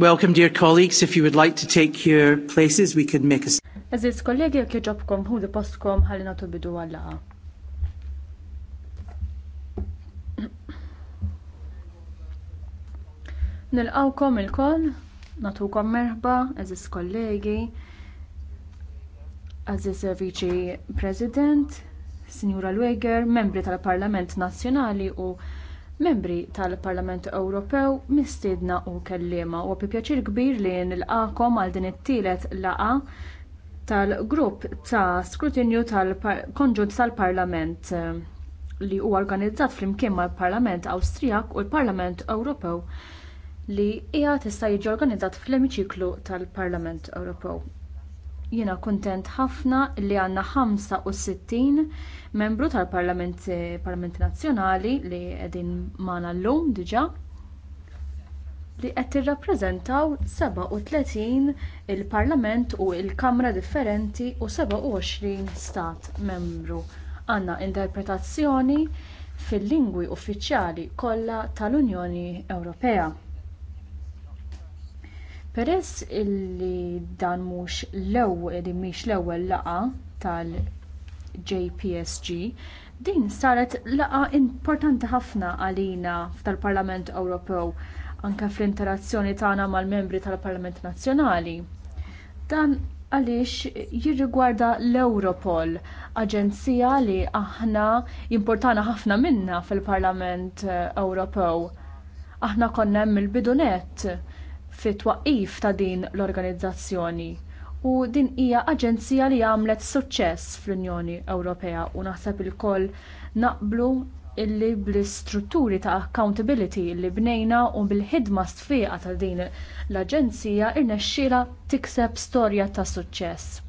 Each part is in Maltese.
Welcome, dear colleagues. If you would like to take your places, we could make a... Aziz kollegi jek jġobkom hu postkom ħalli natu bidu għallaqa. Nilqawkom il-koll, natukom merħba, eżiz kollegi, aziz viċi president, Signora Lueger, membri tal-Parlament Nazzjonali u membri tal-Parlament Ewropew mistiedna u kelliema u bi pjaċir kbir li nilqakom għal din it-tielet laqgħa tal-grupp ta' skrutinju tal-konġunt tal-Parlament eh, li huwa organizzat flimkien mal-Parlament Awstrijak u l-Parlament Ewropew li hija tista' jiġi organizzat fl-emiċiklu tal-Parlament Ewropew. Jiena kuntent ħafna li għandna 65 membru tal-Parlament Parlament Nazzjonali li qegħdin magħna llum diġà li qed tirrappreżentaw 37 il-Parlament u l il kamra differenti u 27 stat membru. Għandna interpretazzjoni fil-lingwi uffiċjali kollha tal-Unjoni Ewropea. Peress illi dan mhux l-ewwel mhix l-ewwel laqgħa tal-JPSG, din saret laqgħa importanti ħafna għalina tal-Parlament Ewropew anke fl-interazzjoni tagħna mal-membri tal-Parlament Nazzjonali. Dan għaliex jirrigwarda l-Europol, aġenzija li aħna importana ħafna minna fil-Parlament eh, Ewropew. Aħna konna hemm il-bidunet fit twaqqif ta' din l-organizzazzjoni u din hija aġenzija li għamlet suċċess fl-Unjoni Ewropea u naħseb ilkoll naqblu illi bl-istrutturi ta' accountability li bnejna u bil-ħidma sfiqa ta' din l-aġenzija irnexxiela tikseb storja ta' suċċess.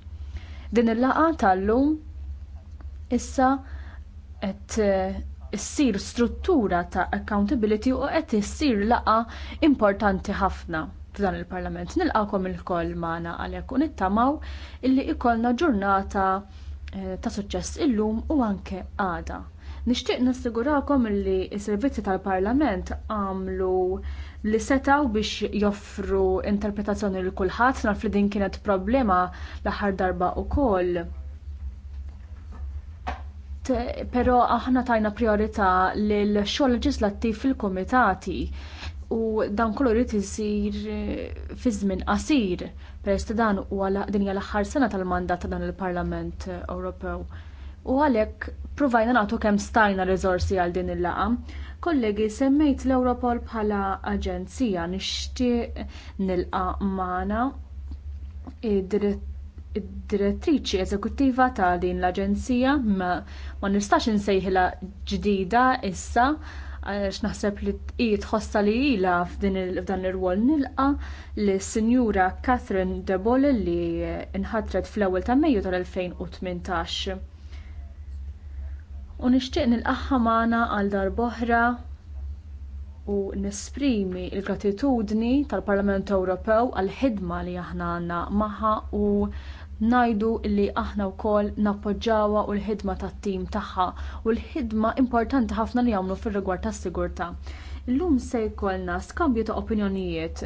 Din il laqgħa tal-lum issa qed eh, Issir struttura ta' accountability u qed issir laqa importanti ħafna f'dan il-Parlament. Nilqakom il-koll magħna għalhekk u nittamaw illi ikollna ġurnata eh, ta' suċċess illum u anke għada. Nixtieq nassigurakom illi s-servizzi tal-Parlament għamlu li setaw biex joffru interpretazzjoni l kulħadd naf li din kienet problema l-aħħar darba wkoll pero però aħna tajna priorità lil xogħol leġislattiv fil-kumitati u dan kollu jrid isir eh, fi żmien qasir peress dan huwa din hija l-aħħar sena tal-mandat ta' dan il-Parlament eh, Ewropew. U għalhekk provajna nagħtu kemm stajna riżorsi għal din il-laqgħa. Kollegi, semmejt l-Europol bħala aġenzija nixtieq nilqa' magħna id-dritt id-direttriċi eżekuttiva ta' din l-Aġenzija ma nistax insejħilha ġdida issa għax naħseb li tqiet ħossa li ilha f'dan ir-rwol nilqa li sinjura Catherine de Bolle li inħatret fl-ewwel ta' Mejju tal-2018. U nixtieq nilqaħħa magħna għal darb'oħra u nesprimi l gratitudni tal-Parlament Ewropew għall ħidma li aħna għandna magħha u ngħidu li aħna wkoll nappoġġawha u l-ħidma tat-tim tagħha u l-ħidma importanti ħafna li jagħmlu fir-rigward tas-sigurtà. Illum se jkollna skambju ta' opinjonijiet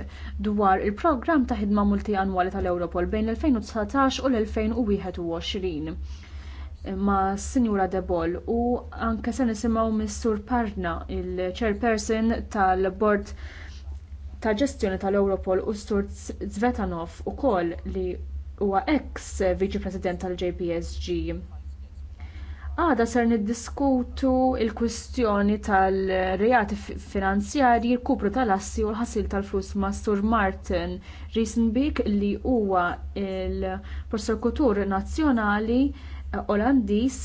dwar il-programm ta' ħidma multianwali tal-Europol bejn l-2019 u l-2021 ma' Sinjura Debol u anke se nisimgħu mis-Sur Parna, il-chairperson tal-Bord ta' ġestjoni tal-Europol u Sur Zvetanov ukoll li huwa ex viċi president tal-JPSG. Għada ser niddiskutu l kwistjoni tal-reati finanzjarji, l-kupru tal-assi u l-ħasil tal-flus ma' Sur Martin Riesenbeek li huwa il-prosekutur nazzjonali eh, Olandis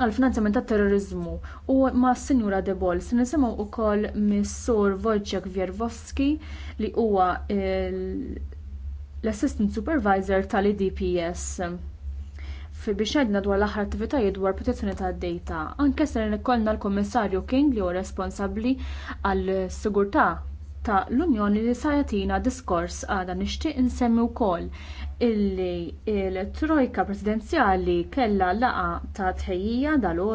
għal-finanzjament tat terrorizmu u ma' Sinjura De Bol. Se nisimgħu wkoll mis-Sur Wojciech Vjervoski li huwa il- l-Assistant Supervisor tal-IDPS biex għedna dwar l-aħħar attivitajiet dwar protezzjoni tad-data. Anke se nikkolna l-Kummissarju King li huwa responsabbli għall-sigurtà ta' l-Unjoni li sa jagħtina diskors għadha nixtieq insemmi wkoll illi l-Trojka Presidenzjali kellha laqgħa ta' tħejjija dal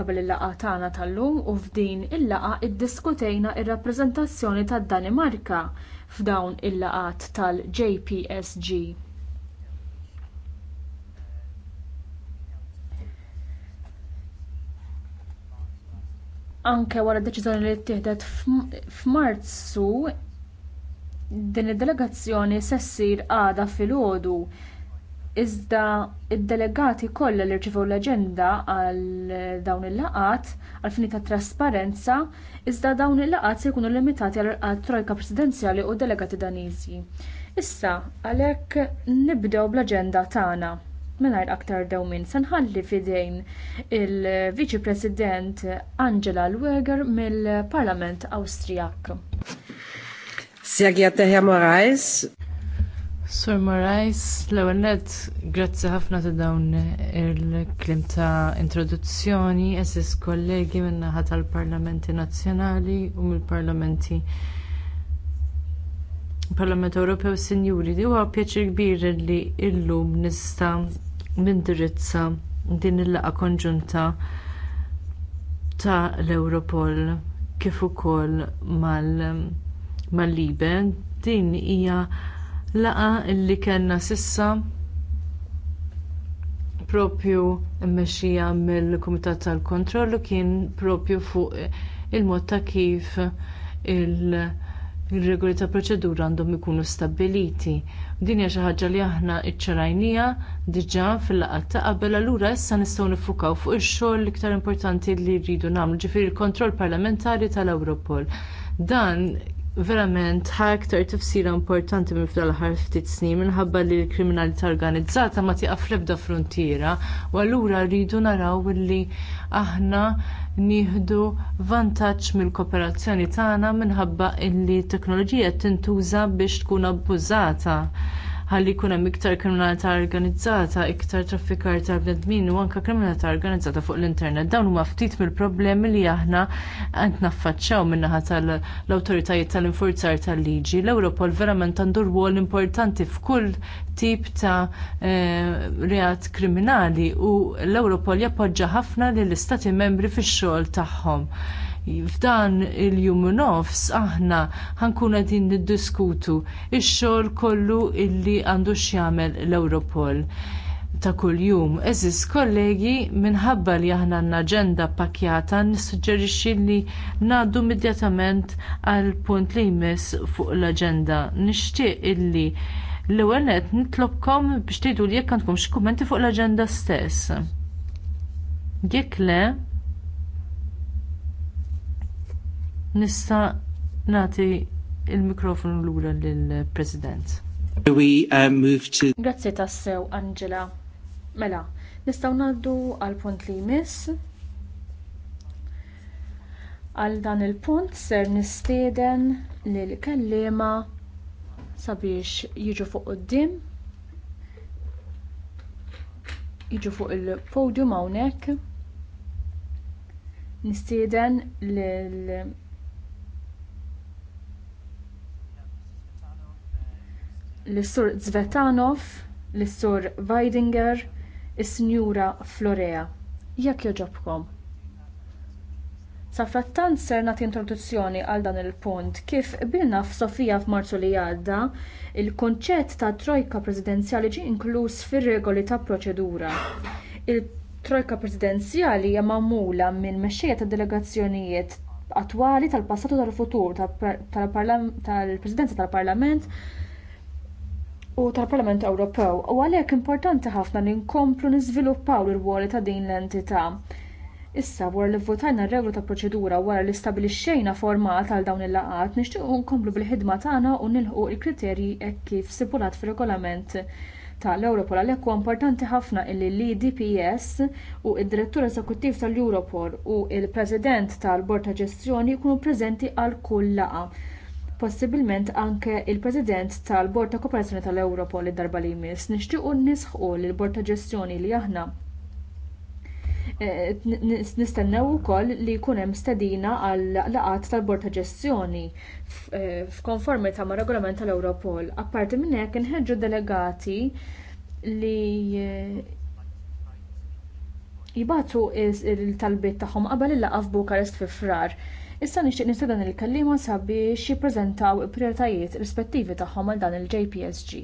Qabel il laqgħa tagħna tal-lum u f'din il laqgħa iddiskutejna r rappreżentazzjoni tad-Danimarka f'dawn il laqgħat tal-JPSG. anke wara d-deċiżjoni li ttieħdet f'Marzu din id-delegazzjoni se ssir għada filgħodu Iżda id-delegati kollha li rċevew l-aġenda għal dawn il-laqat għal fini ta' trasparenza, iżda dawn il-laqat se jkunu limitati għal trojka presidenzjali u delegati daniżi. Issa, għalhekk nibdew bl-aġenda tagħna mingħajr aktar dewmien se nħalli fidejn il-Viċi President Angela Lweger mill-Parlament Awstrijak. Sjagja Teħja Morais. Sur Morais, l-ewwel nett, grazzi ħafna ta' dawn il-klim ta' introduzzjoni, eżis kollegi min-naħa tal-Parlamenti Nazzjonali u mill-Parlamenti Parlament Ewropew Sinjuri, di huwa pjaċir kbir li illum nista' nindirizza din il laqgħa konġunta ta' l-Europol kif ukoll mal-Libe. Din hija Laqa illi kellna sissa propju mmexxija mill-Kumitat tal-Kontrollu kien propju fuq il-mod ta' kif il-regoli ta' proċedura għandhom ikunu stabbiliti. Din hija xi ħaġa li aħna iċċarajnija diġà fil-laqgħat ta' qabel allura issa nistgħu nifukaw fuq ix-xogħol l-iktar importanti li rridu nagħmlu ġifieri l-kontroll parlamentari tal-Ewropol. Dan verament ħa aktar tifsira importanti minn fl-aħħar ftit snin minħabba li l-kriminalità organizzata ma tieqa fl-ebda frontiera u allura rridu naraw li aħna nieħdu vantaġġ mill-kooperazzjoni tagħna minħabba li t teknoloġija tintuża biex tkun abbużata ħalli jkun hemm iktar kriminalità organizzata, iktar traffikar ta' bnedmin u anke kriminalità organizzata fuq l-internet. Dawn huma ftit mill-problemi li aħna qed naffaċċjaw min-naħa tal-awtoritajiet tal-infurzar tal-liġi. L-Ewropol verament għandu rwol importanti f'kull tip ta' eh, reat kriminali u l-Ewropol jappoġġa ħafna lill istati membri fix-xogħol tagħhom. F'dan il-jum nofs aħna ħankun għedin niddiskutu x xogħol kollu illi għandu jagħmel l-Europol ta' kuljum. Eżis kollegi, minħabba li aħna għandna aġenda pakjata, nissuġġerixxi li ngħaddu immedjatament għal punt li jmiss fuq l aġenda Nixtieq illi l-ewwel nett nitlobkom biex tgħidu li jekk għandkom xi kummenti fuq l-aġenda stess. Jekk le, Nista nagħti l mikrofonu lura lill president We uh, to... Grazzi tassew, Angela. Mela, nistgħu ngħaddu għal punt li jmiss. Għal dan il-punt ser nistieden lill kelliema sabiex jiġu fuq quddiem jiġu fuq il-podium hawnhekk nistieden lil l-Sur Zvetanov, l-Sur Weidinger, is-Sinjura Florea. Jekk joġobkom. Sa frattant ser nagħti introduzzjoni għal dan il-punt kif bilna f'Sofija f'Marzu li għadda il-konċett ta' trojka presidenzjali ġie inkluż fir-regoli ta' proċedura. Il-trojka presidenzjali hija magħmula minn mexxejja ta' delegazzjonijiet attwali tal-passatu tal-futur tal-Presidenza tal-Parlament tal u tal-Parlament Ewropew u għalhekk importanti ħafna li nkomplu niżviluppaw ir-ruoli ta' din l-entità. Issa wara li votajna r-reglu ta' proċedura wara li stabilixxejna format għal dawn il-laqat nixtiequ nkomplu bil-ħidma tagħna u nilħu l-kriterji hekk kif stipulat fir-regolament tal-Europol għalhekk huwa importanti ħafna illi l-DPS u id-Direttur Eżekuttiv tal-Europol u l president tal-Bord ta' Ġestjoni jkunu preżenti għal kull laqgħa possibilment anke il-President tal-Bord ta' Kooperazzjoni tal-Ewropol id-darba li jmiss nixtiequ nisħu lill bord ta' Ġestjoni li aħna eh, nistennew ukoll li jkun hemm stedina għal laqat tal-Bord ta' Ġestjoni eh, f'konformità mar regolament tal-Europol. Apparti minn hekk inħeġġu delegati li eh, jibatu il-talbiet tagħhom qabel il laqgħa Bukarest fi frar Issa nixtieq dan il-kallima sabiex jippreżentaw il-prijoritajiet rispettivi tagħhom għal dan il-JPSG.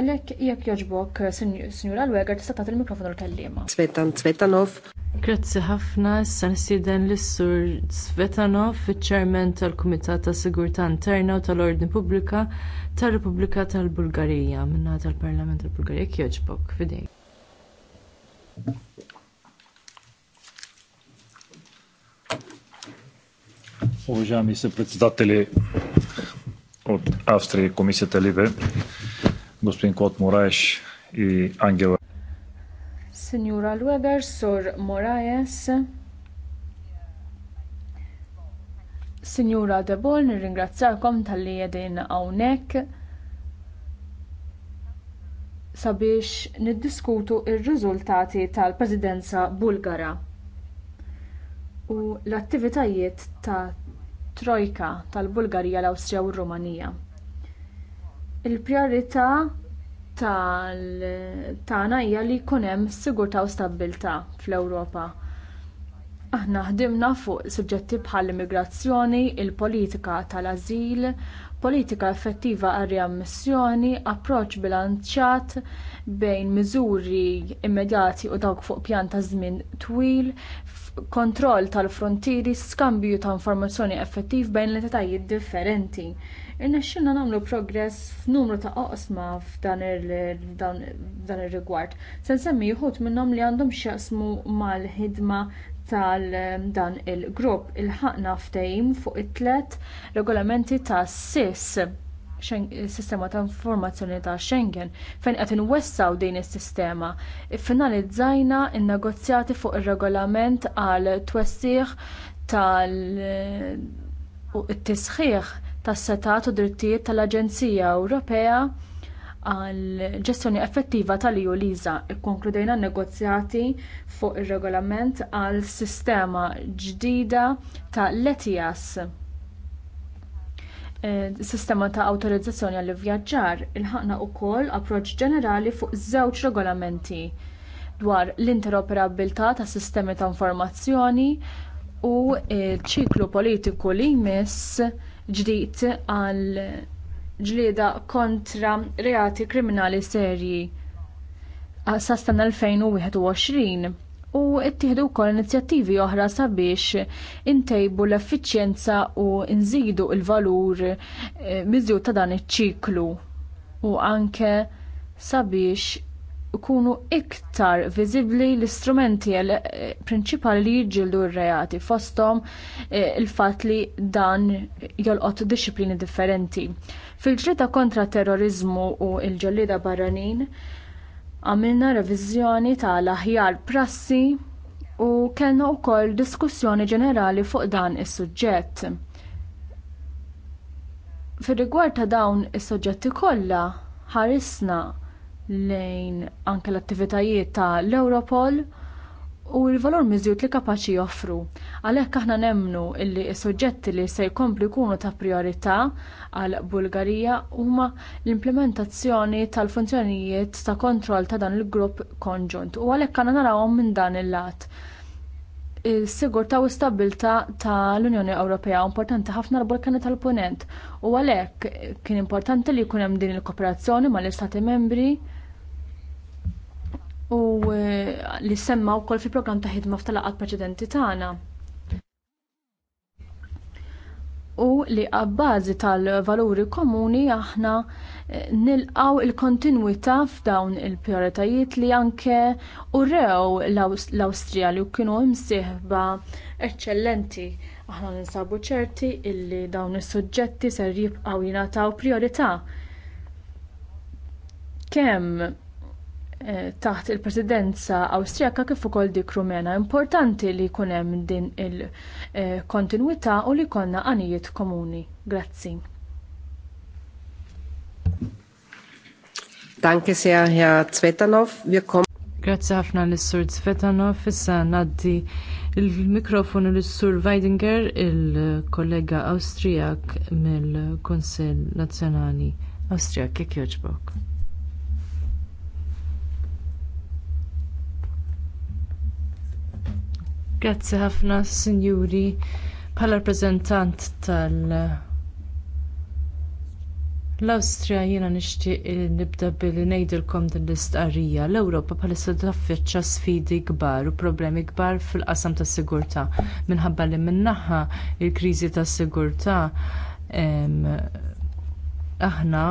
Għalhekk jekk jogħġbok, Sinjur Alweger, tista' tagħti il-mikrofonu l-kallima. Svetan Svetanov. Grazzi ħafna, issa nistieden lis-Sur Svetanov, iċ-Chairman tal-Kumitat ta' Sigurtà Interna u tal-Ordni Pubblika tar-Repubblika tal-Bulgarija minna tal-Parlament tal-Bulgarija jekk jogħġbok fidejn. Уважаеми съпредседатели от Австрия и комисията Ливе, господин Клод Мораеш и Ангела. Сеньора Луебер, сор Moraes, Signora De Bol, nirringrazzakom tal-li jedin għawnek sabiex niddiskutu ir-riżultati tal-Presidenza Bulgara u l-attivitajiet ta' trojka tal-Bulgarija, l-Awstrija u r-Rumanija. Il-priorità tagħna hija li jkun hemm sigurtà u stabbiltà fl-Ewropa. Aħna ħdimna fuq suġġetti bħall immigrazzjoni, il-politika tal-ażil, politika effettiva għar riammissjoni, approċċ bilanċjat bejn miżuri immedjati u dawk fuq pjan ta' żmien twil, kontroll tal-frontieri, skambju ta' informazzjoni effettiv bejn l-entitajiet differenti. Irnexxilna nagħmlu progress f'numru ta' oqsma f'dan ir-rigward. Se nsemmi jħud minnhom li għandhom x'jaqsmu mal-ħidma tal dan il-grupp il-ħakna ftehim fuq it-tlet regolamenti ta' SIS sistema ta' informazzjoni ta' Schengen fejn qed inwessaw din is-sistema. Iffinalizzajna n-negozjati fuq ir-regolament għal twessih tal tisħiħ tas-setat u drittijiet tal-Aġenzija Ewropea għal ġestjoni effettiva tal-EU Liza. Ikkonkludejna negozjati fuq ir-regolament għal sistema ġdida ta' l e, sistema ta' awtorizzazzjoni għall vjaġġar ilħaqna wkoll approċċ ġenerali fuq żewġ regolamenti dwar l-interoperabilità tas sistemi ta' informazzjoni u e, ċiklu politiku li jmiss ġdid għal ġlieda kontra reati kriminali serji sastan 2021 u ttieħdu wkoll inizjattivi oħra sabiex intejbu l-effiċjenza u nżidu l valur e, miżjud ta' dan iċ-ċiklu u anke sabiex ikunu iktar viżibbli l-istrumenti e, prinċipali li jiġġieldu r-reati fosthom e, il-fatt li dan jolqot disċiplini differenti. Fil-ġrida kontra terrorizmu u l-ġellida barranin, għamilna reviżjoni tal-aħjar prassi u kellna wkoll diskussjoni ġenerali fuq dan is-suġġett. Fir-rigward ta' dawn is-suġġetti kollha ħarisna lejn anke l-attivitajiet tal-Europol u l-valur miżjut li kapaċi joffru. Għalhekk aħna nemnu illi s-soġġetti li se jkomplu jkunu ta' priorità għal Bulgarija huma l-implementazzjoni tal-funzjonijiet ta' kontroll ta' dan il-grupp konġunt u għalhekk għandna narawhom minn dan il-lat. is ta' u stabilta tal unjoni Ewropea importanti ħafna l-Balkani tal-Punent u għalhekk kien importanti li jkun hemm din il-kooperazzjoni mal-Istati membri u eh, li semma wkoll fil-programm ta' ħidma f'talaqat preċedenti tagħna. U li għabbażi tal-valuri komuni aħna eh, nilqaw il-kontinuità f'dawn il-prioritajiet li anke u rew l-Awstrija li kienu msieħba eċċellenti. Aħna ninsabu ċerti illi dawn is-suġġetti ser jibqgħu jingħataw priorità. Kemm Eh, taħt il-presidenza Awstrijaka kif ukoll dik Rumena. Importanti li jkun hemm din il-kontinwità eh, u li jkollna għanijiet komuni. Grazzi. Danke sehr, Herr Zvetanov. Wir kommen Grazzi ħafna l-Sur Zvetanov. Issa naddi il-mikrofonu l-Sur Weidinger, il-kollega Awstrijak mill-Konsil Nazzjonali Awstrijak. Kek joġbok? Grazzi ħafna, Sinjuri, bħala rappreżentant tal- L-Awstrija jiena nixtieq nibda billi ngħidilkom din l-istqarrija. L-Ewropa bħalissa taffiċċa sfidi kbar u problemi kbar fil-qasam tas-sigurtà. Minħabba li min-naħa l kriżi tas-sigurtà aħna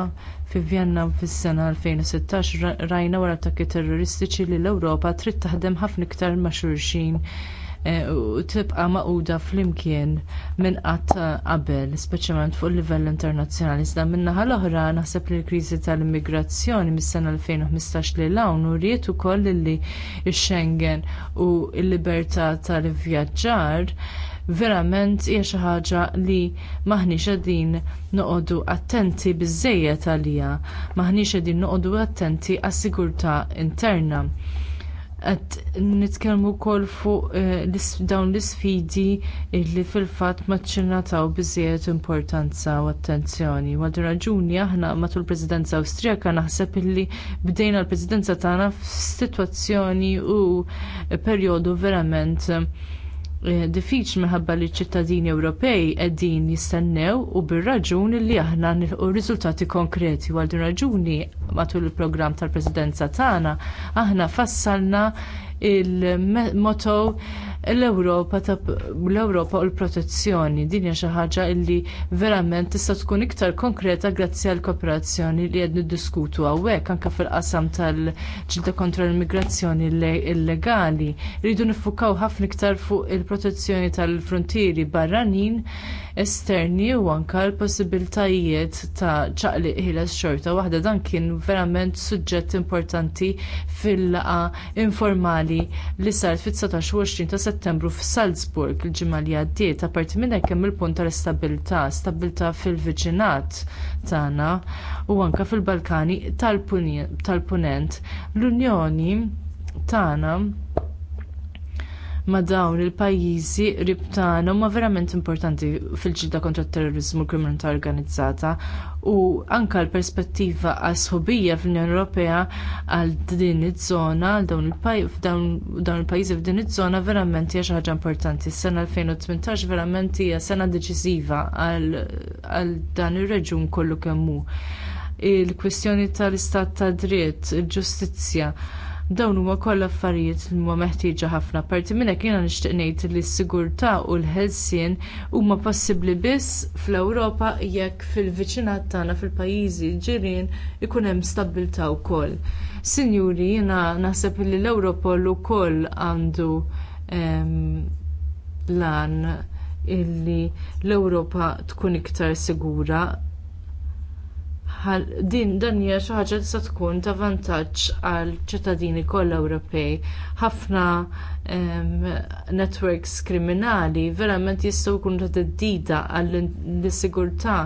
fi Vjenna fis-sena 2016 rajna wara attakki terroristiċi li l-Ewropa trid taħdem ħafna iktar ma' xulxin Eh, u tibqa' maquda flimkien minn qatt qabel, speċjalment fuq livell internazzjonali. Iżda min-naħa l-oħra naħseb li l-kriżi tal-immigrazzjoni mis-sena 2015 li hawn u rrid ukoll li x-Schengen u l-libertà tal-ivvjaġġar verament hija xi ħaġa li maħniex qegħdin noqogħdu attenti biżżejjed għaliha, maħniex qegħdin noqogħdu attenti għas-sigurtà interna qed nitkellmu wkoll fuq eh, dawn l-isfidi li fil-fatt ma ċċinataw importanza u attenzjoni. Għal din raġuni aħna matul prezidenza presidenza Awstrijaka naħseb illi bdejna l-Presidenza tagħna f'sitwazzjoni u perjodu verament Eh, diffiċ minħabba li ċittadini Ewropej qegħdin jistennew u bir-raġun li aħna nilqu riżultati konkreti u għal din raġuni matul il-programm tal-Presidenza tagħna aħna fassalna il-motto l-Ewropa l-Ewropa u l-protezzjoni. Din hija xi ħaġa li verament tista' tkun iktar konkreta grazzi għall kooperazzjoni li qed niddiskutu hawnhekk anke fil-qasam tal-ġilda kontra l-immigrazzjoni illegali. Rridu nifukaw ħafna iktar fuq il-protezzjoni tal-frontieri barranin esterni u anke l-possibiltajiet ta' ċaqliq ħieles xorta waħda dan kien verament suġġett importanti fil laqgħa informali li sar fit-19 ta' settembru f'Salzburg il-ġimgħa li għaddiet apparti minn hekk il-punt tal-istabilità, stabilità fil-viċinat tagħna u anke fil-Balkani tal-Punent. Tal punent l unjoni tagħna ma' dawn il-pajjiżi qrib tagħna huma verament importanti fil-ġilda kontra t-terrorizmu u kriminalità organizzata u anke l-perspettiva għas-sħubija fl-Unjoni Ewropea għal din iż-żona għal dawn il-pajjiżi f'din iż-żona verament hija xi ħaġa importanti. Is-sena 2018 verament hija sena deċiżiva għal dan ir-reġun kollu kemm hu il-kwistjoni tal-istat ta' dritt, il-ġustizzja, dawn huma kollha affarijiet li huma meħtieġa ħafna. Parti minn hekk jiena nixtieq ngħid li s-sigurtà u l-ħelsien huma possibbli biss fl-Ewropa jekk fil-viċinat tagħna fil-pajjiżi ġirien ikun hemm stabbiltà wkoll. Sinjuri, jiena naħseb li l-Ewropol ukoll għandu lan illi l-Ewropa tkun iktar sigura din dan hija xi ħaġa tista' tkun ta' vantaġġ għal ċittadini kollha Ewropej. Ħafna netwerks kriminali verament jistgħu jkunu ta' teddida għall-sigurtà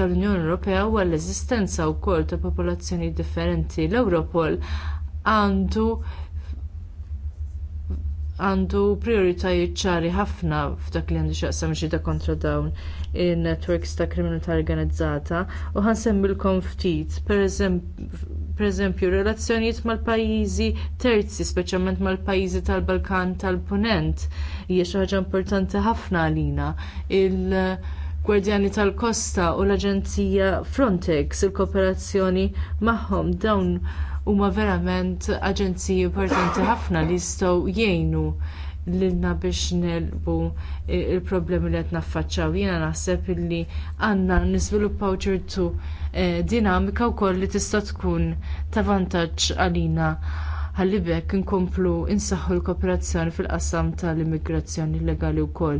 tal-Unjoni Ewropea u għall-eżistenza wkoll ta' popolazzjoni differenti. l ewropol għandu għandu prioritajiet ċari ħafna f'dak li għandu xaqsam ġida kontra dawn in networks ta' kriminalità organizzata u ħansemmilkom ftit, pereżempju relazzjonijiet mal-pajjiżi terzi, speċjalment mal-pajjiżi tal-Balkan tal-Punent, hija xi ħaġa importanti ħafna għalina. Il-Gwardjani tal-Kosta u l-Aġenzija Frontex, il-kooperazzjoni magħhom dawn huma verament aġenziji importanti ħafna li jistgħu jgħinu lilna biex nelbu l problemi li qed naffaċċaw. Jiena naħseb illi għandna niżviluppaw ċertu eh, dinamika wkoll li tista' tkun ta' vantaġġ għalina ħalli bekk inkomplu insaħħu l-kooperazzjoni fil-qasam tal-immigrazzjoni legali wkoll.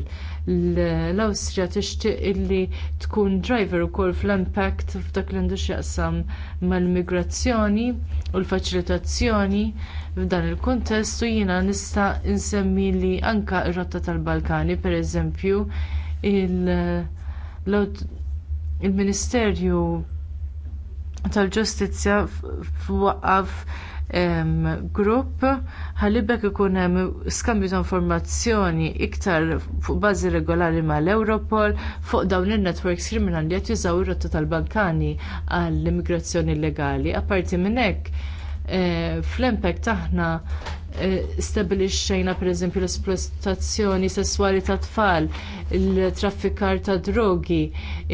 L-Awstrija tixtieq illi tkun driver ukoll fl-impact f'dak li għandu x'jaqsam mal-immigrazzjoni u l-faċilitazzjoni f'dan il-kuntest u jiena nista' insemmi li anke r rotta tal-Balkani pereżempju il-Ministerju tal-Ġustizzja f'waqqaf grupp ħalibek ikun hemm skambju ta' informazzjoni iktar fuq bażi regolari mal-Europol fuq dawn in-networks kriminali qed jużaw ir-rotta tal-Balkani għall-immigrazzjoni illegali. Apparti minn hekk eh, fl-impact aħna eh, stabilixxejna pereżempju l-esplotazzjoni sesswali ta' tfal, il-traffikar ta' drogi,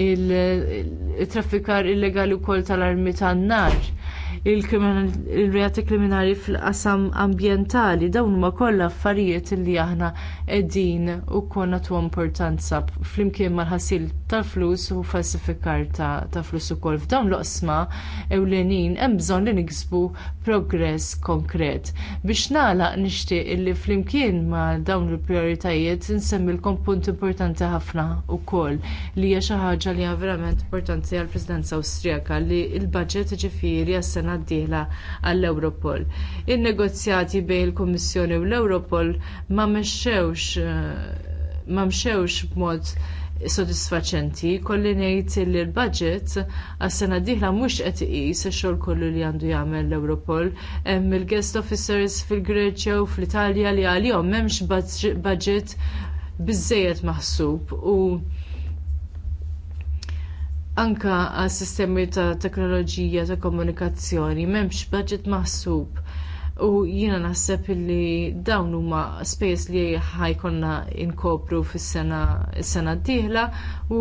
il-traffikar illegali wkoll tal-armi tan-nar il-reati kriminali fil-qasam ambjentali dawn huma kollha affarijiet li aħna qegħdin ukoll nagħtu importanza flimkien mal-ħasil tal-flus u falsifikar ta' flus ukoll f'dawn l-oqsma ewlenin hemm bżonn li niksbu progress konkret. Biex nagħlaq nixtieq illi flimkien ma' dawn il-prijoritajiet insemmilkom punt importanti ħafna ukoll li hija xi ħaġa li hija verament importanti għall-Presidenza Awstrijaka li l budget ġifieri għas-sena d-dieħla għall-Europol. In-negozjati bejn il-Kummissjoni u l-Europol ma mexxewx marrux eh, ma mxewx b'mod sodisfaċenti, kolli ngħid li l-budget għas-sena d-dieħla mhux qed iqis ix-xogħol kollu li għandu jagħmel l-Europol. Hemm il-guest officers fil-Greċja u fl-Italja li għalihom m'hemmx budget biżżejjed maħsub u anke għas sistemi ta' teknoloġija ta' komunikazzjoni m'hemmx budget maħsub u jiena naħseb illi dawn huma spejjeż li ħajkonna inkopru fis-sena s-sena d-dieħla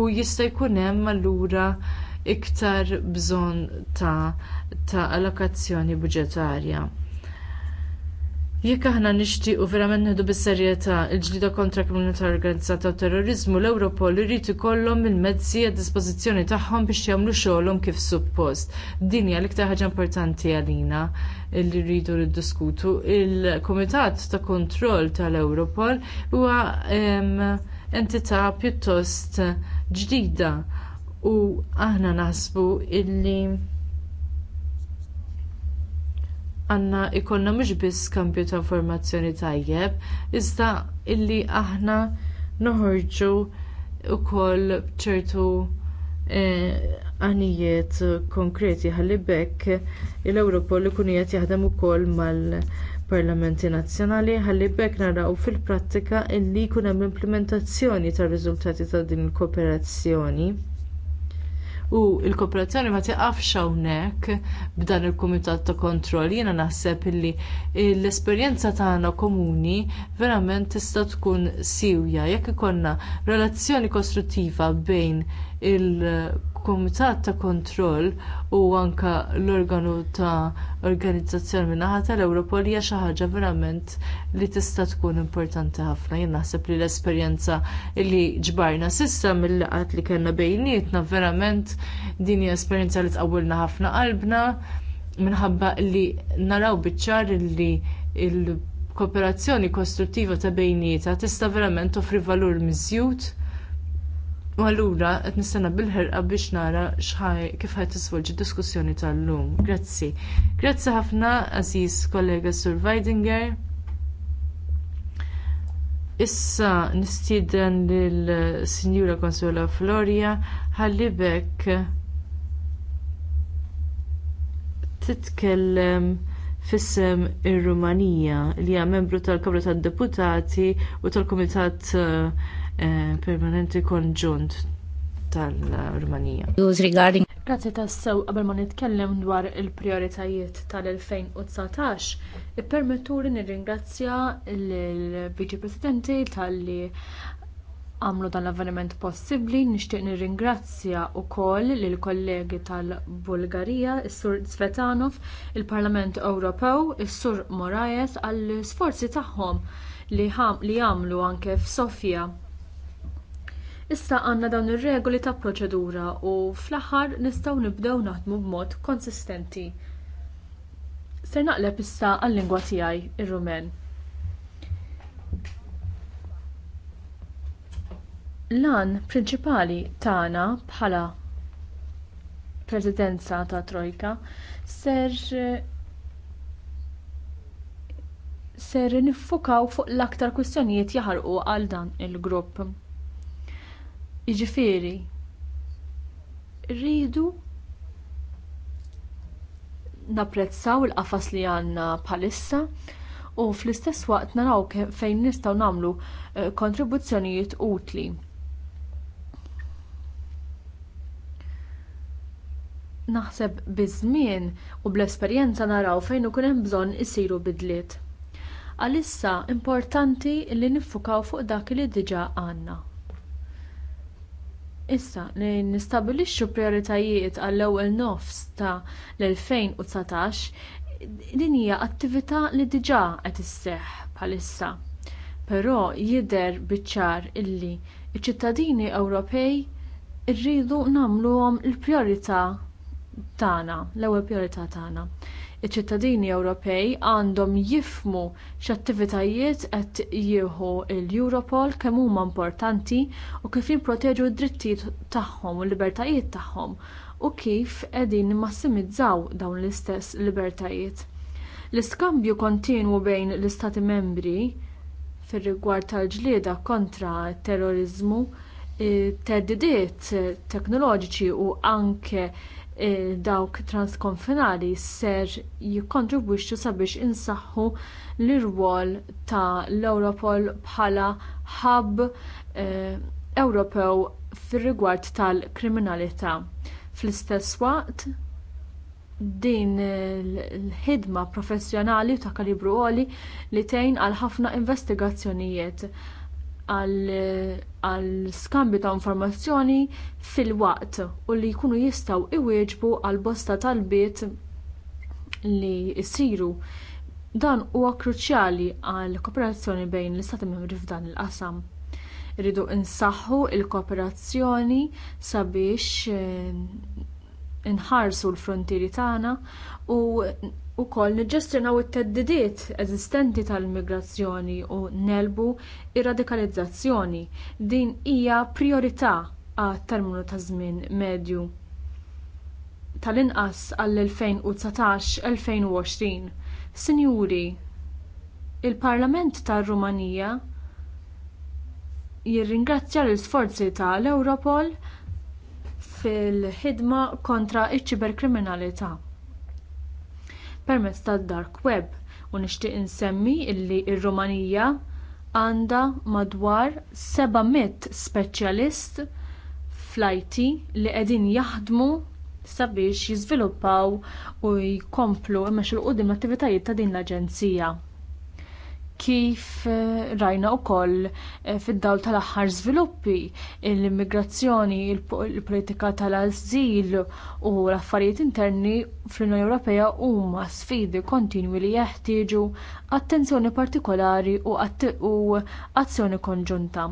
u jista' jkun hemm allura iktar bżonn ta', ta allokazzjoni buġetarja. Jekk aħna nixtiequ verament nieħdu bis-serjetà l-ġlida kontra kriminalità organizzata u terrorizmu l-Ewropol irid ikollhom il-mezzi għad dispożizzjoni tagħhom biex jagħmlu xogħolhom kif suppost. Din hija l-iktar ħaġa importanti għalina li rridu niddiskutu. Il-Kumitat ta' Kontroll tal-Ewropol huwa entità pjuttost ġdida u aħna naħsbu illi għandna jkollna mhux biss skambju ta' informazzjoni tajjeb, iżda illi aħna noħorġu wkoll b'ċertu eh, għanijiet konkreti ħallibek bekk l-Ewropol ikun qed jaħdem ukoll mal-Parlamenti Nazzjonali ħallibek bekk naraw fil-prattika illi jkun hemm implementazzjoni tar-riżultati ta' din il-kooperazzjoni u l-kooperazzjoni ma tiqafx hawnhekk b'dan il-kumitat ta' kontroll. Jiena naħseb illi l-esperjenza tagħna komuni verament tista' tkun siwja jekk ikollna relazzjoni kostruttiva bejn il- kumitat ta' kontroll u anke l-organu ta' organizzazzjoni min-naħa tal-Ewropol hija xi ħaġa verament li tista' tkun importanti ħafna. Jien naħseb li l-esperjenza li ġbarna s'issa mill-laqat li kellna bejnietna verament din hija esperjenza li tqawwilna ħafna qalbna minħabba li naraw biċ-ċar li l kooperazzjoni kostruttiva ta' bejnieta tista' verament toffri valur miżjud U allura qed nistenna bil-ħerqa biex nara xħaj kif ħaj id diskussjoni tal-lum. Grazzi. Grazzi ħafna, Aziz kollega Sur Weidinger. Issa nistieden lill-Sinjura Consuela Floria ħallibek titkellem fissem ir-Rumanija li hija membru tal-Kamra tad-Deputati u tal-Kumitat uh, Eh, permanenti konġunt tal-Rumanija. Grazie tas tassew qabel ma nitkellem dwar il-prioritajiet tal-2019, ippermettu li nirringrazzja l-Viċi Presidenti tal-li għamlu dan l-avveniment possibbli, nixtieq nirringrazzja wkoll lill kollegi tal-Bulgarija, s sur Svetanov, il-Parlament Ewropew, is-Sur Moraes għall isforzi tagħhom li jagħmlu anke f'Sofja Issa għandna dawn ir-regoli ta' proċedura u fl-aħħar nistgħu nibdew naħdmu b'mod konsistenti. Ser naqleb issa għal-lingwa tiegħi ir-Rumen. l Lan prinċipali tagħna bħala Presidenza ta' Trojka ser ser nifukaw fuq l-aktar kwistjonijiet jaħarqu għal dan il-grupp Jiġifieri rridu napprezzaw il-qafas li għandna bħalissa u fl-istess waqt naraw fejn nistgħu nagħmlu eh, kontribuzzjonijiet utli. Naħseb biż-żmien u bl-esperjenza naraw fejn ukun hemm bżonn isiru bidliet. Għalissa importanti li niffukaw fuq dak li diġà għandna. Issa li nistabilixxu prijoritajiet għall-ewwel nofs ta' l-2019 din hija attività li diġà qed isseħħ bħalissa. Però jidher biċ-ċar illi ċ ċittadini Ewropej irridu nagħmluhom il-prijorità tagħna, l-ewwel prijorità tagħna. Iċ-ċittadini Ewropej għandhom jifmu x'attivitajiet qed jieħu l-Europol kemm huma importanti u kif jipproteġu d-drittijiet tagħhom u l-libertajiet tagħhom u kif qegħdin massimizzaw dawn l-istess libertajiet. L-iskambju kontinwu bejn l-Istati membri fir-rigward tal-ġlieda kontra t terrorizmu, teddidiet teknoloġiċi u anke E, dawk transkonfinali ser jikkontribwixxu sabiex insaħħu l-irwol ta' l-Europol bħala ħabb e, Ewropew fir-rigward tal-kriminalità. Fl-istess waqt, din l-ħidma professjonali ta' kalibru għoli li tgħin għal ħafna investigazzjonijiet għall skambju ta' informazzjoni fil-waqt u li jkunu jistgħu iwieġbu għal bosta talbiet li jsiru. Dan huwa kruċjali għall kooperazzjoni bejn l-Istati Membri f'dan il-qasam. Rridu insaħħu l kooperazzjoni sabiex eh, inħarsu l-frontieri tagħna u ukoll niġġestjonaw it-theddidiet eżistenti tal-immigrazzjoni u nelbu r-radikalizzazzjoni. Din hija prijorità għat-terminu ta' żmien medju tal-inqas għall-2019-2020. Sinjuri, il-Parlament tar-Rumanija jirringrazzja l-isforzi tal-Europol fil-ħidma kontra ċ-ċiberkriminalità permezz tad-dark web u nixtieq insemmi li r-Rumanija għandha madwar 700 speċjalist fl-IT li qegħdin jaħdmu sabiex jiżviluppaw u jkomplu immexxu qudiem l-attivitajiet ta' din l-Aġenzija kif eh, rajna wkoll eh, fid-dawl tal-aħħar sviluppi, l-immigrazzjoni, il-politika tal-azil u l-affarijiet interni fl-Unjoni Ewropea huma sfidi kontinwi li jeħtieġu attenzjoni partikolari u azzjoni konġunta.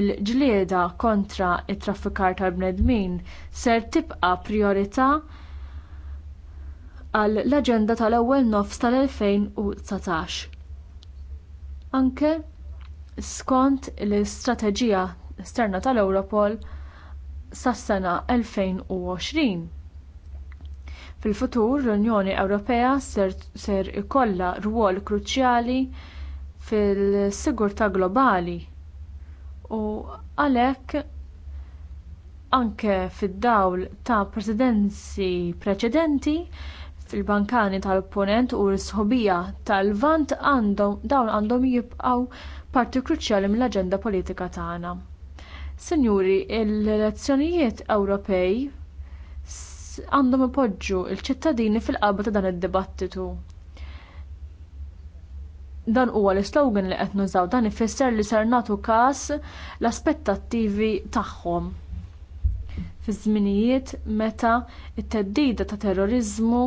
Il-ġlieda kontra t traffikar tal-bnedmin ser tibqa' priorità għall aġenda tal-ewwel nofs tal-2019 anke skont l-istrateġija esterna tal-Europol sas-sena 2020. Fil-futur l-Unjoni Ewropea ser ikollha rwol kruċjali fil-sigurtà globali u għalhekk anke fid-dawl ta' presidenzi preċedenti fil-Bankani tal-Ponent u l-sħobija tal-Vant dawn għandhom jibqgħu parti kruċjali mill-aġenda politika tagħna. Sinjuri, l-elezzjonijiet Ewropej għandhom ipoġġu l ċittadini fil-qalba ta' dan id-dibattitu dan huwa l-slogan li qed nużaw dan ifisser li ser nagħtu każ l-aspettattivi tagħhom. fiż żminijiet meta t teddida ta' terrorizmu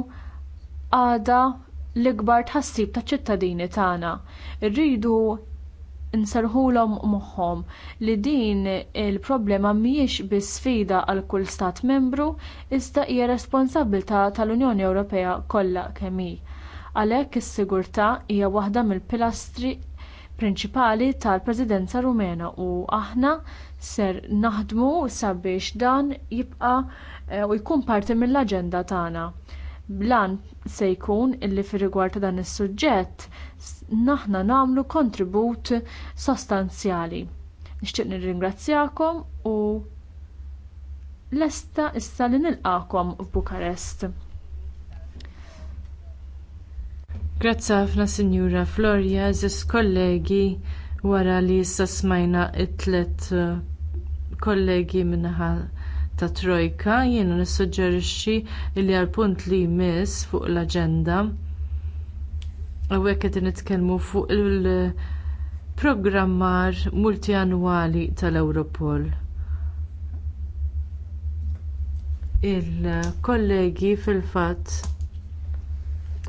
għada l-ikbar tħassib taċ ċittadini tagħna. rridu nserħulhom moħħhom li din il-problema mhijiex biss sfida għal kull stat membru iżda hija responsabilità tal-Unjoni Ewropea kollha kemm hi. Għalhekk is-sigurtà hija waħda mill-pilastri prinċipali tal-Presidenza Rumena u aħna ser naħdmu sabiex dan jibqa' eh, u jkun parti mill-aġenda tagħna. Blan se jkun illi fir-rigward ta' dan is-suġġett naħna nagħmlu kontribut sostanzjali. Nixtieq nirringrazzjakom u lesta issa li nilqakom f'Bukarest. Grazzi ħafna Sinjura Floria, ziz kollegi wara li issa smajna it-tlet uh, kollegi minnaħal ta' trojka jiena nissuġġerixxi li għal punt li jmiss fuq l-aġenda hawnhekk qed nitkellmu fuq il-programmar multianwali tal-Europol. Il-kollegi fil-fatt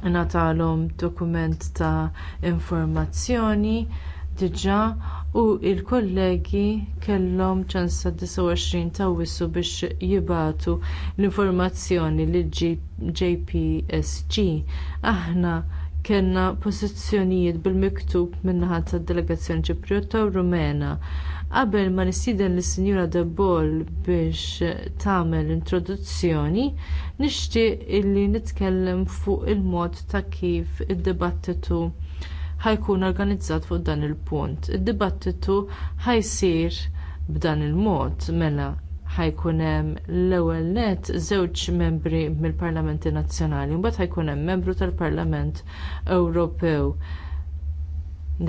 ngħatalhom dokument ta' informazzjoni diġà u l-kollegi kellhom ċans 29 ta' Awwissu biex jibagħtu l-informazzjoni lill jpsg Aħna kellna pożizzjonijiet bil-miktub min-naħa tad-delegazzjoni Ċipriota u Rumena qabel ma nistieden lis sinjura Debol biex tagħmel introduzzjoni, nixtieq illi nitkellem fuq il-mod ta' kif id-dibattitu ħajkun organizzat fuq dan il-punt. Id-dibattitu ħajsir b'dan il-mod mela ħajkun hemm l-ewwel nett żewġ membri mill-Parlamenti Nazzjonali, mbagħad ħajkun hemm membru tal-Parlament Ewropew.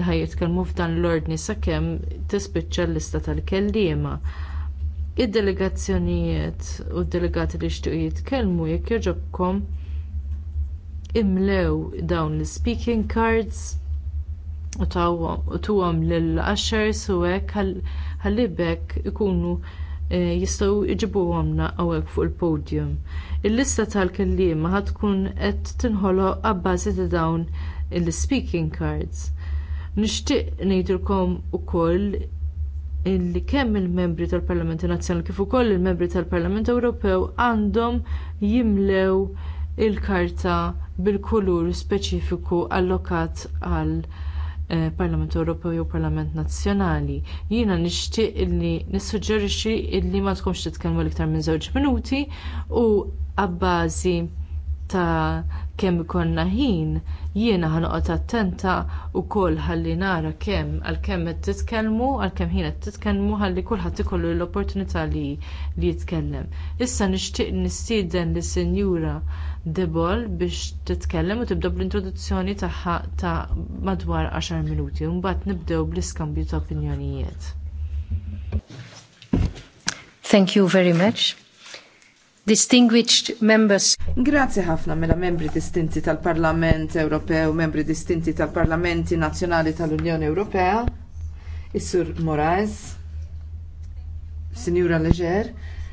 Ħaj jitkellmu f'dan l-ordni sakemm tispiċċa l-lista tal-kelliema. Id-delegazzjonijiet u d-delegati li xtuq jitkellmu jekk jogħġobkom imlew dawn l-speaking cards tuwom l-ashers u hekk ħallibek ikunu eh, jistgħu jġibu għamna għawek fuq il-podium. Il-lista tal-kellima ħatkun qed tinħoloq għabbażi ta' dawn il-speaking cards. Nixtieq ngħidilkom ukoll illi kemm il-membri tal-Parlamenti Nazzjonali kif ukoll il-membri tal-Parlament Ewropew għandhom jimlew il-karta bil-kulur speċifiku allokat għal Eh, Parlament Ewropew jew Parlament Nazzjonali. Jiena nixtieq li nissuġġerixxi li ma tkunx titkellmu l-iktar minn żewġ minuti u abbażi ta' kemm ikonna ħin jiena ħanoqgħod attenta wkoll ħalli nara kemm għalkemm qed titkellmu għalkemm ħin qed titkellmu ħalli kulħadd ikollu l-opportunità li jitkellem. Issa nixtieq nistieden lis-Sinjura debol biex titkellem u tibda bl-introduzzjoni tagħha ta' madwar 10 minuti u mbagħad nibdew bl-iskambju ta' opinjonijiet. Thank you very much. Distinguished members. Grazie ħafna mela membri distinti tal-Parlament Ewropew, membri distinti tal-Parlamenti Nazzjonali tal-Unjoni Ewropea, Is-Sur Moraes, Sinjura Leger,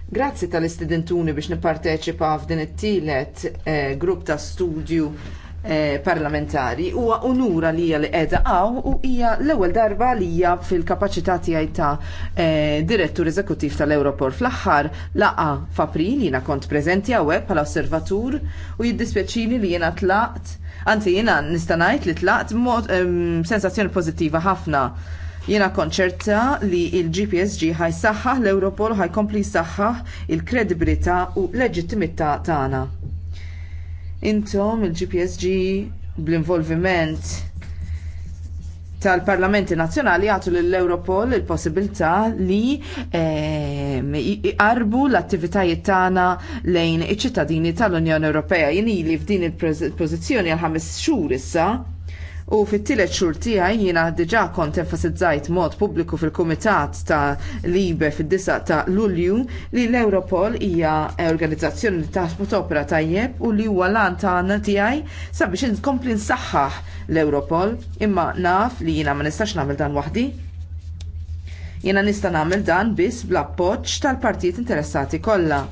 Grazzi tal-istudentuni biex nipparteċipa f'din it-tielet eh, grupp ta' studju eh, parlamentari huwa unura li hija li qiegħda hawn u hija l-ewwel darba li hija fil-kapaċità tiegħi ta' eh, direttur eżekuttiv tal-Europol fl-aħħar laqa f'April jiena kont preżenti hawnhekk bħala osservatur u jiddispjaċini li jiena tlaqt anzi jiena nista' ngħid li tlaqt mod ehm, sensazzjoni pożittiva ħafna Jiena konċerta li il-GPSG saħħaħ l-Europol ħajkompli saħħaħ il-kredibilità u l-leġittimità tagħna. Intom il-GPSG bl-involviment tal-Parlamenti Nazzjonali għatu l-Europol il-possibilità li jqarbu ehm, e, l-attivitajiet tagħna lejn iċ-ċittadini tal-Unjoni Ewropea. Jini li f'din il-pożizzjoni għal ħames xhur issa U fit-tielet xhur tiegħi jiena diġà kont enfasizzajt mod pubbliku fil-Kumitat ta' Libe fid-9 ta' Lulju li l-Europol hija organizzazzjoni li taħsbu opera tajjeb u li huwa lan tagħna tiegħi sabiex inkompli nsaħħaħ l-Europol imma naf li jiena ma nistax nagħmel dan waħdi. Jiena nista' nagħmel dan biss bl-appoġġ tal-partijiet interessati kollha.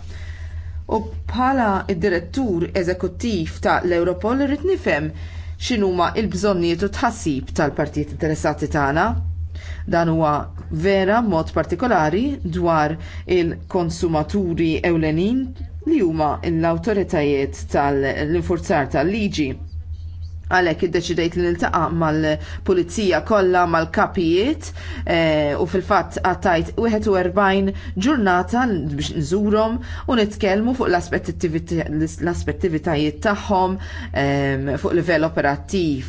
U bħala id-direttur eżekuttiv ta' l-Europol irrid nifhem x'inhuma l-bżonnijiet u tħassib tal-partit interessati tagħna. Dan huwa vera mod partikolari dwar il-konsumaturi ewlenin li huma l-awtoritajiet tal-infurzar tal-liġi għalek id-deċidejt li niltaqa mal-pulizija kollha mal-kapijiet e, u fil-fatt għattajt 41 ġurnata biex nżurhom u nitkellmu fuq l-aspettivitajiet tagħhom e, fuq livell operattiv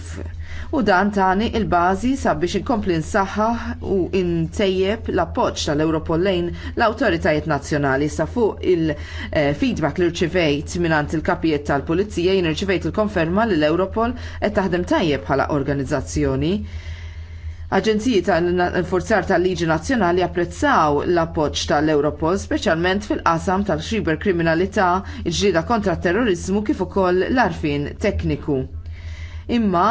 u dan tani il-bażi sabiex inkompli nsaħħaħ u ntejjeb l-appoġġ tal-Europol lejn l-awtoritajiet nazzjonali sa fuq il-feedback li rċivejt minant il-kapijiet tal-Pulizija jien rċivejt il-konferma li l-Europol qed taħdem tajjeb bħala organizzazzjoni. Aġenziji tal-Forzar tal-Liġi Nazzjonali apprezzaw l-appoġġ tal-Europol, speċjalment fil-qasam tal-xiber kriminalità, il-ġrida kontra terrorizmu kif ukoll l-arfin tekniku. Imma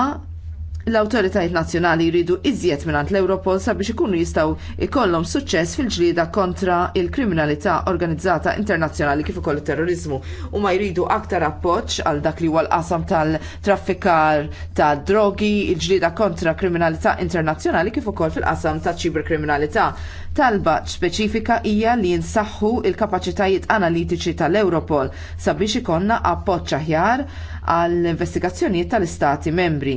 l autoritajt nazzjonali jridu iżjed mingħand l-Europol sabiex ikunu jistgħu jkollhom suċċess fil-ġlieda kontra il-kriminalità organizzata internazzjonali kif ukoll it-terrorizmu u ma jridu aktar appoġġ għal dak li huwa l-qasam tal-traffikar ta' drogi, il-ġlieda kontra kriminalità internazzjonali kif ukoll fil-qasam ta' ċiberkriminalità. Talba speċifika hija li jinsaħħu il-kapaċitajiet analitiċi tal-Europol sabiex ikonna appoġġ aħjar għall investigazzjonijiet tal-istati membri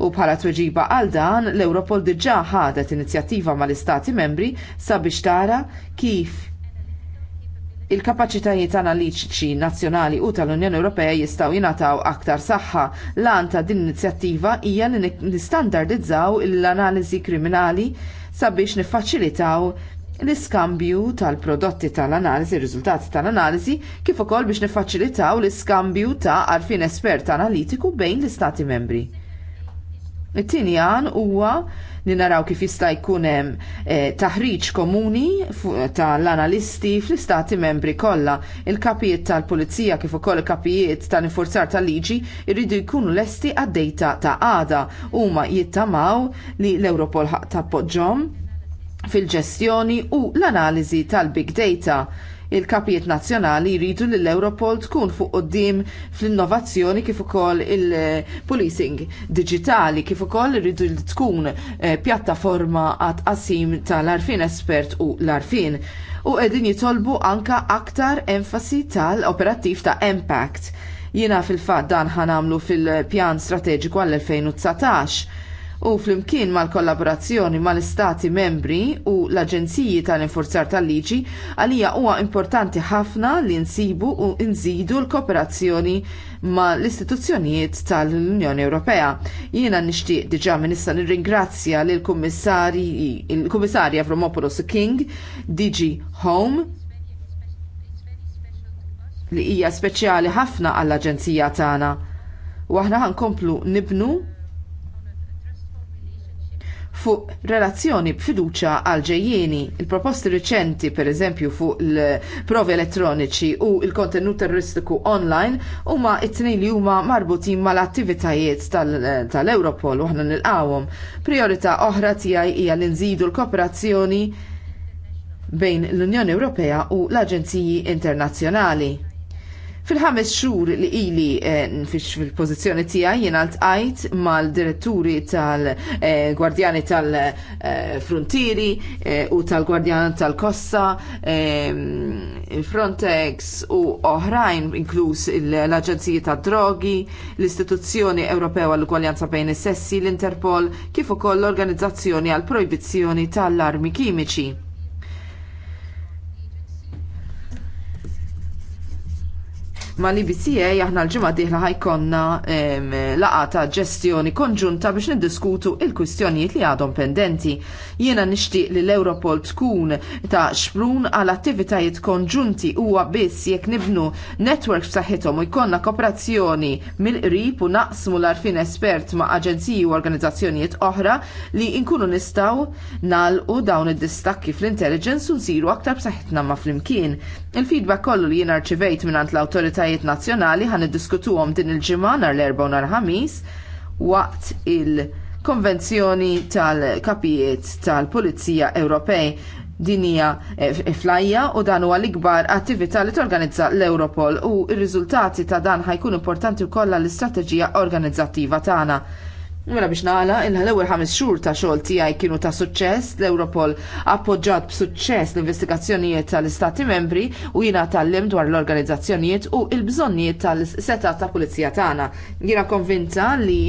U bħala tweġiba għal dan, l-Europol diġà ħadet inizjattiva mal-Istati membri sabiex tara kif il-kapacitajiet analitiċi nazzjonali u tal-Unjoni Ewropea jistgħu jingħataw aktar saħħa. Lan ta' din inizjattiva hija li nistandardizzaw l-analiżi kriminali sabiex niffaċilitaw l-iskambju tal-prodotti tal-analiżi, riżultati tal-analiżi, kif ukoll biex niffaċilitaw l-iskambju ta' għarfien espert analitiku bejn l-Istati membri. It-tieni għan huwa li naraw kif jista' jkun hemm eh, taħriġ komuni tal-analisti fl-istati membri kollha. Il-kapijiet tal-pulizija kif ukoll il-kapijiet tal-infurzar tal-liġi jridu jkunu lesti għad-dejta ta' għada huma jittamaw li l-Europol tappoġġhom fil-ġestjoni u l-analiżi tal-big data il-kapijiet nazzjonali jridu li l-Europol tkun fuq qoddim fl-innovazzjoni kif ukoll il-policing digitali kif ukoll jridu li tkun eh, pjattaforma għat qasim tal-arfin espert u l-arfin u qegħdin jitolbu anka aktar enfasi tal-operattiv ta' impact. Jiena fil-fatt dan ħanamlu fil-pjan strateġiku għall-2019 u flimkien mal-kollaborazzjoni mal-istati membri u l-aġenziji tal-infurzar tal-liġi għalija huwa importanti ħafna li nsibu u nżidu l-kooperazzjoni ma l-istituzzjonijiet tal-Unjoni Ewropea. Jiena nixtieq diġà minissa issa nirringrazzja lill kummissarji Avramopoulos King, DG Home, li hija speċjali ħafna għall-Aġenzija tagħna. U aħna ħankomplu nibnu fuq relazzjoni b'fiduċa għal ġejjieni. Il-proposti riċenti, per eżempju, fuq il-provi elettroniċi u l kontenut terroristiku online huma it-tnejn li huma marbutin mal-attivitajiet tal-Europol u aħna nilqawhom. Priorità oħra tiegħi hija li nżidu l-kooperazzjoni bejn l-Unjoni Ewropea u l-Aġenziji Internazzjonali Fil-ħames xhur li ili eh, nfix fil-pożizzjoni tiegħi jien għajt mal-diretturi tal-Gwardjani tal-Frontieri eh, u tal-Gwardjani tal-Kossa, eh, Frontex u oħrajn inkluż l-Aġenziji tad-Drogi, l-Istituzzjoni Ewropea għall-Ugwaljanza bejn is-sessi, l-Interpol, kif ukoll l-Organizzazzjoni għall-Projbizzjoni tal-Armi Kimiċi. ma li BCA aħna l-ġimgħa diħla ħajkonna laqgħa ta' ġestjoni konġunta biex niddiskutu il-kwistjonijiet li għadhom pendenti. Jiena nixtieq li l-Europol tkun ta' xprun għal attivitajiet konġunti huwa biss jekk nibnu networks saħħithom u jkollna kooperazzjoni mill-qrib u naqsmu l-arfin espert ma' aġenziji u organizzazzjonijiet oħra li nkunu nistgħu nagħlqu dawn id-distakki fl-intelligence u nsiru aktar b'saħħitna ma' flimkien. Il-feedback kollu li jien arċivejt mingħand l-awtoritajiet nazzjonali ħan għom din il-ġimgħa nhar l-erba' nhar ħamis waqt il-Konvenzjoni tal-Kapijiet tal-Pulizija Ewropej dinija eh, eh, flajja u dan huwa l-ikbar attività li torganizza l-Europol u r-riżultati ta' dan ħajkun importanti wkoll l-istrateġija organizzattiva tagħna. Mela biex naħla, il-ewwel ħames xhur ta' xogħol tiegħi kienu ta' suċċess, l-Europol appoġġat b'suċċess l-investigazzjonijiet tal-Istati membri u jiena tal-lim dwar l-organizzazzjonijiet u l-bżonnijiet tal setup ta' pulizija tagħna. Jiena konvinta li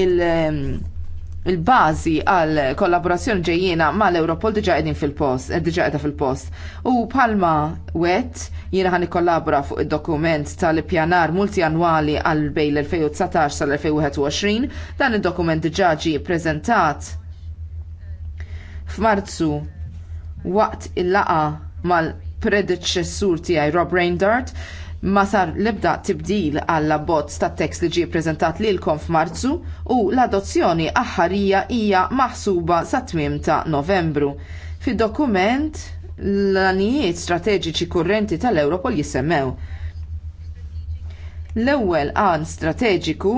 il- il-bazi għal kollaborazzjoni ġejjina mal-Europol diġa qegħdin fil-post, eh, diġa qiegħda fil-post. U palma wet jiena ħan kollabora fuq id-dokument tal-ippjanar multianwali għal bejn l-2019 sal-2021, dan id-dokument diġa ġi preżentat f'Marzu waqt il laqgħa mal-predeċessur tiegħi Rob Reindart ma sar l-ebda tibdil għall abbozz tat tekst li ġie ppreżentat lilkom f'Marzu u l-adozzjoni aħħarija hija maħsuba sa tmiem ta' Novembru. Fid-dokument l-anijiet strateġiċi kurrenti tal-Europol jissemmew. L-ewwel għan strateġiku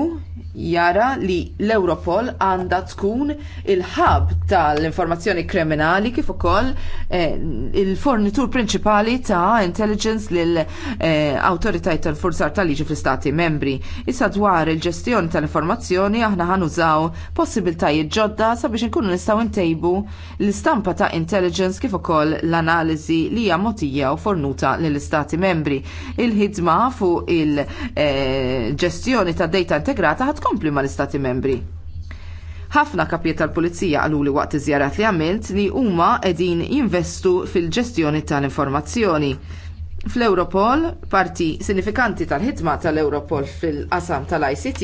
jara li l-Europol għandha tkun il-ħab tal-informazzjoni kriminali kif ukoll eh, il-fornitur prinċipali ta' intelligence lil eh, awtoritajiet tal-forzar tal-liġi fl-istati membri. Issa dwar il-ġestjoni tal-informazzjoni aħna ħanużaw possibiltajiet ġodda sabiex inkunu nistgħu ntejbu l-istampa ta' intelligence kif ukoll l-analiżi li hija motija u fornuta lill-istati membri. Il-ħidma fuq il-ġestjoni eh, ta' data integrata ħatkun tkompli mal-Istati membri. Ħafna kapiet tal-Pulizija għaluli waqt iżjarat li għamilt li huma qegħdin jinvestu fil-ġestjoni tal-informazzjoni. Fl-Europol, parti sinifikanti tal-ħidma tal-Europol fil-qasam tal-ICT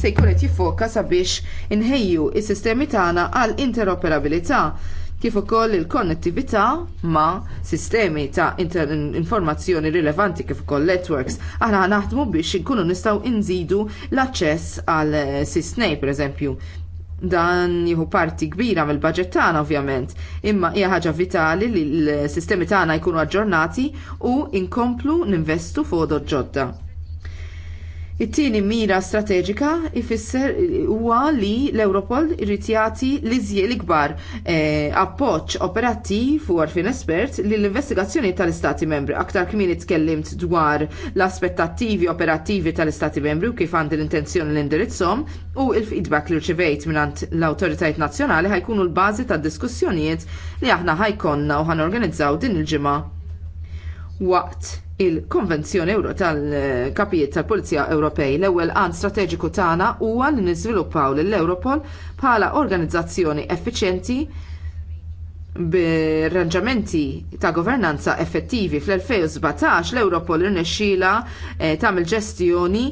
se jkun qed jiffoka sabiex inħejju s sistemi tagħna għal interoperabilità kif ukoll il-konnettività ma' sistemi ta' informazzjoni rilevanti kif ukoll networks. Aħna naħdmu biex inkunu nistgħu inżidu l-aċċess għal per pereżempju dan jieħu parti kbira mill-budget tagħna ovvjament, imma hija ħaġa vitali li l-sistemi tagħna jkunu aġġornati u inkomplu ninvestu fuq ġodda. It-tieni mira strateġika ifisser huwa li l-Europol irid jagħti li żjel ikbar eh, appoġġ operattiv u għarfien espert l investigazzjoni tal-Istati Membri. Aktar kmini tkellimt dwar l-aspettattivi operattivi tal-Istati Membri u kif għandi l-intenzjoni l-indirizzhom u il-feedback li rċivejt mingħand l-awtoritajiet nazzjonali ħajkunu l-bażi tad-diskussjonijiet li aħna ħajkonna u ħanorganizzaw din il-ġimgħa waqt il-Konvenzjoni Ewro tal-Kapijiet tal-Pulizija Ewropej l-ewwel għan strateġiku tagħna huwa li niżviluppaw lill europol bħala organizzazzjoni effiċjenti b'arranġamenti ta' governanza effettivi fl-2017 l-Europol irnexxila eh, tagħmel ġestjoni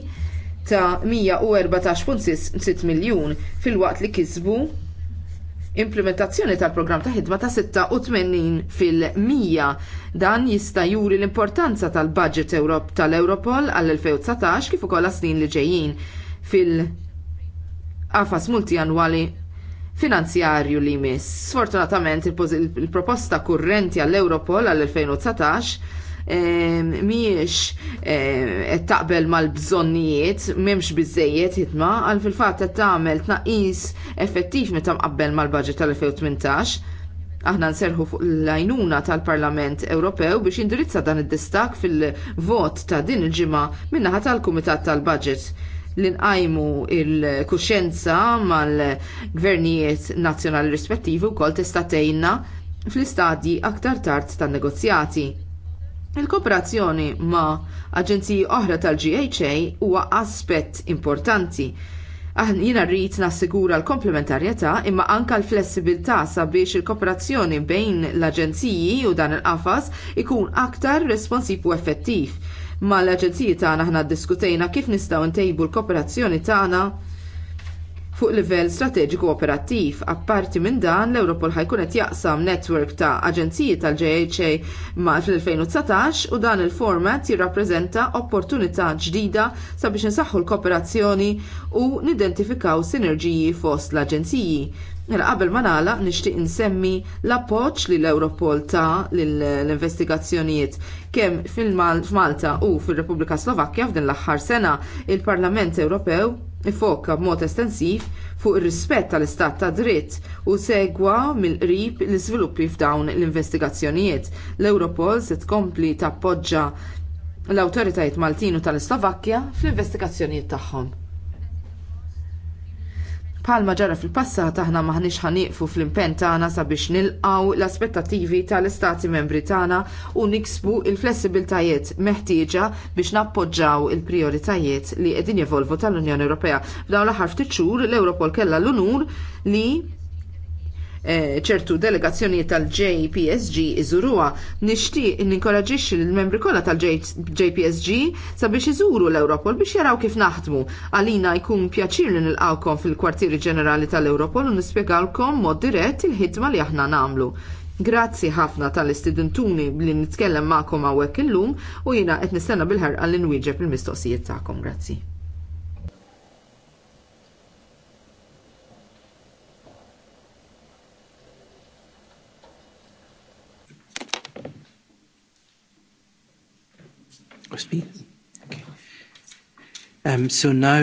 ta' 114.6 miljun fil-waqt li kisbu implementazzjoni tal-programm ta' ħidma ta' 86 fil-100. Dan jista' juri l-importanza tal-budget tal-Europol għall-2019 kif ukoll snin li ġejjin fil-qafas multianwali finanzjarju li jmiss. Sfortunatament il-proposta kurrenti għall-Europol għall-2019 mhijiex qed taqbel mal-bżonnijiet m'hemmx biżejjed hitma għal fil-fatt qed tagħmel tnaqqis effettiv meta mqabbel mal budget tal-2018. Aħna nserħu fuq l-għajnuna tal-Parlament Ewropew biex jindirizza dan id-distak fil-vot ta' din il-ġimgħa min-naħa tal-Kumitat tal-Budget li nqajmu l kuxenza mal-gvernijiet nazzjonali rispettivi wkoll tista' tgħinna fl-istadji aktar tard tan-negozjati. Il-kooperazzjoni ma' aġenziji oħra tal-GHA huwa aspett importanti. Aħna jina rrit nassigura l-komplementarjetà imma anka l-flessibilità sabiex il-kooperazzjoni bejn l-aġenziji u dan il-qafas ikun aktar responsiv u effettiv. Ma l-aġenziji tagħna aħna ddiskutejna kif nistgħu ntejbu l-kooperazzjoni tagħna fuq livell strateġiku operattiv. Apparti minn dan, l-Europol ħajkun qed jaqsam netwerk ta' aġenziji tal-JHA ma' fl-2019 u dan il-format jirrappreżenta opportunità ġdida sabiex insaħħu l-kooperazzjoni u nidentifikaw sinerġiji fost l-aġenziji. Mela qabel ma nagħlaq nixtieq insemmi l-appoġġ li l-Europol ta' l-investigazzjonijiet kemm f'Malta u fir-Repubblika Slovakkja f'din l-aħħar sena il-Parlament Ewropew ifoka b'mod estensiv fuq ir-rispett tal-istat ta' dritt u segwa mill-qrib l-iżviluppi f'dawn l-investigazzjonijiet. L-Europol se tkompli tappoġġa l-awtoritajiet Maltin u tal-Slovakkja fl-investigazzjonijiet tagħhom. Palma ġara fil-passat aħna maħniex ħaniqfu fl-impenn tagħna sabiex nilqaw l-aspettattivi tal-istati membri tagħna u niksbu il-flessibiltajiet meħtieġa biex nappoġġaw il-prioritajiet li qegħdin jevolvu tal-Unjoni Ewropea. F'dawn l-aħħar ftit xhur l ewropol kellha l-unur li Eh, ċertu delegazzjonijiet tal-JPSG iżuruha. Nixtieq ninkoraġixxi lill membri kollha tal-JPSG sabiex iżuru l-Europol biex jaraw kif naħdmu. Għalina jkun pjaċir li nilqawkom fil-kwartieri ġenerali tal-Europol u nispjegawkom mod dirett il-ħidma li aħna nagħmlu. Grazzi ħafna tal-istudentuni li nitkellem magħkom hawnhekk illum u jiena qed nistenna bil-ħarqa li nwieġeb il-mistoqsijiet tagħkom. Grazzi. Um, so now...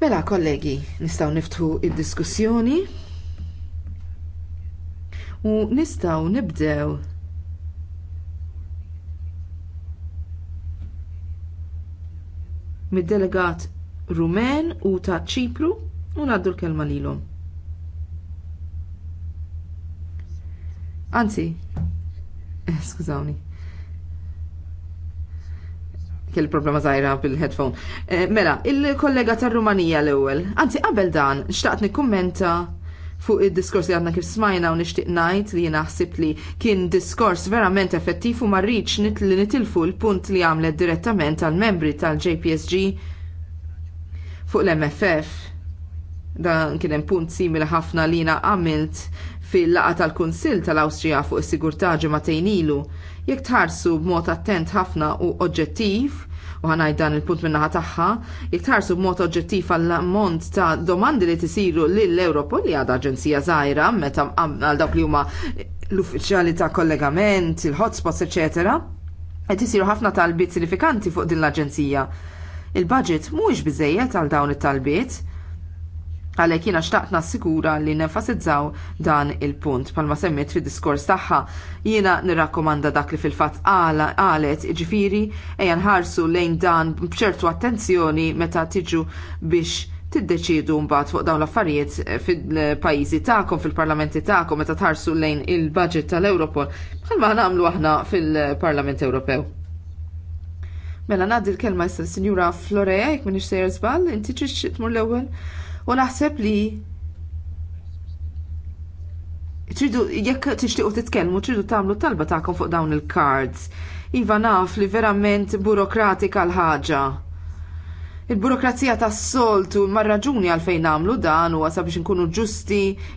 Mela, kollegi, nistaw niftħu id-diskussjoni u nistaw nibdew mid-delegat Rumen u ta' Ċipru u naddu l-kelma lilhom. Anzi, skużawni kell problema zaħira bil-headphone. Eh, mela, il-kollega tar rumanija l ewwel Anzi, qabel dan, xtaqt nikkummenta fuq il-diskors li għadna kif smajna u nishtiq najt li naħsib li kien diskors verament effettiv u marriċ nit li nitilfu l-punt li għamlet direttament għal membri tal-JPSG fuq l-MFF. Dan kien hemm punt simili ħafna li jina għamilt fil laqgħa tal-Kunsill tal-Awstrija fuq is-sigurtà ġimagħtejn ilu. Jekk tħarsu b'mod attent ħafna u oġġettiv, u ħanaj dan il-punt min-naħa tagħha, jekk tħarsu b'mod oġġettiv għall ammont ta' domandi li tisiru lill Europol li għadha aġenzija żgħira meta għal dawk li huma l-uffiċjali ta' kollegament, il-hotspots, eċetera, qed isiru ħafna talbiet sinifikanti fuq din l-aġenzija. Il-budget mhuwiex biżejjed għal dawn it-talbiet, Għalhekk jiena xtaqt nassigura li nenfasizzaw dan il-punt. Palma semmet fid diskors tagħha, jiena nirrakkomanda dak li fil-fatt għalet ġifiri ejja nħarsu lejn dan bċertu attenzjoni meta tiġu biex tiddeċidu mbagħad fuq dawn l-affarijiet fil-pajjiżi tagħkom, fil-parlamenti tagħkom meta tħarsu lejn il-budget tal-Europol bħalma nagħmlu aħna fil-Parlament Ewropew. Mela ngħaddi l-kelma issa Sinjura Florea jekk m'iniex sejjer żball, inti tmur l-ewwel u naħseb li ċirdu, jekk tixtiequ titkellmu, tridu tagħmlu talba tagħkom fuq dawn il-cards. Iva naf li verament burokratika l-ħaġa. Il-burokrazija tas soltu ma raġuni għalfejn nagħmlu dan huwa sabiex inkunu ġusti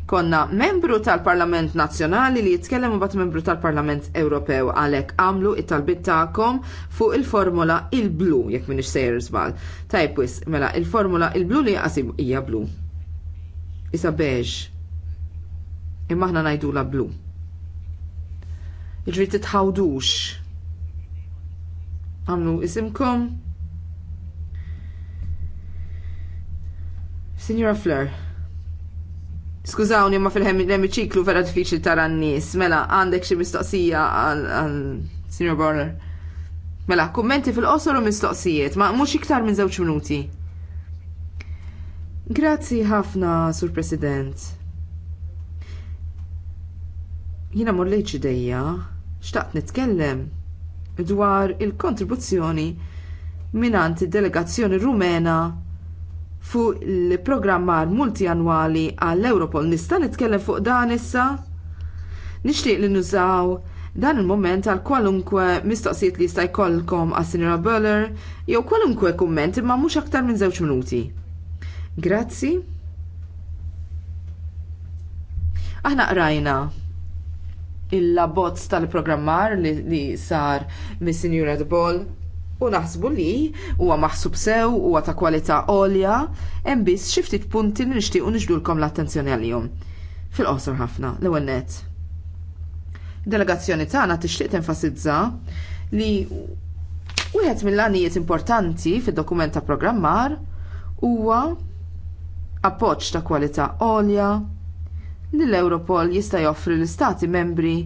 konna membru tal-Parlament Nazzjonali li jitkellem u membru tal-Parlament Ewropew għalhekk għamlu it-talbit tagħkom fuq il-formula il-blu jekk minix sejr zbal. Tajpwis, mela il-formula il-blu li għasib hija blu. Isa beige. Imma aħna ngħidula blu. Iġri titħawdux. Għamlu isimkom, Signora Fleur, skużawni ma fil-emiċiklu vera diffiċli tara n-nies, mela għandek xi mistoqsija għal Signor Borner. Mela, kummenti fil-qosor u mistoqsijiet, ma mhux iktar minn żewġ minuti. Grazzi ħafna, Sur President. Jiena morlejt dejja, xtaqt nitkellem dwar il-kontribuzzjoni minant id-delegazzjoni rumena fuq il-programmar multianwali għall-Europol. Nista' nitkellem fuq dan issa? Nixtieq li nużaw dan il mument għal kwalunkwe mistoqsijiet li jista' jkollkom għas Sinjora Böller jew kwalunkwe kumment imma mhux aktar minn żewġ minuti. Grazzi. Aħna qrajna il-labozz tal-programmar li, li sar mis-Sinjura Debol u naħsbu li huwa maħsub sew huwa ta' kwalità għolja hemm biss xi ftit punti li nixtiequ niġdulkom l-attenzjoni għalihom. Fil-qosor ħafna, l-ewwel nett. Delegazzjoni tagħna tixtieq tenfasizza li wieħed mill-għanijiet importanti fid-dokument ta' programmar huwa appoġġ ta' kwalità għolja li l-Europol jista' joffri l-istati membri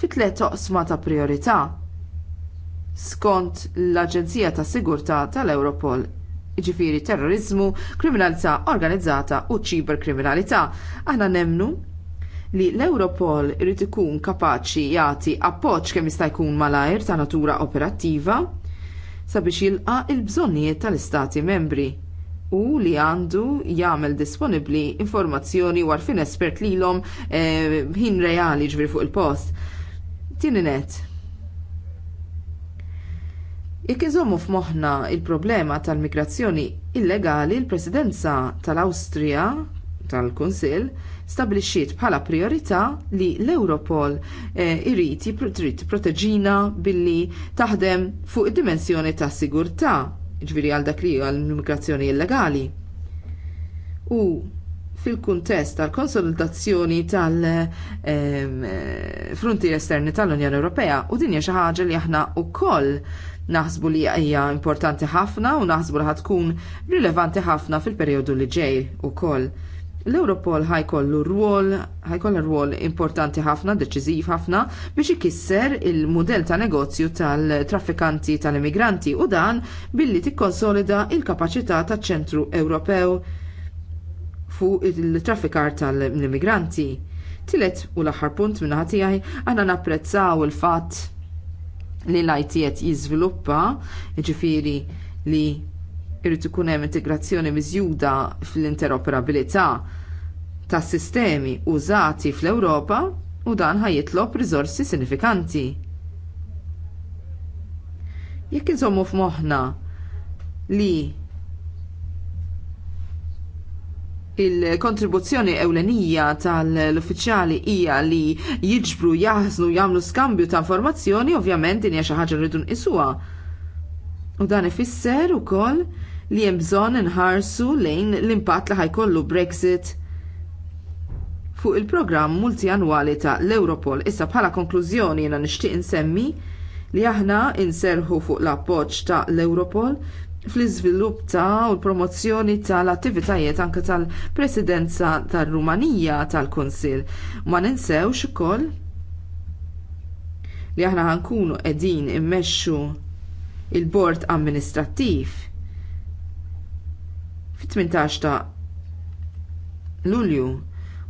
fi tliet toqsma ta' priorità skont l-Aġenzija ta' Sigurtà tal-Europol ġifiri terrorizmu, kriminalità organizzata u ċiberkriminalità. Aħna nemnu li l-Europol irid ikun kapaċi jagħti appoġġ kemm jista' jkun malajr ta' natura operattiva sabiex jilqa il-bżonnijiet tal-Istati membri u li għandu jagħmel disponibbli informazzjoni warfin espert lilhom eh, ħin reali ġifieri fuq il-post. Tieni net, Jekk iżommu f'moħħna il-problema tal-migrazzjoni illegali, il-Presidenza tal-Awstrija tal-Kunsill stabliċiet bħala priorità li l-Europol eh, irid trid proteġina billi taħdem fuq id-dimensjoni tas sigurtà, ġviri għal dak li għal immigrazzjoni illegali. U fil-kuntest tal-konsolidazzjoni tal-frontier eh, eh, esterni tal-Unjoni Ewropea u dinja xi ħaġa li aħna wkoll Naħsbu li hija importanti ħafna u naħsbu li ħatkun rilevanti ħafna fil-perjodu li ġej koll. L-Europol ħajkollu rwol, ħajkollu rwol importanti ħafna, deċiżiv ħafna biex ikisser il-modell ta' negozju tal-traffikanti tal-immigranti u dan billi tikkonsolida il-kapaċità taċ-Ċentru Ewropew fuq il-traffikar tal-immigranti. Tilet u l-aħħar punt minna ħatijaj, għanna napprezzaw il-fat li l-IT qed jiżviluppa, jiġifieri li jrid ikun hemm integrazzjoni miżjuda fl-interoperabilità tas sistemi użati fl-Ewropa u dan ħajjitlob riżorsi sinifikanti. Jekk insommu f'moħħna li Il-kontribuzzjoni ewlenija tal-uffiċjali hija li jiġbru jaħsnu jagħmlu skambju ta' informazzjoni, ovvjament din hija xi ħaġa rridu nqisuha. U dan ifisser ukoll li hemm bżonn inħarsu lejn l-impatt li ħajkollu Brexit fuq il-programm multianwali ta' l-Europol. Issa bħala konklużjoni jiena nixtieq insemmi li aħna inserħu fuq l-appoġġ ta' l-Europol fl-iżvilupp ta' u l-promozzjoni tal-attivitajiet anke tal-Presidenza tar-Rumanija tal-Kunsill. Ma ninsewx ukoll li aħna ħankunu qegħdin immexxu l bord amministrattiv fit-18 ta' Lulju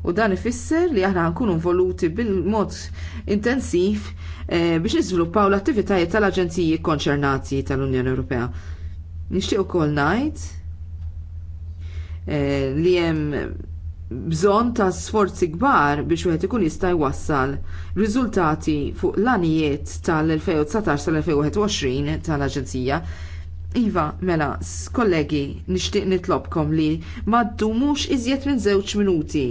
u dan ifisser li aħna nkunu involuti bil-mod intensiv eh, biex niżviluppaw l-attivitajiet tal-aġenziji konċernati tal-Unjoni Ewropea. Nixtieq ukoll ngħid eh, li hemm bżonn ta' sforzi kbar biex wieħed ikun jista' jwassal riżultati fuq l-anijiet tal-2019 tal-2021 tal-Aġenzija. Iva, mela, kollegi, nixtieq nitlobkom li ma ddumux iżjed minn żewġ minuti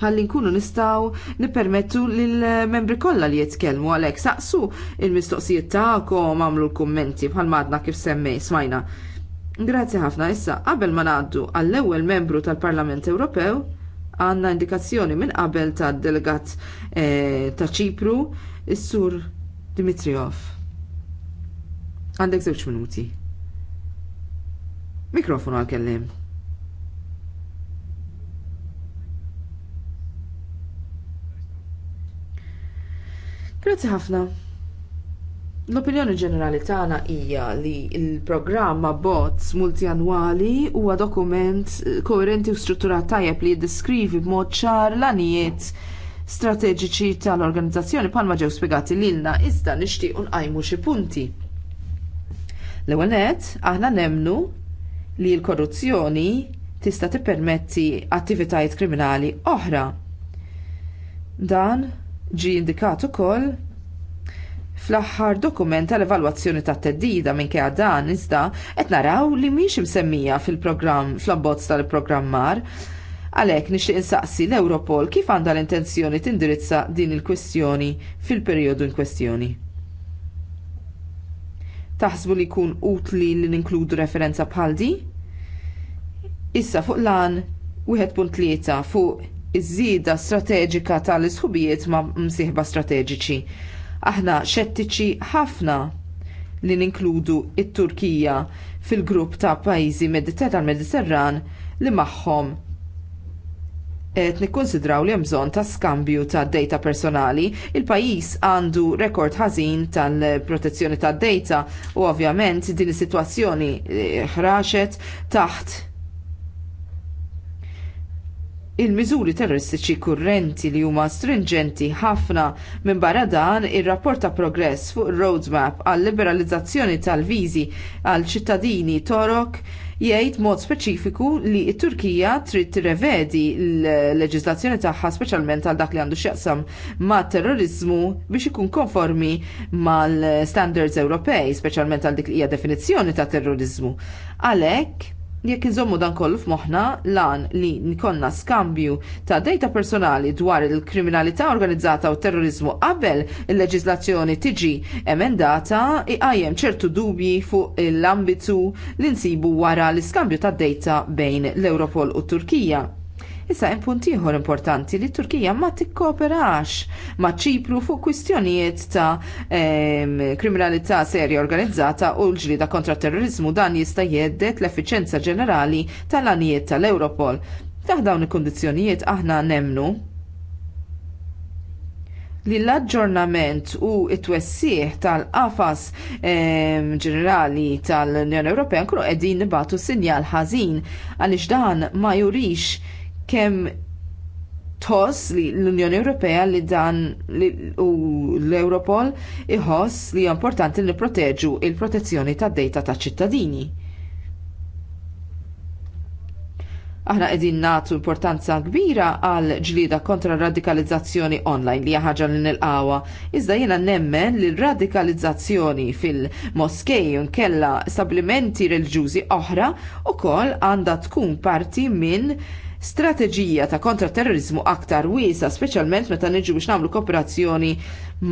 ħalli nkunu nistaw nipermettu lill-membri kollha li jitkellmu għalhekk saqsu il-mistoqsijiet tagħkom għamlu l-kummenti bħal madna kif semmej smajna. Grazzi ħafna issa qabel ma ngħaddu għall-ewwel membru tal-Parlament Ewropew għandna indikazzjoni minn qabel tad-delegat eh, ta' Ċipru is-sur Dimitriov. Għandek żewġ minuti. Mikrofonu għal-kellim. Grazzi ħafna. L-opinjoni ġenerali tagħna hija li l-programm abbozz multjanwali huwa dokument eh, koerenti u strutturat tajjeb li jiddiskrivi b'mod ċar l-anijiet strateġiċi tal-organizzazzjoni bħalma ġew spjegati lilna iżda nixtiequ nqajmu xi punti. L-ewwel nett aħna nemnu li l-korruzzjoni tista' tippermetti attivitajiet kriminali oħra. Dan ġie indikat ukoll Fl-aħħar dokument tal-evalwazzjoni ta' teddida minkejja dan iżda qed naraw li mhix msemmija fil-programm fl-abbozz tal-programmar. Għalhekk nixtieq insaqsi l-Europol kif għandha l-intenzjoni tindirizza din il-kwestjoni fil-perjodu in kwestjoni. Taħsbu li jkun utli li ninkludu referenza bħal di? Issa fuq lan 1.3 fuq iż-żieda strateġika tal-isħubijiet ma' msieħba strateġiċi. Aħna xettiċi ħafna li ninkludu it-Turkija fil-grupp ta' pajjiżi mediterran-mediterran li magħhom et nikkonsidraw li hemm bżonn ta' skambju ta' data personali, il-pajjiż għandu rekord ħażin tal-protezzjoni tad data u ovvjament din is-sitwazzjoni ħraxet eh, taħt il-miżuri terroristiċi kurrenti li huma stringenti ħafna minn barra dan ir-rapport ta' progress fuq roadmap għal liberalizzazzjoni tal-viżi għal ċittadini torok jgħid mod speċifiku li t-Turkija trid tirrevedi l leġislazzjoni tagħha speċjalment għal dak li għandu x'jaqsam ma' terrorizmu biex ikun konformi mal-standards Ewropej, speċjalment għal dik li hija definizzjoni ta' terrorizmu. Għalhekk Jekk inżommu dan kollu f'moħħna lan li nkonna skambju ta' data personali dwar il-kriminalità organizzata u terrorizmu qabel il-leġislazzjoni tiġi emendata iqajjem ċertu dubji fuq l-ambitu li nsibu wara l-iskambju ta' data bejn l-Europol u Turkija. Issa hemm punt ieħor importanti li t Turkija ma tikkooperax ma' ċipru fuq kwistjonijiet ta' kriminalità serja organizzata u l-ġlida kontra terrorizmu dan jista' jgħeddet l-effiċenza ġenerali tal-anijiet tal-Europol. Taħ dawn il-kundizzjonijiet aħna nemnu li l-aġġornament u t-twessieħ tal-qafas ġenerali tal-Unjoni Ewropea nkunu qegħdin nibatu sinjal ħażin għaliex dan ma jurix kemm toss li l-Unjoni Ewropea li dan li, u l-Europol iħoss li importanti li proteġu il-protezzjoni tad dejta taċ ċittadini. Aħna qegħdin nagħtu importanza kbira għal ġlieda kontra radikalizzazzjoni online li ħaġa li nilqawa. Iżda jiena nemmen li radikalizzazzjoni fil-moskej u nkella stablimenti reliġjużi oħra ukoll għandha tkun parti minn strateġija ta' kontraterrorizmu aktar wiesa, speċjalment meta niġu biex nagħmlu kooperazzjoni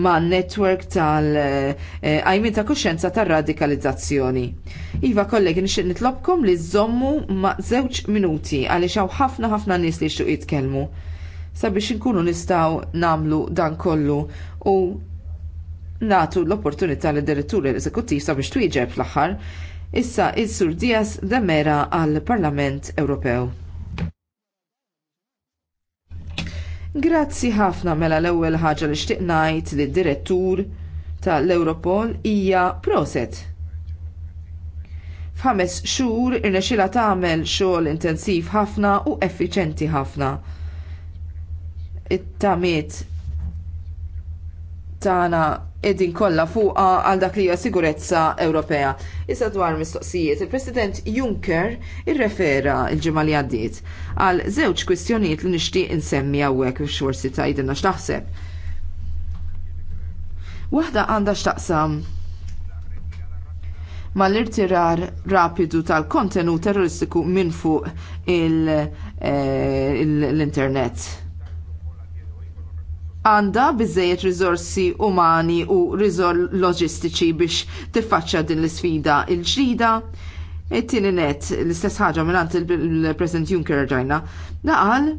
ma' netwerk tal-għajmin eh, eh, ta' kuxenza tar radikalizzazzjoni. Iva kollegi nixtieq nitlobkom li żommu ma' żewġ minuti għaliex hawn ħafna ħafna nies li jixtuq jitkellmu sabiex inkunu nistgħu nagħmlu dan kollu u nagħtu l-opportunità li direttur eżekuttiv sabiex twieġeb fl-aħħar issa is-Sur Dias Demera għall Parlament Ewropew. Grazzi ħafna mela l-ewwel ħaġa li xtieq ngħid lid direttur tal-Europol hija proset. F'ħames xhur irnexxilha tagħmel xogħol intensiv ħafna u effiċenti ħafna. It-tamiet tagħna qegħdin kollha fuqha għal dak li hija sigurezza Ewropea. Issa dwar mistoqsijiet, il-President Juncker irrefera il l-ġimgħa li għaddiet għal żewġ kwistjonijiet li nixtieq insemmi hawnhekk biex forsi tgħidilna x'taħseb. Waħda għandha x'taqsam mal-irtirar rapidu tal-kontenut terroristiku minn fuq eh, l-internet għandha biżżejjed riżorsi umani u riżor loġistiċi biex tiffaċċja din l-isfida l-ġdida. It-tieni net l-istess ħaġa mingħand il-President Juncker ġajna. Naqal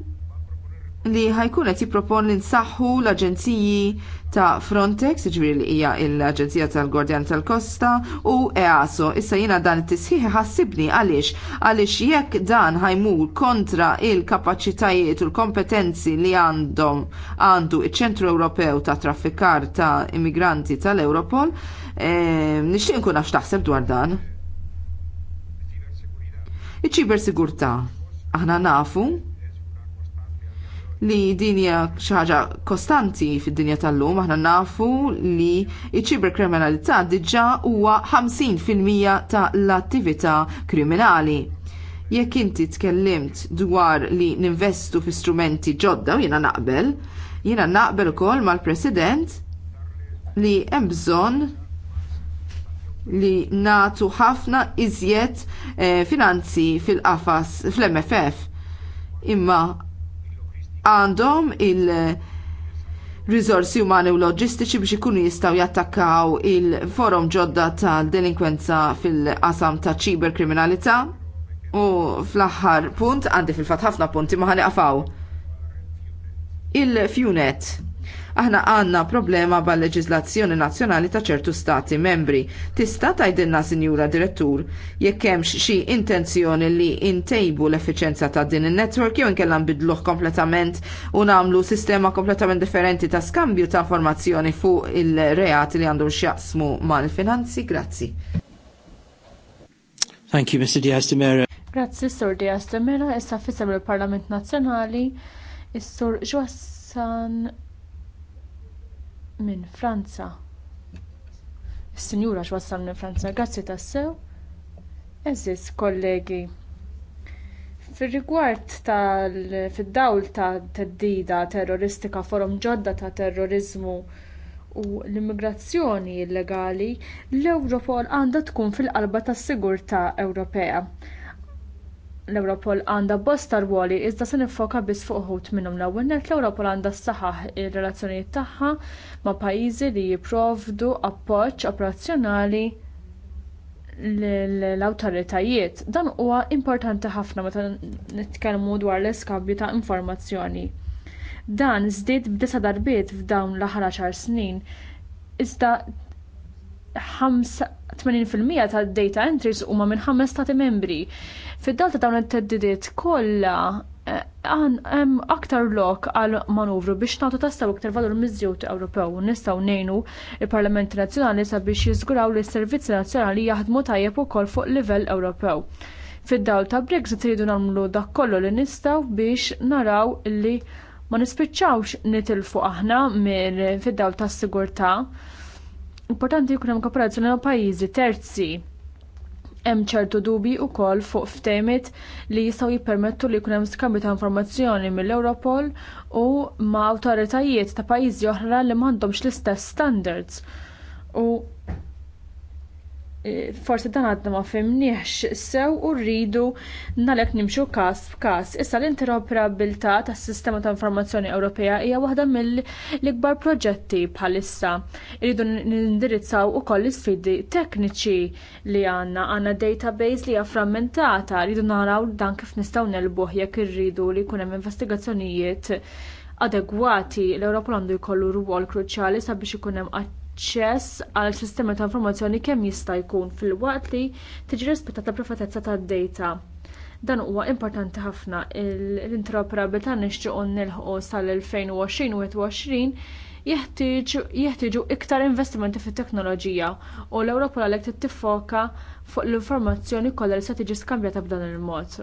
li ħajkun qed jippropon li nsaħħu l-aġenziji ta' Frontex, ġviri jiġifieri li hija l-Aġenzija tal gordjan tal-Kosta u EASO. Issa jiena dan it-tisħiħ ħassibni għaliex għaliex jekk dan ħajmur kontra il-kapaċitajiet u l-kompetenzi li għandhom għandu iċ-Ċentru Ewropew ta' Traffikar ta' Immigranti tal-Europol, eh, nixtieq nkun nafx taħseb dwar dan. Iċ-ċiber sigurtà aħna nafu li dinja ħaġa kostanti fid-dinja tal-lum, aħna nafu li iċ kriminalità diġà huwa 50% ta' l-attività kriminali jekk inti tkellimt dwar li ninvestu fi strumenti ġodda u jiena naqbel, jiena naqbel ukoll mal-President li hemm bżonn li natu ħafna iżjed eh, finanzi fil-qafas fl-MFF. Imma għandhom il- rizorsi umani u loġistiċi biex ikunu jistgħu jattakkaw il-forum ġodda tal-delinkwenza fil-qasam ta' ċiberkriminalità. U fl-aħħar punt, għandi fil-fat ħafna punti ma ħani Il-Funet aħna għandna problema bħal leġizlazzjoni nazzjonali ta' ċertu stati membri. Tista' tgħidilna, Sinjura Direttur, jekk hemmx xi intenzjoni li intejbu l-effiċenza ta' din in-network jew inkella nbidluh kompletament u nagħmlu sistema kompletament differenti ta' skambju ta' informazzjoni fuq il-reati li għandhom x'jaqsmu mal-finanzi. Grazzi. Thank you, Mr. Diaz de Mera. Grazzi, Sur Diaz de Mera. Issa fissem il-Parlament Nazzjonali, is-Sur Joassan minn Franza. Is-Sinjura x'wassal minn Franza, grazzi tassew. Eżis, kollegi. Fir-rigward tal fid-dawl ta' teddida terroristika forum ġodda ta' terrorizmu u l-immigrazzjoni illegali, l-Europol għandha tkun fil-qalba tas-sigurtà Ewropea l-Europol għandha bosta rwoli iżda se niffoka biss fuq uħud minnhom l-ewwel net l-Europol għandha saħaħ ir-relazzjonijiet tagħha ma' pajjiżi li jipprovdu appoġġ operazzjonali l-awtoritajiet. Dan huwa importanti ħafna meta nitkellmu dwar l-iskambju ta' informazzjoni. Dan żdied b'disa darbiet f'dawn l-aħħar ċar snin. Iżda 80% tad data entries huma minn ħames stati membri. Fid-dal ta' dawn it-teddidiet kollha eh, hemm aktar lok għal manuvru biex nagħtu tassew iktar valur miżjut Ewropew nistgħu ngħinu il-Parlament Nazzjonali sabiex jiżguraw li s-servizzi nazzjonali jaħdmu tajjeb ukoll fuq livell Ewropew. Fid-dawl ta' Brexit iridu nagħmlu dak kollu li nistgħu biex naraw li ma nispiċċawx nitilfu aħna minn fid-dawl tas-sigurtà. Importanti jkun hemm kooperazzjoni ma' pajjiżi terzi Hemm ċertu dubji wkoll fuq ftehmiet li jistgħu jippermettu li jkun hemm skambju ta' informazzjoni mill-Europol u ma' awtoritajiet ta' pajjiżi oħra li m'għandhomx l-istess standards. U Eh, forsi dan għadna ma fimniex sew u rridu nalek nimxu każ f'każ. Issa l-interoperabilità tas-sistema ta' informazzjoni Ewropea hija waħda mill-ikbar proġetti bħalissa. Irridu nindirizzaw ukoll l-isfidi tekniċi li għandna għandna database li hija frammentata, rridu naraw dan kif nistgħu nelbuh jekk irridu li jkun hemm investigazzjonijiet adegwati l-Ewropa għandu jkollu rwol kruċjali sabiex ikun hemm aċċess għal sistema ta' informazzjoni kemm jista' jkun fil-waqt li tiġi rispettata privatezza tad-data. Dan huwa importanti ħafna l-interoperabilità nixtiequ nilħqu sal-2020 jeħtieġu iktar investimenti fit-teknoloġija u l-Ewropa għalhekk tittifoka fuq l-informazzjoni kollha li se tiġi skambjata b'dan il-mod.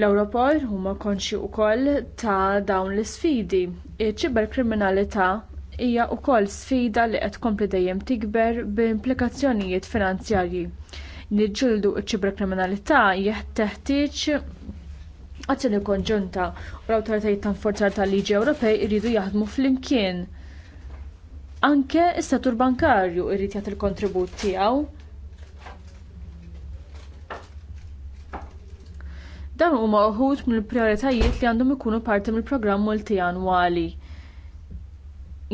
L-Europol huma konxi wkoll ta' dawn l-isfidi. Iċ-ċiberkriminalità hija wkoll sfida li qed tkompli dejjem tikber b'implikazzjonijiet finanzjarji. Niġġieldu ċ-ċiberkriminalità teħtieġ azzjoni konġunta u l-awtoritajiet tal forzar tal-liġi Ewropej iridu jaħdmu flimkien. Anke is-settur bankarju jrid jagħti l-kontribut tiegħu. Dan huma uħud mill-prijoritajiet li għandhom ikunu parti mill-programm multijanwali.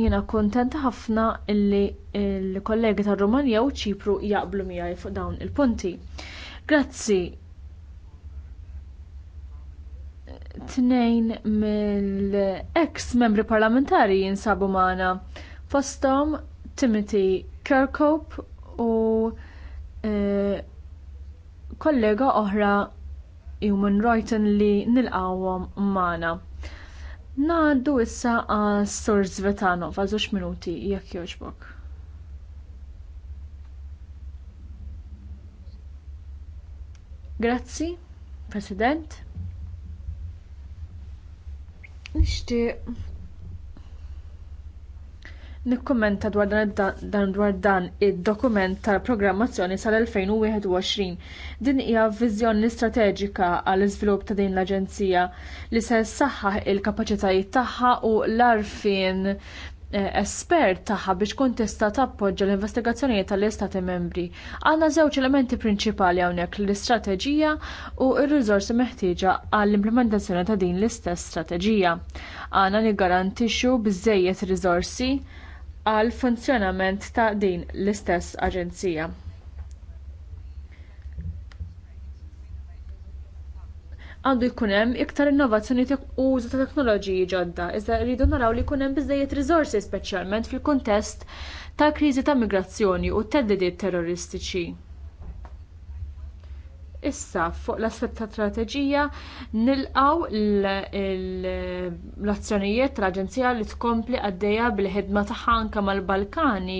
Jiena kuntenta ħafna illi l-kollegi tar rumanija u ċipru jaqblu miegħi fuq dawn il-punti. Grazzi. Tnejn mill-ex membri parlamentari jinsabu magħna Fostom Timothy Kirkhope u e, kollega oħra Human Rights li nilqawhom magħna. Naddu issa għal Sur Zvetano għal żewġ minuti jekk jogħġbok. Grazzi, President. Nixtieq Nikkumenta dwar dan dwar dan id-dokument tal-programmazzjoni sal-2021. Din hija viżjoni strateġika għall iżvilupp ta' din l-Aġenzija li se saħħaħ il-kapaċitajiet tagħha u l-arfin eh, espert tagħha biex tkun tista' tappoġġja l-investigazzjonijiet tal-Istati membri. Għandna żewġ elementi prinċipali hawnhekk l-istrateġija u r-riżorsi meħtieġa għall-implementazzjoni ta' din l-istess strateġija. Għandna niggarantixxu biżżejjed riżorsi għall funzjonament ta' din l-istess aġenzija. għandu jkun hemm iktar innovazzjoni u użu ta' teknoloġiji ġodda, iżda rridu naraw li jkun hemm biżżejjed riżorsi speċjalment fil-kuntest tal kriżi ta' migrazzjoni u t-teddidiet terroristiċi. Issa fuq l-aspett ta' strateġija nilqaw l-azzjonijiet tal-Aġenzija li tkompli għaddejja bil-ħidma tagħha anke mal-Balkani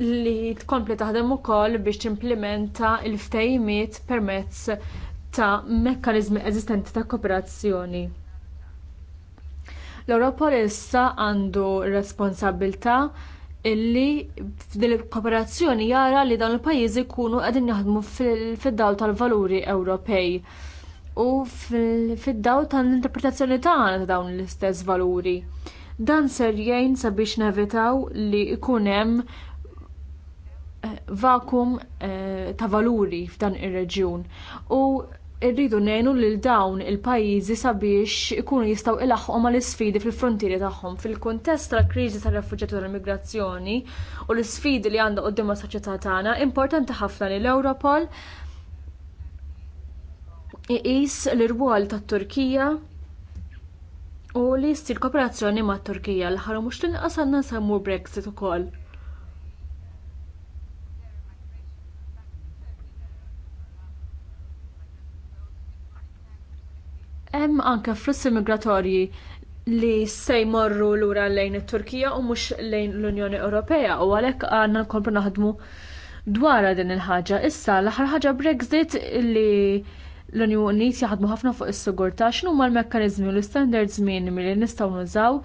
li tkompli taħdem ukoll biex timplementa l-ftejmiet permezz ta' mekkaniżmi eżistenti ta' kooperazzjoni. L-Europol issa għandu r-responsabbilta illi f'din il-kooperazzjoni jara li dawn il-pajjiżi jkunu qegħdin jaħdmu fid-dawl tal-valuri Ewropej u fid-dawl tal-interpretazzjoni tagħna ta' dawn l-istess valuri. Dan ser jgħin sabiex nevitaw li jkun hemm eh, vakum eh, ta' valuri f'dan ir-reġjun. U irridu ngħinu lil dawn il-pajjiżi sabiex ikunu jistgħu ilaħħu mal isfidi fil-frontieri tagħhom. Fil-kuntest tal-kriżi tar-refuġjati u tal-immigrazzjoni u l-isfidi li għandha quddiem soċjetà tagħna, importanti ħafna li l ewropol iqis l-irwol tat-Turkija u li jsir kooperazzjoni mat Turkija l-ħaru mhux tinqas għandna nsemmu Brexit ukoll. Hemm anke flussi migratorji li se jmorru lura lejn it-Turkija u mhux lejn l-Unjoni Ewropea u għalhekk għandna nkomplu naħdmu dwar din il-ħaġa. Issa l-aħħar ħaġa Brexit li l-Unjoni Unit jaħdmu ħafna fuq is-sigurtà x'inhuma l-mekkaniżmi u l-istandards minimi li nistgħu nużaw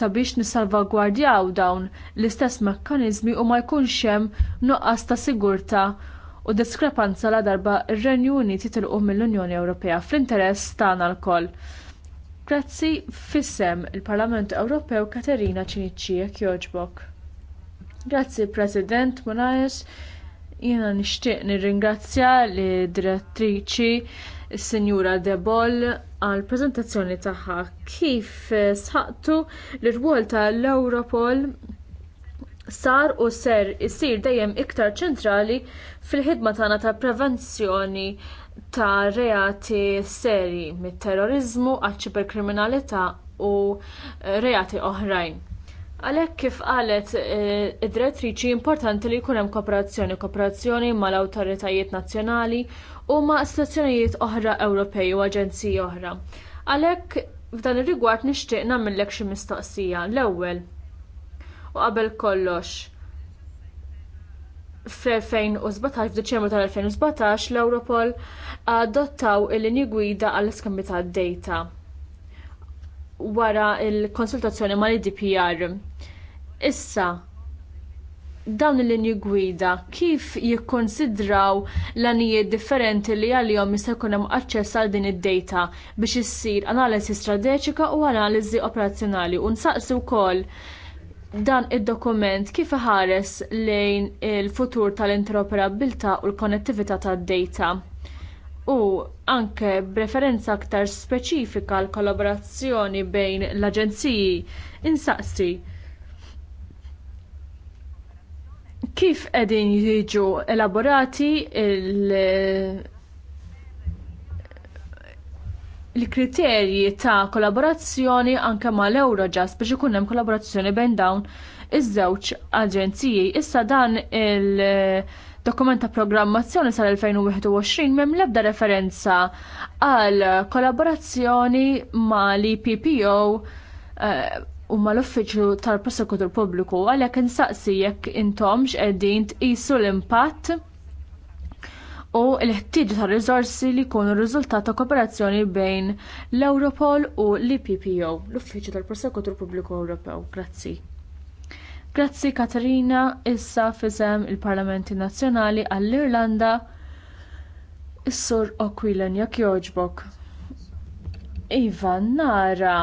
sabiex nissalvagwardjaw dawn l-istess mekkaniżmi u ma jkunx hemm nuqqas ta' sigurtà u diskrepanza la darba ir-Renju Unit jitilqu mill-Unjoni Ewropea fl-interess tagħna lkoll. Grazzi fissem il-Parlament Ewropew Katerina Ċiniċċi jekk jogħġbok. Grazzi President Munajes, jiena nixtieq nirringrazzja li direttriċi is-Sinjura Debol għall preżentazzjoni tagħha kif sħaqtu l-rwol tal-Europol sar u ser isir dejjem iktar ċentrali fil-ħidma tagħna ta' prevenzjoni ta' reati serji mit-terrorizmu għaċ-ċiberkriminalità u eh, reati oħrajn. Għalhekk kif qalet eh, id-direttriċi importanti li jkun hemm kooperazzjoni, kooperazzjoni mal-awtoritajiet nazzjonali u ma' istazzjonijiet oħra Ewropej u aġenziji oħra. Għalhekk f'dan ir-rigward nixtieq nagħmellek xi mistoqsija. L-ewwel, u qabel kollox fl-2017, f'Diċembru tal-2017, l-Europol adottaw il-linji gwida għall iskambju tad data wara l konsultazzjoni mal idpr Issa, dawn il-linji gwida kif jikkonsidraw l-anijiet differenti li għalihom jista' jkun hemm aċċess għal din id-data biex issir analiżi strateġika u analiżi operazzjonali u nsaqsi wkoll dan id-dokument kif iħares lejn il-futur tal-interoperabilità u l-konnettività tad-data u anke b'referenza aktar speċifika għall kollaborazzjoni bejn l-aġenziji insaqsi kif qegħdin jiġu elaborati l l-kriterji ta' kollaborazzjoni anke mal eurojust biex ikun hemm kollaborazzjoni bejn dawn iż-żewġ aġenziji. Issa dan il-dokument ta' programmazzjoni sal-2021 m'hemm l-ebda referenza għal kollaborazzjoni mal ippo eh, u mal uffiċċju tal-Prosekutur Pubbliku għalhekk insaqsi jekk intom x'qegħdin tqisu l-impatt u l-ħtiġ ta' riżorsi li jkunu riżultat ta' kooperazzjoni bejn l-Europol u l-IPPO, l-Uffiċċju tal-Prosekutur Pubbliku Ewropew. Grazzi. Grazzi Katarina, issa fisem il-Parlamenti Nazzjonali għall-Irlanda, is-Sur Okwilen jogħġbok. Iva, nara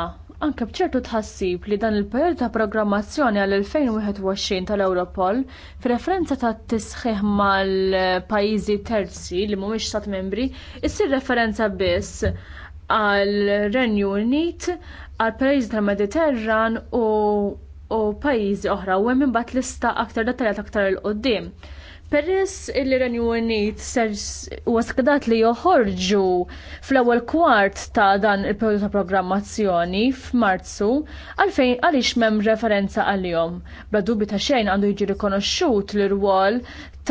Anke bċertu tħassib li dan il-perjodu ta' programmazzjoni għal-2021 tal-Europol, f'referenza ta' tisħiħ mal-pajjiżi terzi li mhumiex stat membri, issir referenza biss għal Renju Unit, għal pajjiżi tal-Mediterran u u pajjiżi oħra u hemm imbagħad lista aktar dettaljat aktar il quddiem. Peress il-Renju Unit ser waskadat li joħorġu fl-ewwel kwart ta' dan il-periodu ta' programmazzjoni f'Marzu għalfejn għaliex m'hemm referenza għalihom. Bla dubi ta' xejn għandu jiġi rikonoxxut l-irwol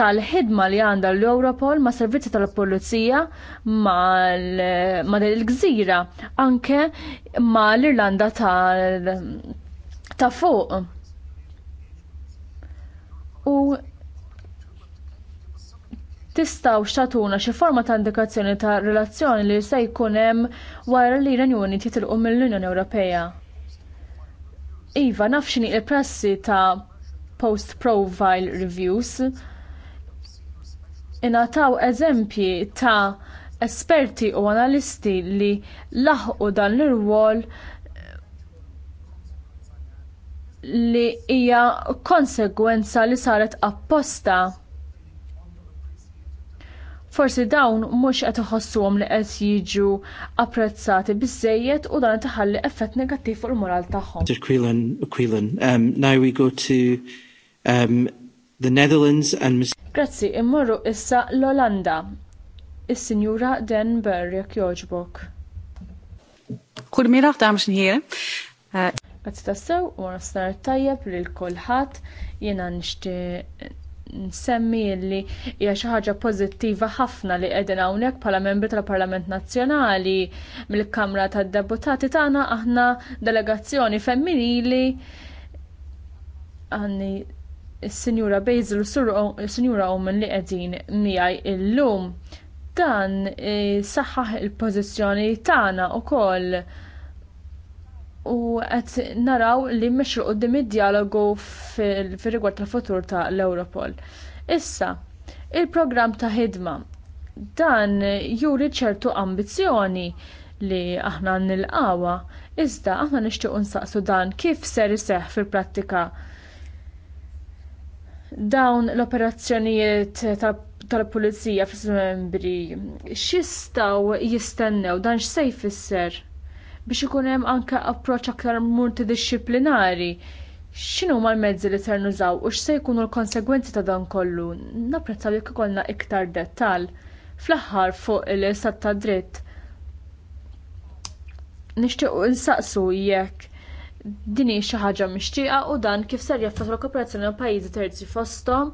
tal-ħidma li għandha l-Europol ma' servizzi tal-Polizija ma' l-Gżira, anke ma' l-Irlanda ta' fuq. U tistaw xtatuna xi forma ta' indikazzjoni ta' relazzjoni li se jkun hemm wara li l-Unjoni titilqu mill-Unjoni Ewropea. Iva, naf x'inhi l pressi ta' post-profile reviews. Ingħataw eżempji ta' esperti u analisti li laħqu dan l-irwol li hija konsegwenza li saret apposta forsi dawn mhux qed iħossuhom li qed jiġu apprezzati biżżejjed u dan taħalli effett negattiv fuq il-moral tagħhom. um, now we go to um, the Netherlands and Grazzi, immorru issa l-Olanda. Is-Sinjura Den Burr, jekk jogħġbok. Kull mira ta' heren. Uh... Grazzi tassew, u għana tajjeb lil kulħadd jiena nixtieq nsemmi li hija xi ħaġa pożittiva ħafna li qegħdin hawnhekk bħala membri tal-Parlament Nazzjonali mill-Kamra tad-Deputati tagħna aħna delegazzjoni femminili għanni s-Sinjura Basil s-Sinjura Omen li qegħdin miegħi illum. Dan eh, saħħaħ il-pożizzjoni tagħna wkoll u qed naraw li mmexxu qudiem id-dialogu fir-rigward tal-futur ta' l-Europol. Issa, il-programm ta' ħidma dan juri ċertu ambizzjoni li aħna nilqawa, iżda aħna nixtiequ nsaqsu dan kif ser iseħħ fil-prattika dawn l-operazzjonijiet tal-pulizija fis membri xistaw jistennew dan x'se jfisser? biex ikun hemm anke approċċ aktar multidixxiplinari. X'inhu l-mezzi li ser nużaw u x'se jkunu l-konsegwenzi ta' dan kollu? Napprezzaw jekk ikollna iktar dettall fl-aħħar fuq il-istat ta' dritt. Nixtiequ insaqsu jekk din hi xi ħaġa mixtieqa u dan kif ser jaffetwa l-kooperazzjoni ma' pajjiżi terzi fosthom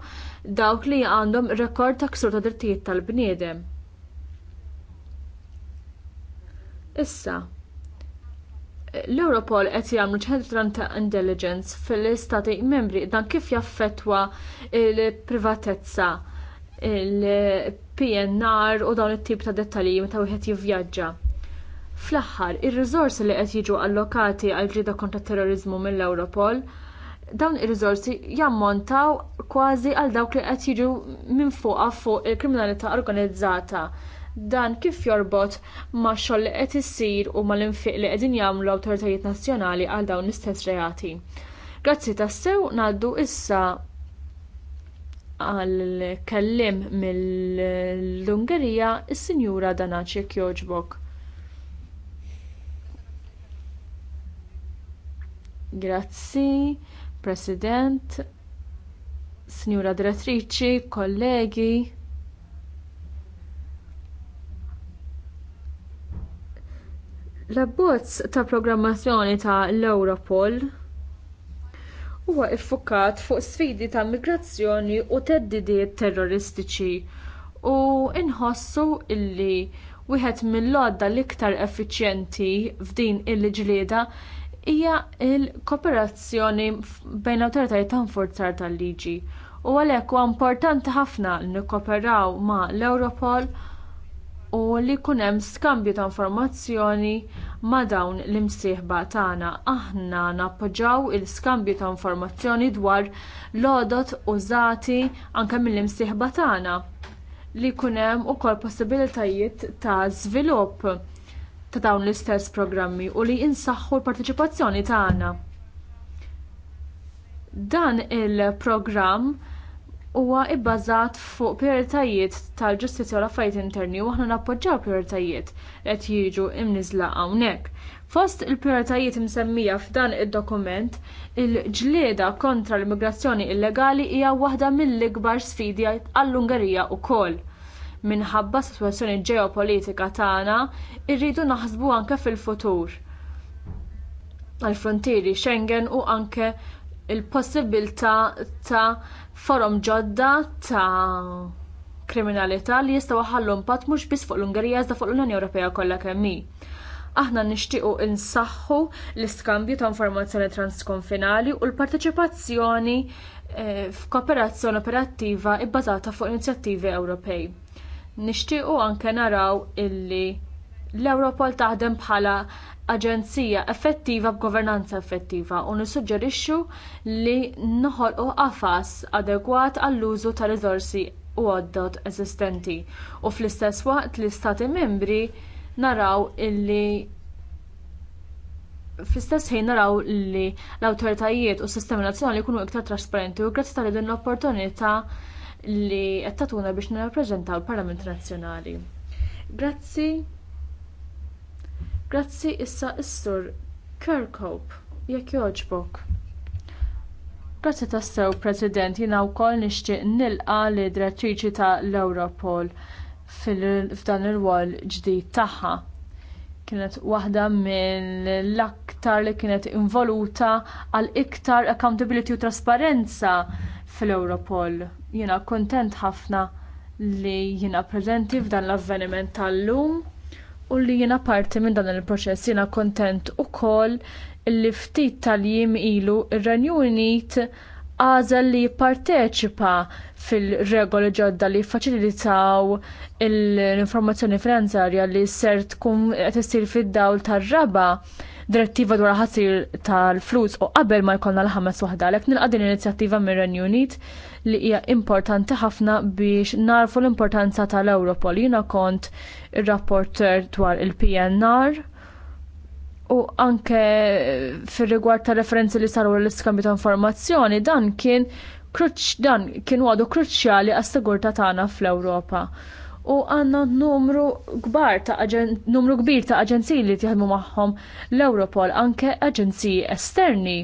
dawk li għandhom rekord ta' ksur ta' drittijiet tal-bniedem. Issa, l-Europol qed jagħmlu ċentran ta' intelligence fil-istati membri dan kif jaffettwa l-privatezza il-PNR u dawn it-tip ta' dettalji meta wieħed jivvjaġġa. Fl-aħħar, ir-riżorsi li qed jiġu allokati għal ġrida kontra terrorizmu mill-Europol dawn ir-riżorsi jammontaw kważi għal dawk li qed jiġu minn fuq fuq il-kriminalità organizzata dan kif jorbot ma' xogħol li qed issir u mal-infiq li qegħdin jagħmlu awtoritajiet nazzjonali għal dawn l-istess reati. Grazzi tassew ngħaddu issa għal kellim mill-Ungerija is-Sinjura Danaċi jogħġbok. Grazzi, President, Sinjura Direttriċi, kollegi. L-abbozz ta' programmazzjoni ta' l-Europol huwa iffukat fuq sfidi ta' migrazzjoni u theddidiet terroristiċi u inħossu illi wieħed mill għodda l-iktar effiċjenti f'din il-ġlieda hija l kooperazzjoni bejn l-awtoritajiet ta' nfurzar tal-liġi. U għalhekk huwa importanti ħafna li nikkoperaw ma' l-Europol u li jkun hemm skambju ta' informazzjoni ma' dawn l-imsieħba tagħna. Aħna nappoġġjaw il-skambju ta' informazzjoni dwar l-għodot użati anke mill-imsieħba tagħna li jkun hemm ukoll possibilitajiet ta' żvilupp ta' dawn l-istess programmi u li jinsaħħu l-partiċipazzjoni tagħna. Dan il-programm huwa ibbażat fuq prioritajiet tal-ġustizzja u l-affarijiet interni u aħna nappoġġjaw prioritajiet qed jiġu imniżla hawnhekk. Fost il-prioritajiet msemmija f'dan id-dokument, il-ġlieda kontra l-immigrazzjoni illegali hija waħda mill-ikbar sfidi għall-Ungerija wkoll. Minħabba sitwazzjoni ġeopolitika tagħna, irridu naħsbu anke fil-futur. Għal-frontieri Schengen u anke il-possibilità ta' forom ġodda ta' kriminalità li jistgħu ħallu impatt mhux biss fuq l-Ungerija iżda fuq l-Unjoni Ewropea kollha kemm hi. Aħna nixtiequ insaħħu l-iskambju ta' informazzjoni transkonfinali u l-parteċipazzjoni eh, f'kooperazzjoni operattiva bbażata fuq inizjattivi Ewropej. Nixtiequ anke naraw illi l-Ewropol taħdem bħala aġenzija effettiva b'governanza effettiva u nissuġġerixxu li noħolqu qafas adegwat għall-użu ta' riżorsi u għoddot eżistenti u fl-istess waqt l-istati membri naraw illi fl-istess ħin naraw li l-awtoritajiet u s-sistemi nazzjonali jkunu iktar trasparenti u grazzi tal din l-opportunità li qed tagħtuna biex nirrappreżentaw il-Parlament Nazzjonali. Grazzi. Grazzi issa is-sur. Kirkhope, jekk jogħġbok. Grazzi tassew, President, jina wkoll nixtieq nilqa li direttriċi ta' l-Europol f'dan il-wol ġdid tagħha. Kienet waħda mill-aktar li kienet involuta għal iktar accountability u trasparenza fil-Europol. Jina kontent ħafna li jina prezenti f'dan l-avveniment tal-lum u li jiena parti minn dan il-proċess jiena kontent ukoll li ftit tal-jiem ilu ir-Renju Unit għażel li jipparteċipa fil-regoli ġodda li jiffaċilitaw l-informazzjoni finanzjarja li ser tkun qed issir fid-dawl tar-raba' direttiva dwar ħassir tal-flus u qabel ma jkollna l-ħames waħda għalhekk nilqa' din inizjattiva mir-Renju Unit li hija importanti ħafna biex narfu l-importanza tal-Europol. Jiena kont ir-rapporter dwar il-PNR u anke fir-rigward tal referenzi li saru l-iskambju ta' informazzjoni dan kien kruċ dan kien għadu kruċjali għas-sigurtà tagħna fl-Ewropa u għanna numru kbar ta' numru kbir ta' aġenziji li tjaħdmu magħhom l-Europol anke aġenziji esterni.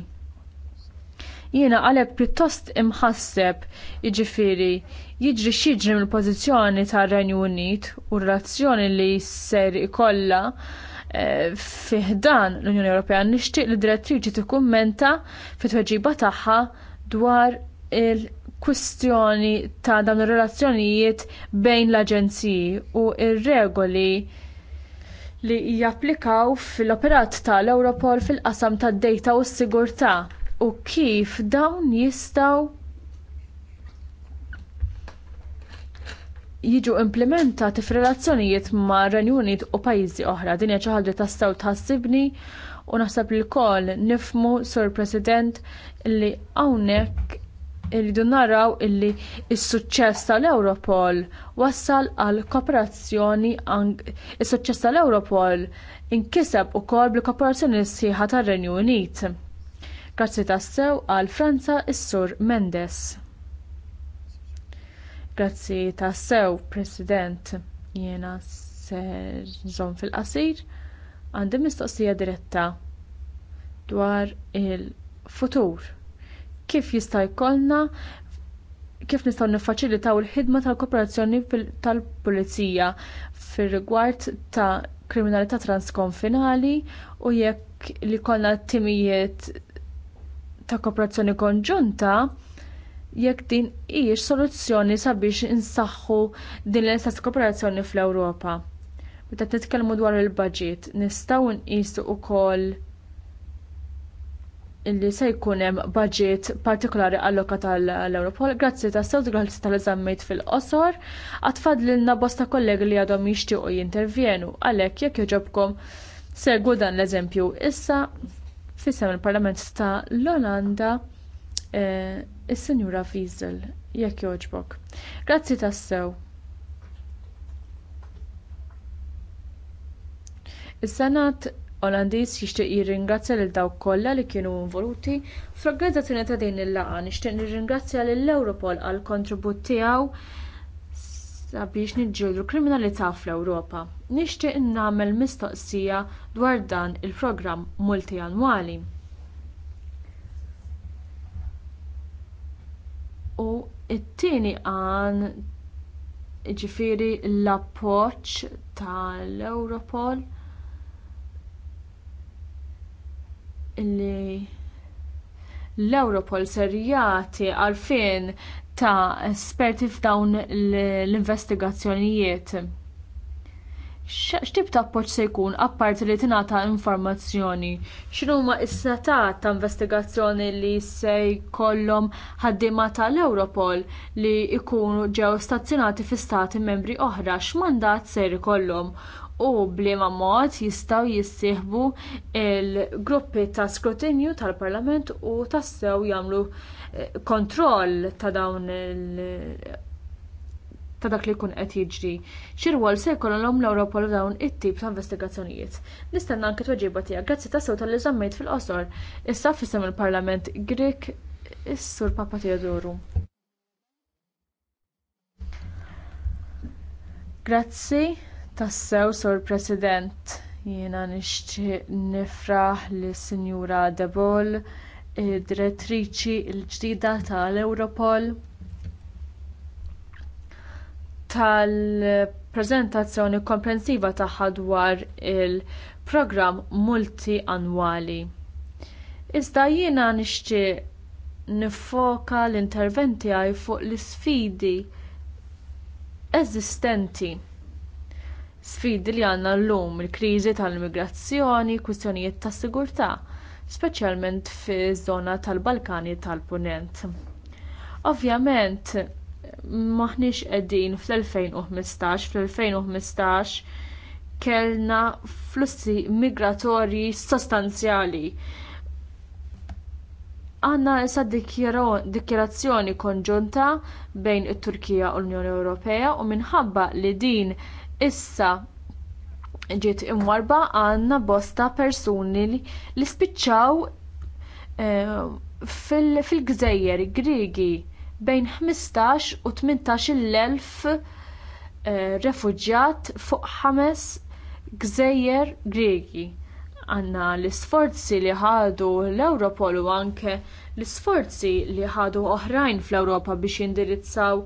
Jiena għalek pjuttost imħasseb jiġifieri jiġri xiġri mill-pożizzjoni tar Renju Unit u r razzjoni li ser ikollha eh, fiħdan l-Unjoni Ewropea nixtieq li direttriċi tikkummenta fit-tweġiba tagħha dwar il- kwistjoni ta' dawn ir-relazzjonijiet bejn l-aġenziji u r regoli li japplikaw fil-operat tal-Europol fil-qasam tad dejta u s-sigurtà u kif dawn jistgħu jiġu implementati f'relazzjonijiet ma' Renju Unit u pajjiżi oħra. Din hija xi ħaġa tassew tħassibni u naħseb li l nifhmu, Sur President, li hawnhekk irridu naraw illi s-suċċess tal-Europol wassal għal kooperazzjoni is-suċċess tal-Europol inkiseb ukoll bil kooperazzjoni sħiħa tar-Renju Unit. Grazzi tassew għal Franza is-Sur Mendes. Grazzi tassew, President, jiena ser fil-qasir għandi mistoqsija diretta dwar il-futur kif jista' jkollna kif nistgħu niffaċilitaw il-ħidma tal-kooperazzjoni tal-Pulizija fir-rigward ta' kriminalità transkonfinali u jekk li kollna timijiet ta' kooperazzjoni konġunta jekk din hijiex soluzzjoni sabiex insaħħu din l-istess kooperazzjoni fl-Ewropa. Meta titkellmu dwar il-budget, nistgħu nqisu wkoll illi se jkun hemm baġit partikolari allokat għall-Europol. Grazzi ta' sew grazzi tal-eżammejt fil-qosor. Għatfad lilna bosta kollegi li għadhom jixtiequ jintervjenu għalhekk jekk joġobkom segwu dan l-eżempju issa fissem il-Parlament ta' l-Olanda eh, is-Sinjura Fiesel jekk joġbok. Grazzi ta' sew. Is-Senat Olandiż jixtieq jirringrazzja lil dawk kollha li kienu involuti fl-organizzazzjoni ta' din il-laqgħa. Nixtieq nirringrazzja lill Europol għall kontribut tiegħu sabiex niġġieldu kriminalità fl-Ewropa. Nixtieq nagħmel mistoqsija dwar dan il-programm multianwali. U it-tieni għan ġifiri l-appoċ tal-Europol li l-Europol ser jagħti għalfien ta' esperti f'dawn l-investigazzjonijiet. X'tib ta' appoġġ se jkun apparti li tingħata informazzjoni? X'inhuma s-setat ta' investigazzjoni li se jkollhom ħaddiema tal-Europol li jkunu ġew stazzjonati fi stati membri oħra x'mandat ser ikollhom u bliema mod jistgħu jissieħbu il-gruppi ta' skrutinju tal-Parlament u tassew jagħmlu eh, kontroll ta' dawn il- ta' dak li jkun qed jiġri. Xirwol se jkollhom l-Ewropol dawn it-tip ta' investigazzjonijiet. Nistenna anke tweġiba tiegħek grazzi tassew tal-li żammejt fil-qosor. Issa f'isem il-Parlament Grek is-Sur Papa Teodoru. Grazzi. Tassew, Sur President, jiena nixtieq nifraħ li Sinjura Debol, id-direttriċi l-ġdida tal-Europol tal-preżentazzjoni komprensiva tagħha dwar il-programm annwali. Iżda jiena nixtieq niffoka l-interventi għaj fuq l isfidi eżistenti sfidi li għandna llum il-kriżi tal-immigrazzjoni, kwistjonijiet ta' sigurtà, speċjalment fiż-żona tal-Balkani tal-Punent. Ovvjament, maħniex qegħdin fl-2015, fl-2015 kellna flussi migratorji sostanzjali għanna issa dikjerazzjoni konġunta bejn it-Turkija u l-Unjoni Ewropea u minħabba li din issa ġiet imwarba għandna bosta persuni li spiċċaw eh, fil-gżejjer Griegi bejn 15 u 18 elf eh, refuġjat fuq ħames gżejjer Griegi. Għandna l isforzi li ħadu l-Europol u anke L-isforzi li ħadu oħrajn fl-Ewropa biex jindirizzaw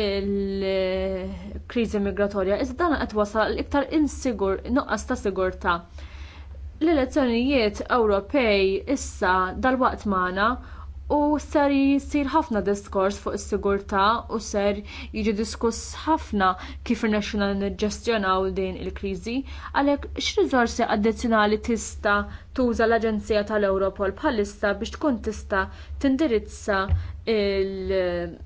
il-kriżi migratorja iżda dan qed wasal iktar insigur, nuqqas ta' sigurtà. L-elezzjonijiet Ewropej issa dalwaqt magħna U ser jisir ħafna diskors fuq is-sigurtà u ser jiġi diskuss ħafna kif irnexxina niġġestjonaw din il-kriżi, għalhekk x'riżorsi addizzjonali tista' tuża l-Aġenzija tal-Ewropol bħalissa biex tkun tista' tindirizza il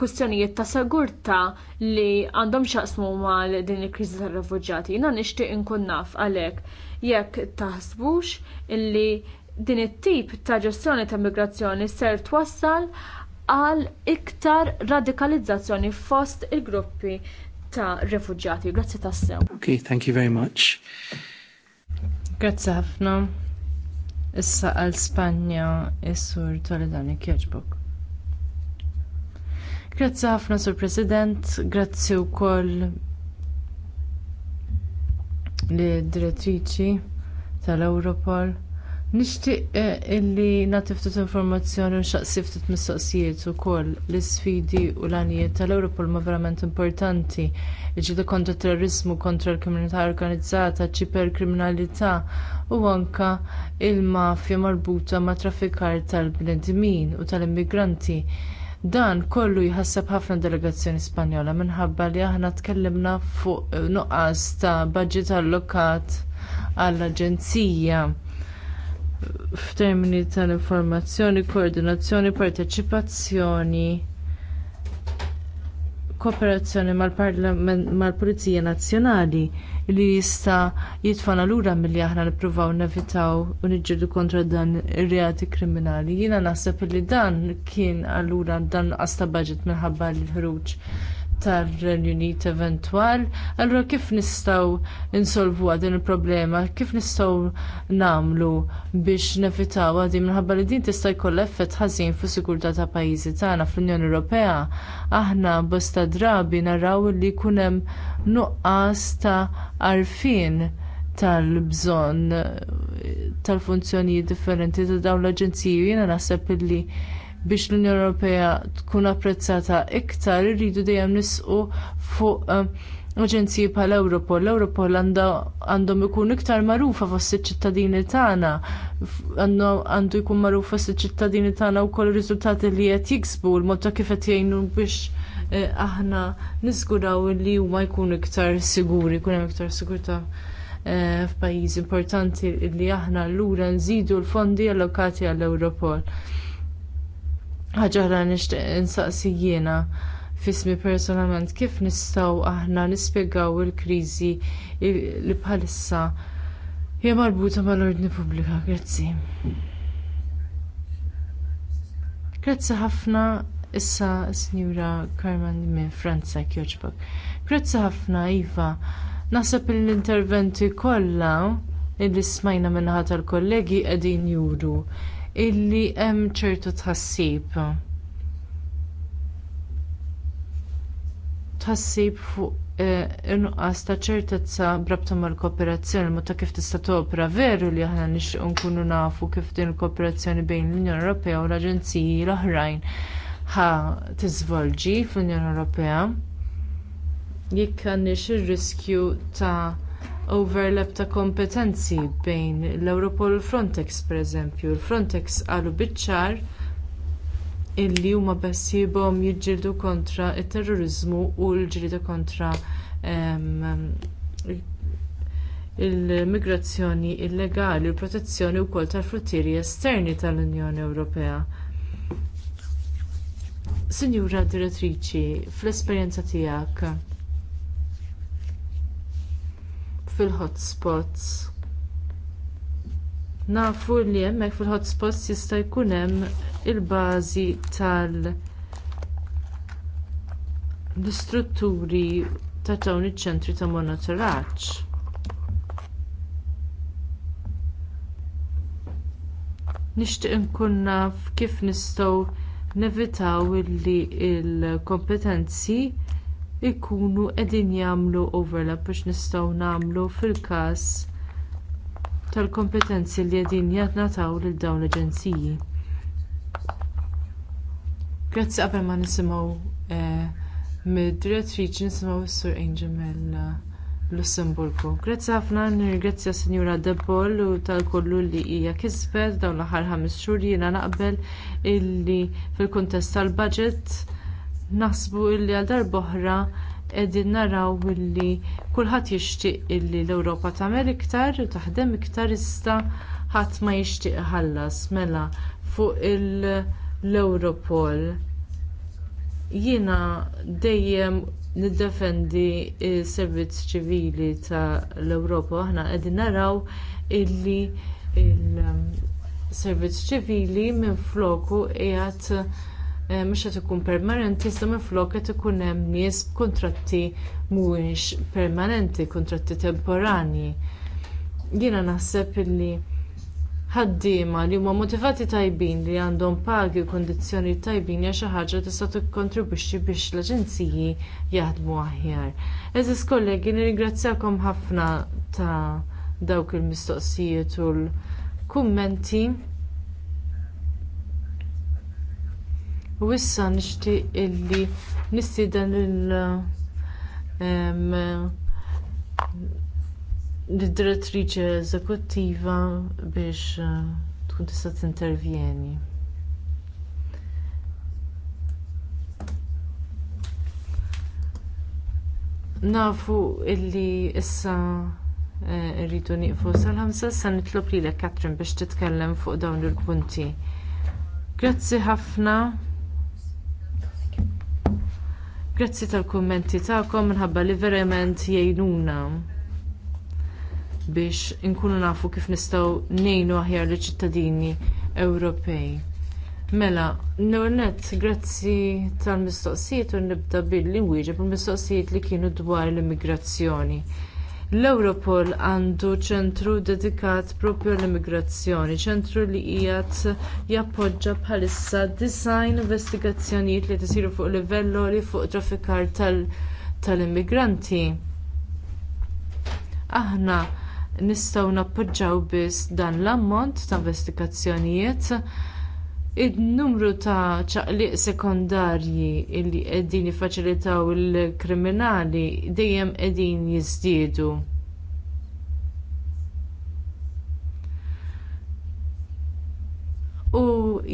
kustjonijiet ta' sigurtà li għandhom xaqsmu mal din il-kriżi tar-refuġġati. Jiena nixtieq inkun naf għalhekk jekk taħsbux illi din it-tip ta' ġestjoni ta' migrazzjoni ser twassal għal iktar radikalizzazzjoni fost il-gruppi ta' refugjati. Grazzi tassew. Ok, thank you very much. Grazzi ħafna. Issa għal Spanja is-sur Toledani Kjoġbok. Grazzi ħafna sur President, grazzi wkoll koll li direttriċi tal-Europol. Nixtieq eh, illi nagħti ftit informazzjoni u nxaqsi ftit mistoqsijiet ukoll l isfidi u l-għanijiet tal-Europol ma verament importanti. Iġidu kontra terrorizmu, kontra l-kriminalità organizzata, ċiper kriminalità u anke l mafja marbuta ma' traffikar tal-bnedmin u tal-immigranti. Dan kollu jħassab ħafna delegazzjoni Spanjola minħabba li aħna tkellimna fuq nuqqas ta' budget allokat għall-Aġenzija f'termini tal-informazzjoni, koordinazzjoni, parteċipazzjoni kooperazzjoni mal-Pulizija mal Nazzjonali li jista jitfana lura milli aħna nippruvaw nevitaw u niġġieldu kontra dan ir-reati kriminali. Jiena naħseb li dan kien allura dan ta' budget minħabba l-ħruġ tar-Renju Unit eventwal, allura kif nistgħu insolvuha din il-problema, kif nistgħu nagħmlu biex nevitaw għadin minħabba li din tista' jkollha effett ħażin fuq sigurtà ta' pajjiżi tagħna fl-Unjoni Ewropea. Aħna bosta drabi naraw li jkun hemm nuqqas ta' għarfien tal-bżonn tal-funzjonijiet differenti ta' dawn l-aġenziji jiena naħseb illi biex l-Unjoni Ewropea tkun apprezzata iktar irridu dejjem nisqu fuq eh, aġenziji bħal Europol. Europol għandhom ikun iktar magħrufa fost iċ-ċittadini tagħna, għandu jkun magħruf fost iċ-ċittadini tagħna wkoll ir-riżultati li qed jiksbu l-mod ta' kif qed jgħinu biex eh, aħna niżguraw li huma jkunu iktar siguri, jkun hemm iktar sigurtà eh, f'pajjiż importanti li aħna lura nżidu l-fondi allokati għall-Europol ħagħra nixtieq insaqsi jiena fismi personalment kif nistgħu aħna nispjegaw il-kriżi li bħalissa hija marbuta mal-ordni pubblika. Grazzi. Grazzi ħafna issa Sinjura Carmen minn Franza jogħġbok. Grazzi ħafna Iva. Naħseb l-interventi kollha li smajna minnaħat tal-kollegi qegħdin juru illi hemm ċertu tħassib. Tħassib fuq eh, inqas ta' ċertezza brabta mal-kooperazzjoni ma ta' kif tista' topra veru li aħna nixtiequ nkunu nafu kif din il-kooperazzjoni bejn l-Unjoni Ewropea u l-Aġenziji l-oħrajn ħa tiżvolġi fl-Unjoni Ewropea. Jekk għandix ir-riskju ta' overlap ta' kompetenzi bejn l-Europol u Frontex pereżempju. l frontex qalu biċ-ċar illi huma bessibhom jiġġieldu kontra t terrorizmu u l ġrieda kontra il-migrazzjoni illegali u protezzjoni wkoll tal-fruttieri esterni tal-Unjoni Ewropea. Sinjura Direttriċi, fl-esperjenza tiegħek, fil-hotspots. Nafu li hemmhekk fil-hotspots jista' jkun hemm il-bażi tal- l-istrutturi ta' dawn iċ-ċentri ta' monitoraġġ. Nixtieq inkun naf kif nistgħu nevitaw li l-kompetenzi il ikunu qegħdin jagħmlu overlap biex nistgħu nagħmlu fil-każ tal-kompetenzi li qegħdin jingħataw lil dawn l-aġenziji. Grazzi qabel ma nisimgħu eh, mid-direttriċi nisimgħu s-Sur Angel Mella. Lussemburgu. Grazzi ħafna nirgrazzja Sinjura Debol u tal-kollu li hija kisbet dawn l-aħħar ħames xhur jiena naqbel illi fil-kuntest tal-budget naħsbu li għal darb'oħra qegħdin naraw illi kulħadd jixtieq illi l-Ewropa tagħmel iktar u taħdem iktar iżda ħadd ma jixtieq ħallas mela fuq l-Europol. Jiena dejjem niddefendi s servizz ċivili tal ewropa aħna qegħdin naraw illi il um, servizz ċivili minfloku qiegħed Eh, mhux qed ikun permanenti iżda minflok qed ikun hemm nies b'kuntratti mhuwiex permanenti, kuntratti temporani. Jiena naħseb illi ħaddiema li huma motivati tajbin li għandhom pagi u kundizzjonijiet tajbin għal xi ħaġa tista' tikkontribwixxi biex l-aġenziji jaħdmu aħjar. Eżis kollegi nirringrazzjakom ħafna ta' dawk il-mistoqsijiet u l-kummenti. U issa nixtieq illi nistieden il direttriċi eżekuttiva biex eh, tkun tista' tintervjeni. Nafu illi issa eh, rridu nieqfu sal-ħamsa sa nitlob lilek Katrin biex titkellem fuq dawn il-punti. Grazzi ħafna. Grazzi tal-kummenti tagħkom minħabba li verament jgħinuna biex inkunu nafu kif nistgħu ngħinu aħjar li ċittadini Ewropej. Mela, Nornet, grazzi tal-mistoqsijiet u nibda bil nwieġeb bil mistoqsijiet li kienu dwar l-immigrazzjoni. L-Europol għandu ċentru dedikat proprju l-immigrazzjoni, ċentru li qiegħed jappoġġa bħalissa design investigazzjonijiet li tisiru fuq livell li fuq traffikar tal-immigranti. Aħna nistgħu nappoġġjaw biss dan l-ammont ta' investigazzjonijiet in numru ta' ċaqliq sekondarji li qegħdin jiffaċilitaw il-kriminali dejjem qegħdin jiżdiedu. U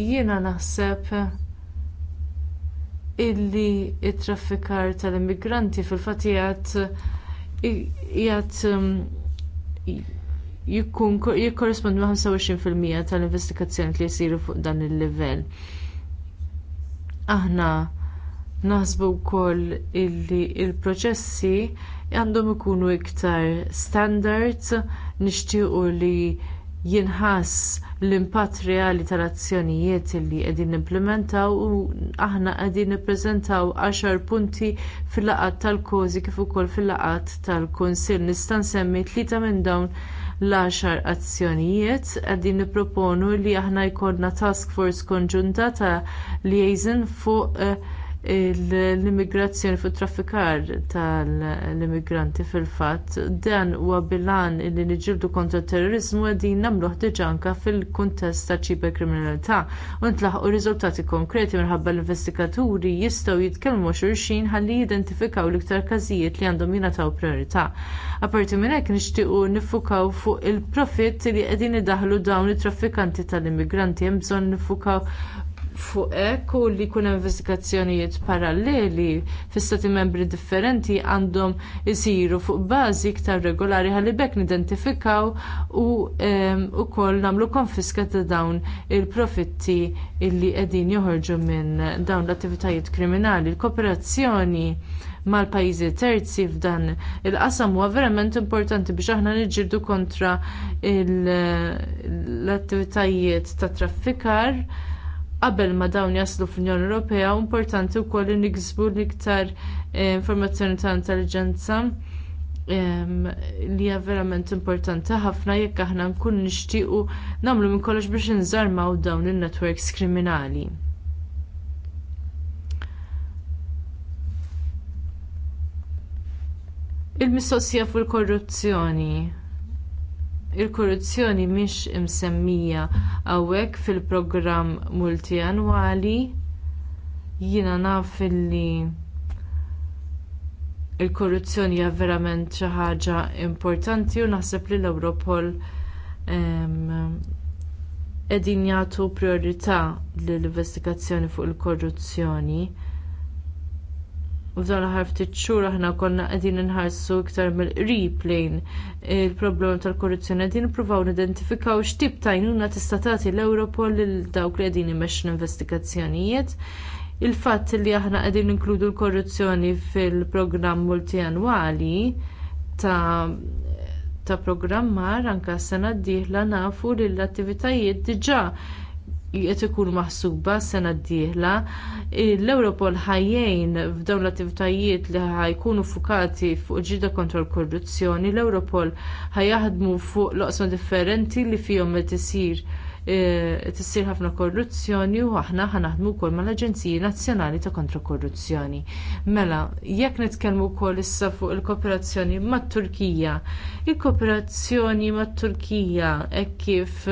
jiena naħseb illi t traffikar tal-immigranti fil-fatt jgħat um, jikun ma' 25% tal-investigazzjoni li jsiru fuq dan il-livell. Aħna naħsbu wkoll li l proċessi għandhom ikunu iktar standards nixtiequ li jinħass l-impatt reali tal-azzjonijiet li qegħdin nimplementaw u aħna qegħdin nippreżentaw għaxar punti fil-laqat tal kożi kif ukoll fil laqgħat tal-kunsill. Nista' nsemmi tlieta minn dawn l-10 azzjonijiet qegħdin nipproponu li aħna jkollna task force konġunta ta' liaison fuq eh, l-immigrazzjoni fit traffikar tal-immigranti fil-fatt dan huwa bilan li niġibdu kontra t terrorizmu qegħdin nagħmluh diġà anke fil-kuntest ta' ċiberkriminalità u ntlaħqu riżultati konkreti minħabba l-investigaturi jistgħu jitkellmu xulxin ħalli jidentifikaw l-iktar każijiet li għandhom jingħataw priorità. Apparti minn hekk nixtiequ niffukaw fuq il-profitt li qegħdin idaħħlu dawn it-traffikanti tal-immigranti hemm bżonn niffukaw fuq hekk u li jkun investigazzjonijiet paralleli fi stati membri differenti għandhom isiru fuq bażi iktar regolari ħalli bekk nidentifikaw u wkoll nagħmlu konfiska ta' dawn il-profitti illi qegħdin joħorġu minn dawn l-attivitajiet kriminali. l kooperazzjoni mal-pajjiżi terzi f'dan il-qasam huwa verament importanti biex aħna niġġieldu kontra l-attivitajiet ta' traffikar qabel ma dawn jaslu fl-Unjoni Ewropea importanti wkoll li niksbu l-iktar eh, informazzjoni ta' intelligenza ehm, li hija verament importanti ħafna jekk aħna nkun nixtiequ nagħmlu minn kollox biex inżarmaw dawn in-netwerks kriminali. Il-mistoqsija fuq il-korruzzjoni il-korruzzjoni mhix imsemmija hawnhekk fil-programm multianwali jiena naf li l korruzzjoni hija verament xi ħaġa importanti u naħseb li l ewropol qegħdin jagħtu priorità lill-investigazzjoni fuq il-korruzzjoni u f'dan l-ħar ftit xhur aħna konna qegħdin inħarsu iktar mill-qrib lejn il-problema tal-korruzzjoni qegħdin nippruvaw nidentifikaw x'tip ta' għajnuna tista' tagħti l-Ewropol lil dawk li qegħdin imexxu l-investigazzjonijiet. Il-fatt li aħna qegħdin inkludu l-korruzzjoni fil-programm multianwali ta' ta' programmar anke s-sena d-dieħla nafu li l-attivitajiet diġà qed ikun maħsuba sena d-dieħla, l-Europol ħajjejn f'dawn l-attivitajiet li ħajkunu fukati fuq ġida kontra l-korruzzjoni, l-Europol ħajaħdmu fuq loqsma differenti li fihom qed isir tissir e, ħafna korruzzjoni u aħna ħanaħdmu wkoll mal-Aġenziji Nazzjonali ta' Kontra Korruzzjoni. Mela, jekk nitkellmu wkoll issa fuq il-kooperazzjoni mat-Turkija, il-kooperazzjoni mat-Turkija hekk kif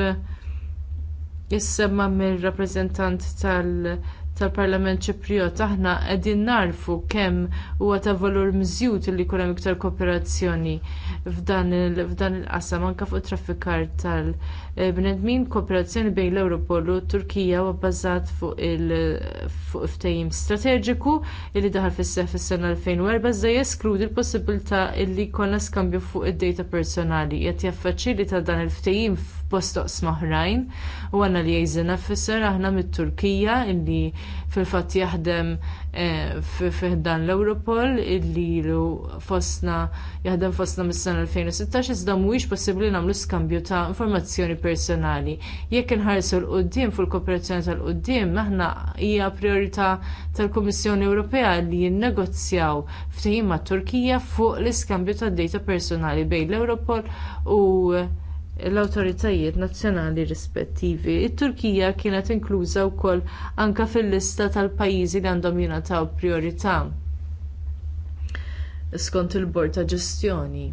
jissemma mir-rappreżentant tal-Parlament Ċipriot aħna qegħdin narfu kemm huwa ta' valur miżjud li jkun hemm iktar kooperazzjoni f'dan il-qasam anke fuq traffikar tal-bnedmin eh, kooperazzjoni bejn l-Ewropol u Turkija huwa bbażat fuq il-ftehim strateġiku li daħal fis-seħ fis-sena 2004 iżda jeskludi l-possibilità li jkollna skambju fuq id-data personali qed jaffaċilita dan il-ftehim bostoqs maħrajn u għanna li jgħizin affisser aħna mit-Turkija illi fil-fat jaħdem eh, fiħdan l-Europol illi lu fosna jaħdem fosna mis-sena 2016 iżda mhuwiex possibbli nagħmlu skambju ta' informazzjoni personali. Jekk inħarsu l-qudiem fil-kooperazzjoni tal-qudiem aħna hija priorità tal-Kummissjoni Ewropea li jinnegozjaw ftehim mat Turkija fuq l-iskambju tad data personali bejn l-Europol u l-awtoritajiet nazzjonali rispettivi. It-Turkija kienet inkluża wkoll anke fil-lista tal-pajjiżi li għandhom jingħataw priorità skont il-Bord ta' Ġestjoni.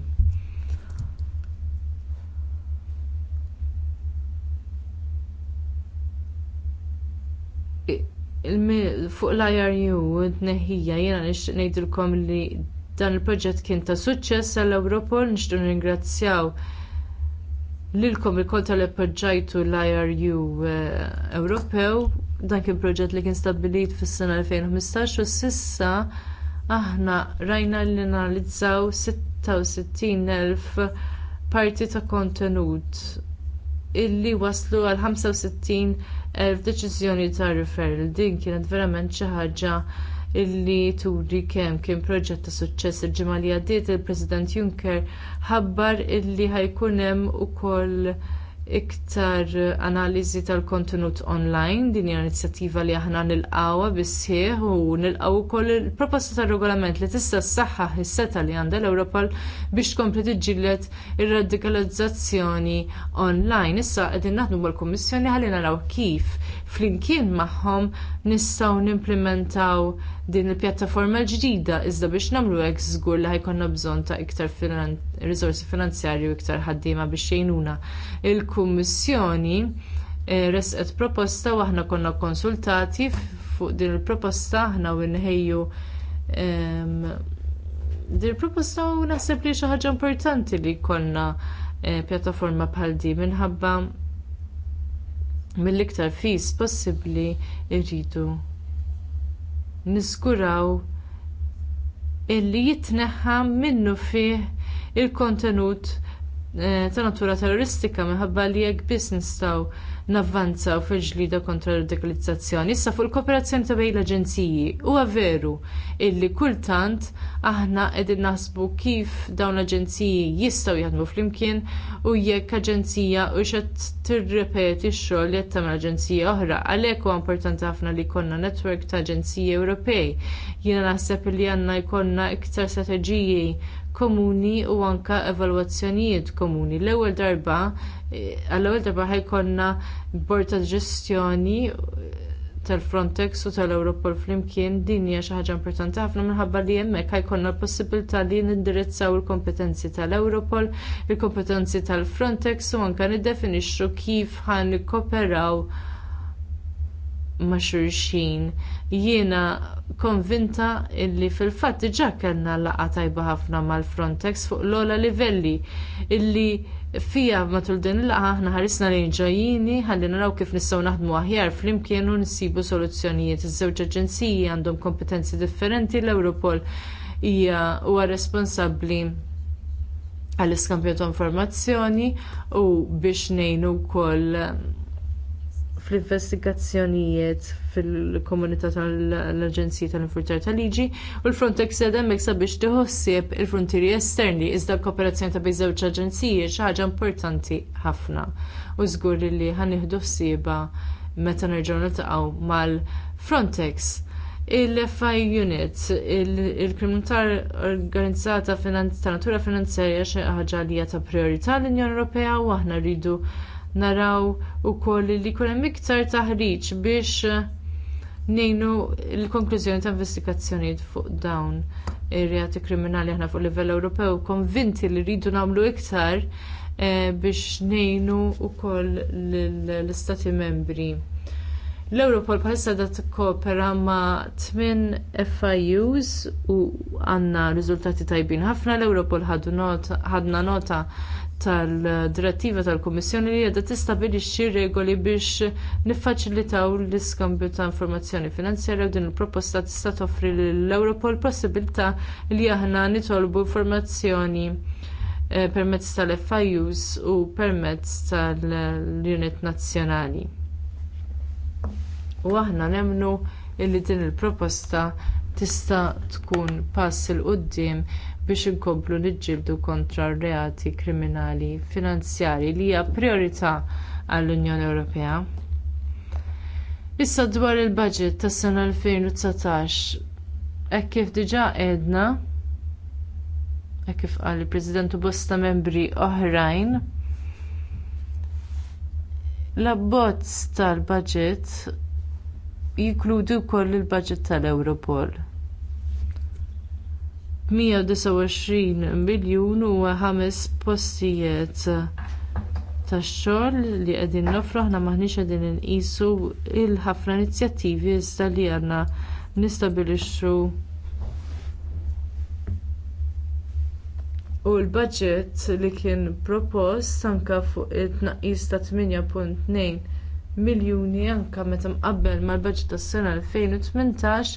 fuq l-IRU t-neħija jiena nixtieq ngħidilkom li dan il-proġett kien ta' suċċess għall-Europol nixtieq ningrazzjaw lilkom il-kol tal-appoġġajtu l-IRU eh, Ewropew, dan kien proġett li kien stabbilit fis-sena 2015 u sissa aħna rajna li analizzaw 66,000 parti ta' kontenut illi waslu għal 65,000 deċiżjoni ta' referral. Din kienet verament xi ħaġa illi turi kemm kien proġett ta' suċċess il-ġimgħa li għaddiet il-President Juncker ħabbar illi ħajkun hemm ukoll iktar analiżi tal-kontenut online din hija inizjattiva li aħna nilqawha bissieħ u nilqgħu wkoll il-proposta tar-regolament li tista' ssaħħaħ is-seta li għandha l-Ewropol biex tkompli tiġġieled ir-radikalizzazzjoni online. Issa qegħdin naħdmu mal-Kummissjoni ħalli naraw kif flimkien magħhom nistgħu nimplementaw din il-pjattaforma l-ġdida iżda biex nagħmlu hekk żgur li ħajkonna bżonn ta' iktar finan riżorsi finanzjarji u iktar ħaddiema biex jgħinuna. Il-Kummissjoni eh, resqet proposta u aħna konna konsultati fuq din il-proposta aħna u nħejju ehm, din il-proposta u naħseb li xi ħaġa importanti li jkollna eh, pjattaforma bħal di minħabba mill-iktar fis possibbli irridu. niżguraw illi jitneħħa minnu fih il-kontenut eh, ta' natura terroristika minħabba li jekk biss nistgħu navvanzaw fil-ġlida kontra l-radikalizzazzjoni. Issa fuq il-kooperazzjoni ta' bejn l-aġenziji huwa veru illi kultant aħna qegħdin naħsbu kif dawn l-aġenziji jistgħu jaħdmu flimkien u jekk aġenzija u xed tirrepeti x-xogħol li qed tagħmel aġenzija oħra. Għalhekk huwa importanti ħafna li jkollna netwerk ta' aġenziji Ewropej. Jiena naħseb li għandna jkollna iktar strateġiji komuni u anke evalwazzjonijiet komuni. L-ewwel darba eh, għall-ewwel darba ħajkonna borta ta' ġestjoni eh, tal-Frontex u tal-Europol flimkien din hija xi ħaġa importanti ħafna minħabba li hemmhekk ħajkonna l-possibilità li nindirizzaw il-kompetenzi tal-Europol, il-kompetenzi tal-Frontex u anke niddefinixxu kif ħan nikkoperaw ma' xulxin Jiena konvinta illi fil-fatt diġà kellna laqgħa tajba ħafna mal-Frontex fuq l-ola livelli illi fiha matul din il laqgħa aħna ħarisna li ġajjini ħalli naraw kif nistgħu naħdmu aħjar flimkien u nsibu soluzzjonijiet. Iż-żewġ aġenziji għandhom kompetenzi differenti l-Europol hija huwa responsabbli għall-iskampju ta' informazzjoni u biex ngħinu wkoll fl-investigazzjonijiet fil-komunità tal-Aġenzija tal-Infurtar tal-Liġi u l-Frontex edemmek sabiex tiħossieb il-frontieri esterni iżda l-kooperazzjoni ta' żewġ aġenziji xi ħaġa importanti ħafna u żgur li ħanieħdu ħsiebha meta nerġgħu niltaqgħu mal-Frontex il-FI unit, il kriminal organizzata ta' natura finanzjarja xi ħaġa li hija ta' priorità l-Unjoni Ewropea u aħna rridu naraw ukoll li jkun hemm iktar taħriġ biex nejnu l-konklużjoni ta' investigazzjonijiet fuq dawn ir-reati kriminali ħna fuq livell Ewropew konvinti li rridu nagħmlu iktar eh, biex ngħinu wkoll l-istati membri. L-Europol bħalissa da tikkopera ma' tmien FIUs u għandna riżultati tajbin ħafna. L-Europol ħadna nota tal-direttiva tal-Kummissjoni li qiegħda tistabilixxi regoli biex niffaċilitaw l-iskambju ta' informazzjoni finanzjarja u din il-proposta tista' toffri lill ewropol possibilità li aħna nitolbu informazzjoni eh, permezz tal-FIUs u permezz tal-Unit Nazzjonali. U aħna nemnu li din il-proposta tista' tkun pass il-qudiem biex inkomplu niġġieldu kontra r-reati kriminali finanzjarji li hija prijorità għall-Unjoni Ewropea. Issa dwar il-budget tas-sena 2019 hekk kif diġà għedna hekk kif qal il-President u bosta membri oħrajn l-abbozz tal-baġit jinkludi wkoll il-baġit tal-Europol. 129 miljun u ħames postijiet tax-xogħol li qegħdin nofru aħna maħniex qegħdin inqisu l ħafna inizjattivi iżda li għandna nistabbilixxu u l-baġit li kien propost anke fuq it-tnaqqis ta' 8.2 miljuni anke meta mqabbel mal-budget tas-sena 2018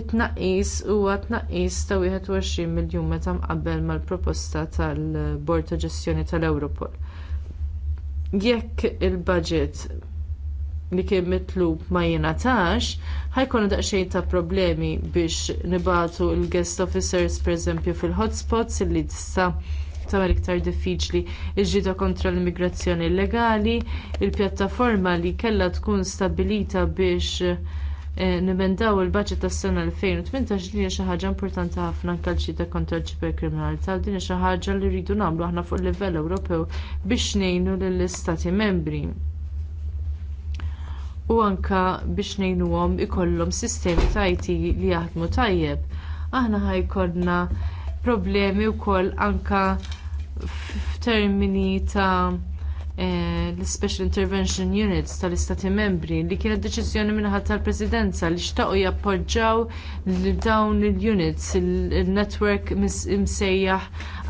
it-tnaqqis huwa tnaqqis ta' 21 miljun meta mqabbel mal-proposta tal-Bord ta' Ġestjoni tal-Europol. Jekk il-budget li kien mitlub ma jingħatax, ħajkunu daqsxejn ta' problemi biex nibatu l-guest officers pereżempju fil-hotspots li tista' tagħmel iktar diffiċli ġġida kontra l-immigrazzjoni illegali, il-pjattaforma li kellha tkun stabbilita biex eh, nimendaw il baġit tas sena 2018 din xi ħaġa importanti ħafna kalċita kontra l-ċiberkriminalità din xi ħaġa li rridu nagħmlu aħna fuq livell Ewropew biex ngħinu lill-istati membri. U anke biex ngħinuhom ikollhom sistemi ta' IT li jaħdmu tajjeb. Aħna ħajkollna problemi wkoll anke f'termini ta' eh, l-Special Intervention Units tal-Istati Membri li kienet deċiżjoni minħat tal-Presidenza li xtaqgħu jappoġġjaw dawn il-units il-network msejjaħ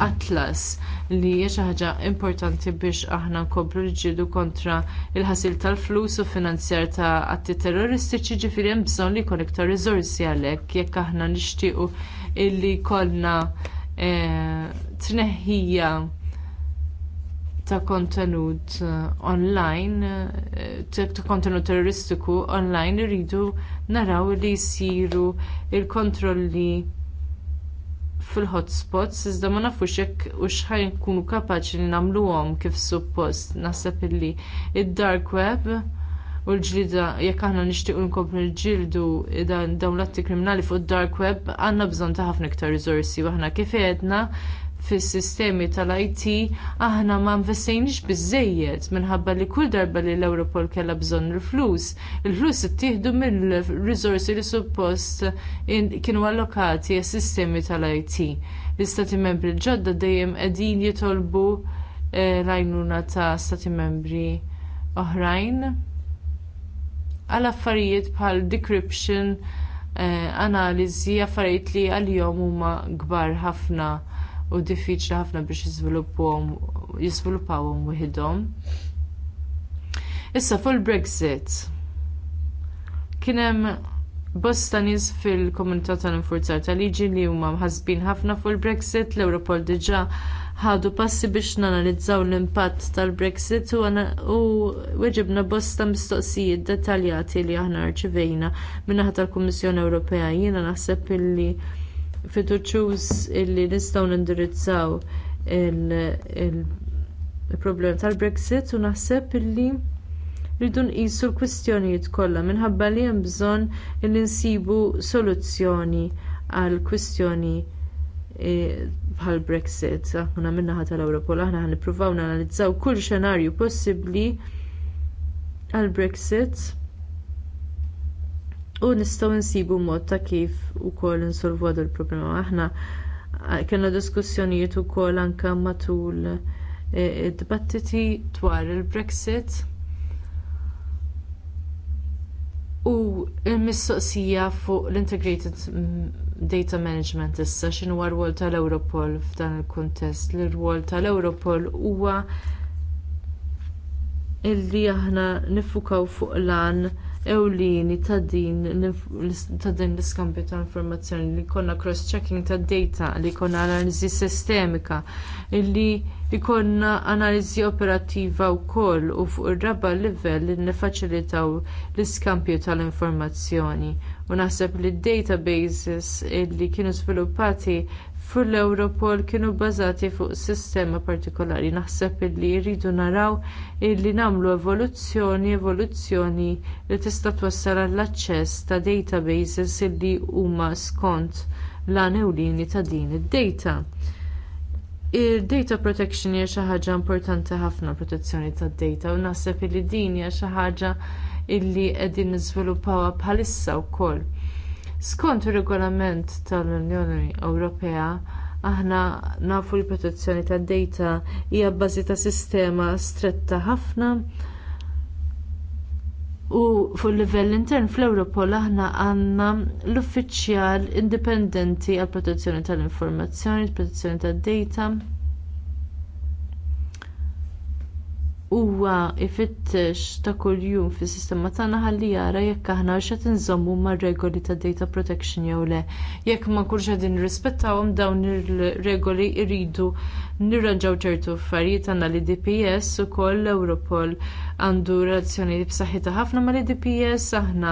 Atlas li hija xi ħaġa importanti biex aħna nkomplu niġġieldu kontra il-ħasil tal-flus u finanzjar ta' atti terroristiċi ġifieri hemm bżonn li jkun iktar riżorsi għalhekk jekk aħna nixtiequ illi jkollna eh, tneħħija ta' kontenut eh, online, eh, ta' kontenut terroristiku online irridu naraw li jsiru l kontrolli fil-hotspots, iżda ma nafux jekk u xħajn kunu kapaċi li nagħmluhom kif suppost. Naħseb illi id-dark web u l-ġlida jekk aħna nixtiequ nkomplu nġildu dawn l-atti kriminali fuq id-dark web għandna bżonn ta' ħafna iktar riżorsi u aħna kif għedna fis-sistemi tal-IT aħna ma investejniex biżżejjed minħabba li kull darba li l ewropol kellha bżonn il-flus. Il-flus ittieħdu mill-riżorsi li suppost kienu allokati għas-sistemi tal-IT. L-istati membri ġodda dejjem qegħdin jitolbu eh, l-għajnuna ta' stati membri oħrajn għal affarijiet bħal decryption, eh, analiżi, affarijiet li għal-jom huma kbar ħafna u diffiċli ħafna biex jiżviluppawhom wieħedhom. Issa full brexit kien hemm bosta nies fil-komunità tal-infurzar tal-liġi li huma mħassbin ħafna fuq il-Brexit l-Europol diġà ħadu passi biex nanalizzaw l-impatt tal-Brexit u weġibna bosta mistoqsijiet dettaljati li aħna rċivejna min-naħa tal-Kummissjoni Ewropea. Jiena naħseb illi fiduċjuż illi nistgħu nindirizzaw il-problema tal-Brexit u naħseb illi rridu nqisu l-kwistjonijiet kollha minħabba li hemm bżonn li nsibu soluzzjoni għall kwistjoni eh, bħall brexit aħna min-naħa tal-Ewropol aħna ħan nippruvaw nanalizzaw kull xenarju possibbli għall brexit u nistgħu nsibu mod ta' kif ukoll insolvu għadu l-problema. Aħna kellna diskussjonijiet ukoll anke matul e, id-dibattiti dwar il-Brexit. U l mistoqsija fuq l-Integrated data management issa x'inhu r-rwol tal-Europol f'dan il-kuntest. L-rwol tal-Europol huwa illi aħna niffukaw fuq lan ewlieni ta' din l-iskambju ta' informazzjoni li jkollna cross-checking tad data li jkollna analiżi sistemika illi jkollna analiżi operattiva wkoll u fuq ir-raba' livell li niffaċilitaw l-iskambju tal-informazzjoni U naħseb li d databases li kienu sviluppati fl-Europol kienu bbażati fuq sistema partikolari. Naħseb li rridu naraw li nagħmlu evoluzzjoni, evoluzzjoni li tista' twassal għall-aċċess ta' databases li huma skont l-għanewlini ta' din id-data. Il-data protection hija xi ħaġa importanti ħafna protezzjoni tad-data u naħseb li din hija xi ħaġa illi qegħdin niżviluppawha bħalissa wkoll. Skont ir-regolament tal-Unjoni Ewropea, aħna nafu l-protezzjoni tad dejta hija bbażi ta' sistema stretta ħafna u fuq livell intern fl ewropol aħna għandna l-uffiċjal indipendenti għall protezzjoni tal-informazzjoni, protezzjoni tad dejta huwa jfittex ta' kuljum fis-sistema tagħna ħalli jara jekk aħna x'qed inżommu mar-regoli tad data protection jew le. Jekk ma nkunx qegħdin nirrispettawhom dawn ir-regoli jridu nirranġaw ċertu affarijiet għandna li DPS ukoll Europol għandu relazzjoni b'saħħitha ħafna mal DPS aħna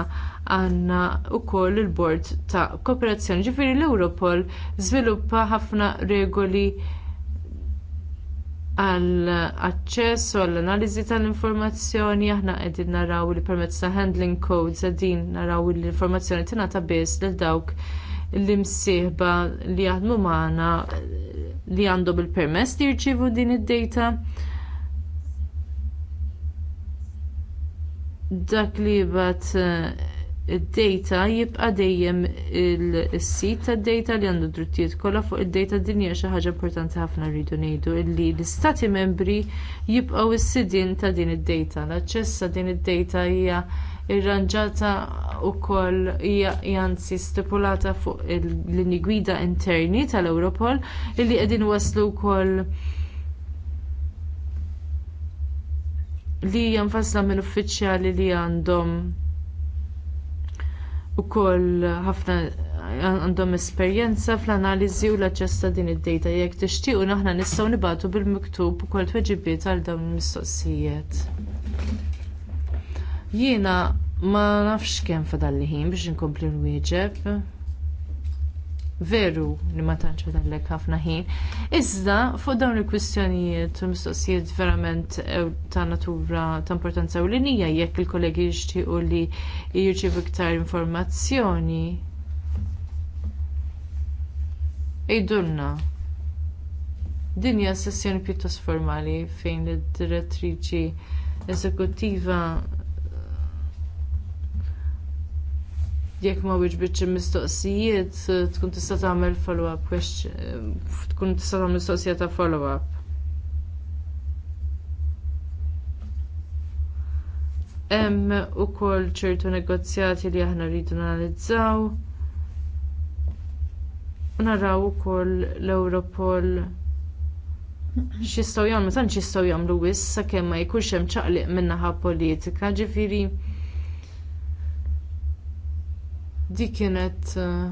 għandna wkoll il-bord ta' kooperazzjoni. Ġifieri l-Europol żviluppa ħafna regoli għall aċċess u għall analiżi tal-informazzjoni aħna qegħdin naraw li permezz ta' handling codes qegħdin naraw li l-informazzjoni tingħata biss lil dawk li imsieħba li jaħdmu magħna li għandhom il-permess li jirċievu din id-data. Dak li bat eh, id-data jibqa' dejjem is-sit tad dejta li għandu drittijiet kollha fuq id dejta din xi ħaġa importanti ħafna rridu ngħidu li l-istati membri jibqgħu s-sidien ta' din id-data. L-aċċess ta' din id dejta hija irranġata wkoll hija anzi stipulata fuq il-linji gwida interni tal ewropol li qegħdin waslu wkoll li hija mfassla mill-uffiċjali li għandhom ukoll ħafna għandhom esperjenza fl-analiżi u l-aċċess ta' din id-data jekk tixtiequ aħna nistgħu nibgħatu bil-miktub ukoll tweġibiet għal dawn il-mistoqsijiet. Jiena ma nafx kemm fadalli ħin biex inkompli nwieġeb veru li ma tantx għadallek ħafna ħin. Iżda, fuq dawn il-kwistjonijiet u mistoqsijiet verament ta' natura ta' importanza u jekk il-kollegi jixtiequ li jirċivu iktar informazzjoni. Ejdulna. Din hija sessjoni pjuttost formali fejn id-direttriċi eżekuttiva jekk ma wiġbitx mistoqsijiet tkun tista' tagħmel follow-up tkun tista' tagħmel mistoqsija ta' follow-up. Hemm ukoll ċertu negozjati li aħna rridu analizzaw. Naraw ukoll l-Europol x'jistgħu jagħmlu tant jistgħu jagħmlu wis sakemm ma jkunx hemm ċaqliq min-naħa politika, ġifieri Dik kienet eh,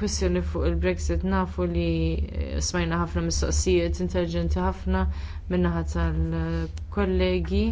kwestjoni fuq il-Brexit nafu li eh, smajna ħafna mistoqsijiet intelligenti ħafna min-naħa tal-kollegi.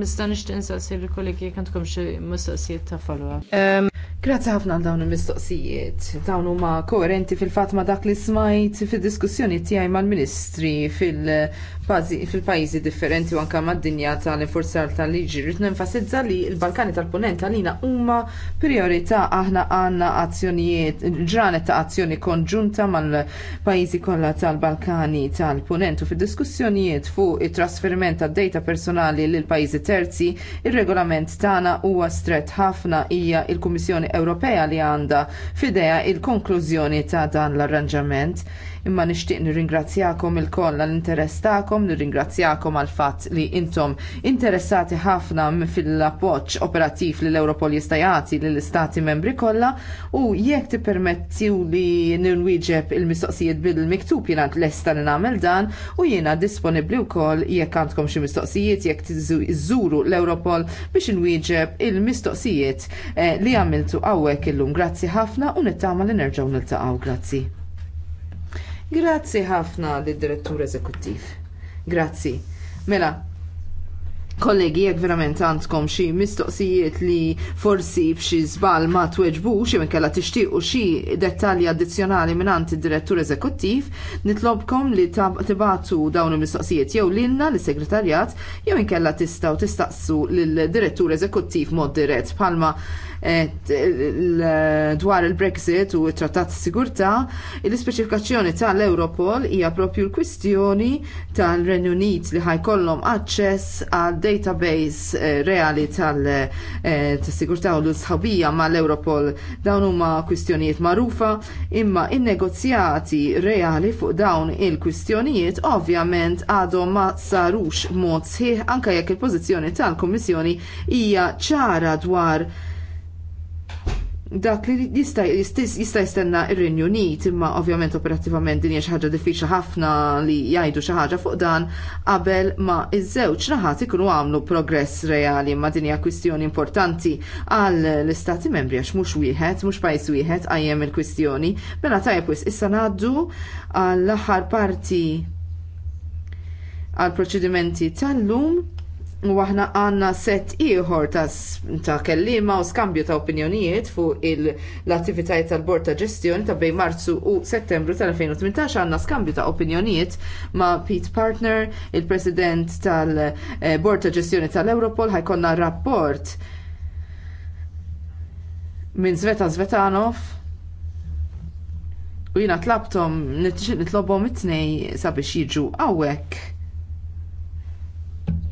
Mista nixtieq insaqsi li kollegi jekk għandkom xi mistoqsijiet ta' follow-up. Grazzi ħafna għal dawn il-mistoqsijiet. Dawn huma koerenti fil-fatt ma dak li smajt fid-diskussjoni tiegħi mal-Ministri fil-pajjiżi differenti u anke mad-dinja tal-infurzar tal-liġi. Rrid nenfasizza li l-Balkani tal-Punent għalina huma priorità aħna għandna azzjonijiet ġranet ta' azzjoni konġunta mal-pajjiżi kollha tal-Balkani tal-Punent u fid-diskussjonijiet fuq it-trasferiment tad-dejta personali lil pajjiżi terzi, ir-regolament tagħna huwa stret ħafna hija l-Kummissjoni Ewropea li għandha fideja il-konklużjoni ta' dan l-arranġament imma nixtieq nirringrazzjakom ilkoll għall interess tagħkom, nirringrazzjakom għal fatt li intom interessati ħafna fil-appoġġ operattiv li l ewropol jista' jagħti lill istati membri kollha u jekk tippermettiw li ninwieġeb il-mistoqsijiet bil-miktub jiena lesta li nagħmel dan u jiena disponibbli wkoll jekk għandkom xi mistoqsijiet jekk tiżżuru l ewropol biex inwieġeb il-mistoqsijiet eh, li għamiltu għawek illum. Grazzi ħafna u nittama li nerġgħu niltaqgħu. Grazzi. Grazzi ħafna lid direttur eżekuttiv. Grazzi. Mela, Kollegi, jekk verament għandkom xi mistoqsijiet li forsi b'xi żball ma tweġbux jew inkella tixtiequ xi dettalji addizzjonali mingħand id-direttur eżekuttiv, nitlobkom li tibatu dawn il-mistoqsijiet jew lilna lis segretarjat jew inkella tistgħu tistaqsu lill-direttur eżekuttiv mod dirett bħalma dwar il-Brexit u t trattat Sigurtà, l-ispeċifikazzjoni tal-Europol hija propju l-kwistjoni tal-Renju Unit li ħajkollhom aċċess għal database eh, reali tal-sigurtà eh, u l-sħabija mal-Europol dawn huma kwistjonijiet magħrufa, imma in-negozjati reali fuq dawn il-kwistjonijiet ovvjament għadhom ma sarux mod sħiħ anke jekk il-pożizzjoni tal-Kummissjoni hija ċara dwar dak li jista' jista' jistenna ir-Renju Unit imma ovvjament operattivament din hija ħaġa diffiċli ħafna li jgħidu xi ħaġa fuq dan qabel ma iż-żewġ naħat ikunu għamlu progress reali ma din hija kwistjoni importanti għal l-istati membri għax mhux wieħed, mhux pajjiż wieħed għajjem il-kwistjoni. Mela tajjeb wis issa ngħaddu għall-aħħar parti għall proċedimenti tal-lum U aħna għanna set ieħor ta' kelliema u skambju ta' opinjonijiet fuq l-attivitajiet tal-Bord ta' Ġestjoni ta' bejn Marzu u Settembru tal-2018 għandna skambju ta' opinjonijiet ma' Pete Partner, il-President tal-Bord eh, ta' Ġestjoni tal-Europol, ħajkonna rapport minn Zveta Zvetanov u jina tlabtom nitlobhom it-tnej sabiex jiġu għawek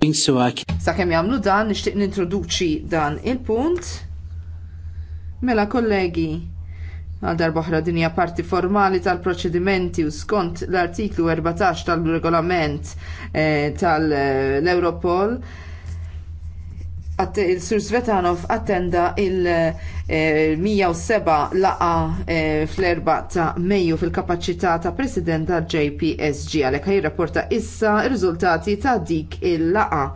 Sakemm jagħmlu dan, nixtieq nintroduċi dan il-punt. Mela kollegi, għal darboħra dinja parti formali tal-proċedimenti u skont l-artiklu 14 tal-regolament eh, tal-Europol. tal regolament tal europol il-Sur Svetanov attenda il-107 eh, laqa eh, fl-4 ta' Mejju fil-kapacità ta' President ta' JPSG ħaj jirrapporta issa r-riżultati ta' dik il-laqa.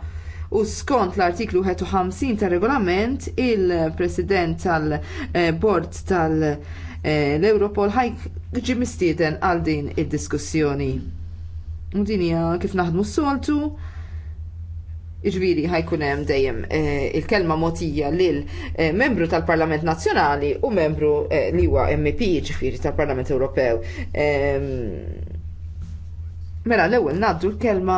U skont l-artiklu 51 tar regolament, il-President tal-Bord eh, tal-Europol ħajġi mistieden għal din id-diskussjoni. U din hija kif naħdmu s-soltu Iġviri ħajkun hemm dejjem eh, il-kelma motija lil eh, membru tal-Parlament Nazzjonali u membru eh, li huwa MP ġifiri tal-Parlament Ewropew. Ehm, mela l-ewwel ngħaddu l-kelma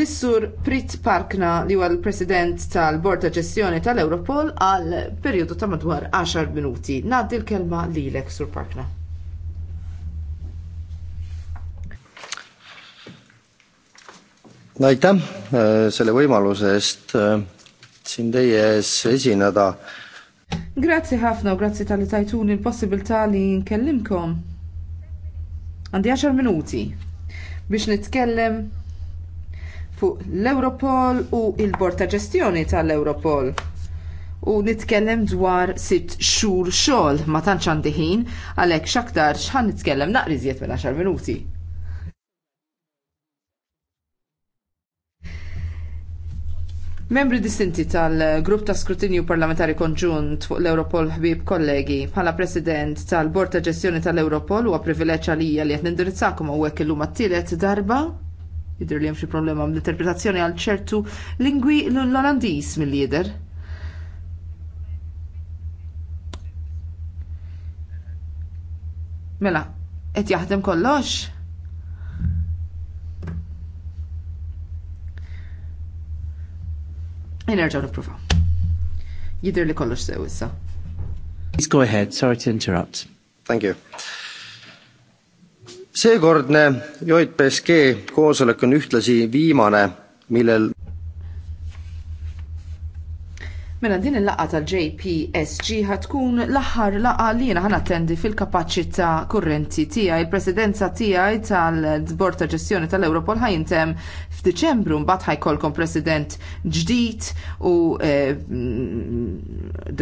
l-Sur Prit Parkna li huwa l-President tal-Bord ta' Ġestjoni tal-Europol għal perjodu ta' madwar 10 minuti. Ngħaddi l-kelma lilek Sur Parkna. aitäh selle võimaluse eest äh, siin teie ees esineda. Grazzi ħafna u grazzi tal-li il l-possibilità li nkellimkom. Għandi 10 minuti biex nitkellem fuq l-Europol u il-Bord ta' Ġestjoni tal-Europol. U nitkellem dwar sitt xhur xogħol ma tantx għandi ħin għalhekk x'aktar x'ħan nitkellem naqriżiet minn 10 minuti. Membri distinti tal-Grupp ta' Skrutinju Parlamentari Konġunt fuq l-Europol ħbib kollegi, bħala President tal-Bord ta' Ġestjoni tal-Europol huwa privileġġ għalija li qed u għek l-lum għattilet darba jidher li hemm xi problema ml interpretazzjoni għal ċertu lingwi l-Olandiż mill-jidher. Mela, qed jaħdem kollox? Nerġaw nippruvaw. Jidr li kollox sew issa. Please go ahead, sorry to interrupt. Thank you. seekordne joid peske koosolek on ühtlasi viimane, millel Mela din il laqgħa tal-JPSG ħatkun l-aħħar laqgħa li jiena ħan attendi fil-kapaċità kurrenti tiegħi. Il-presidenza tiegħi tal-Bord ta' Ġestjoni tal-Europol jintemm f'Diċembru mbagħad ħajkolkom president ġdid u eh,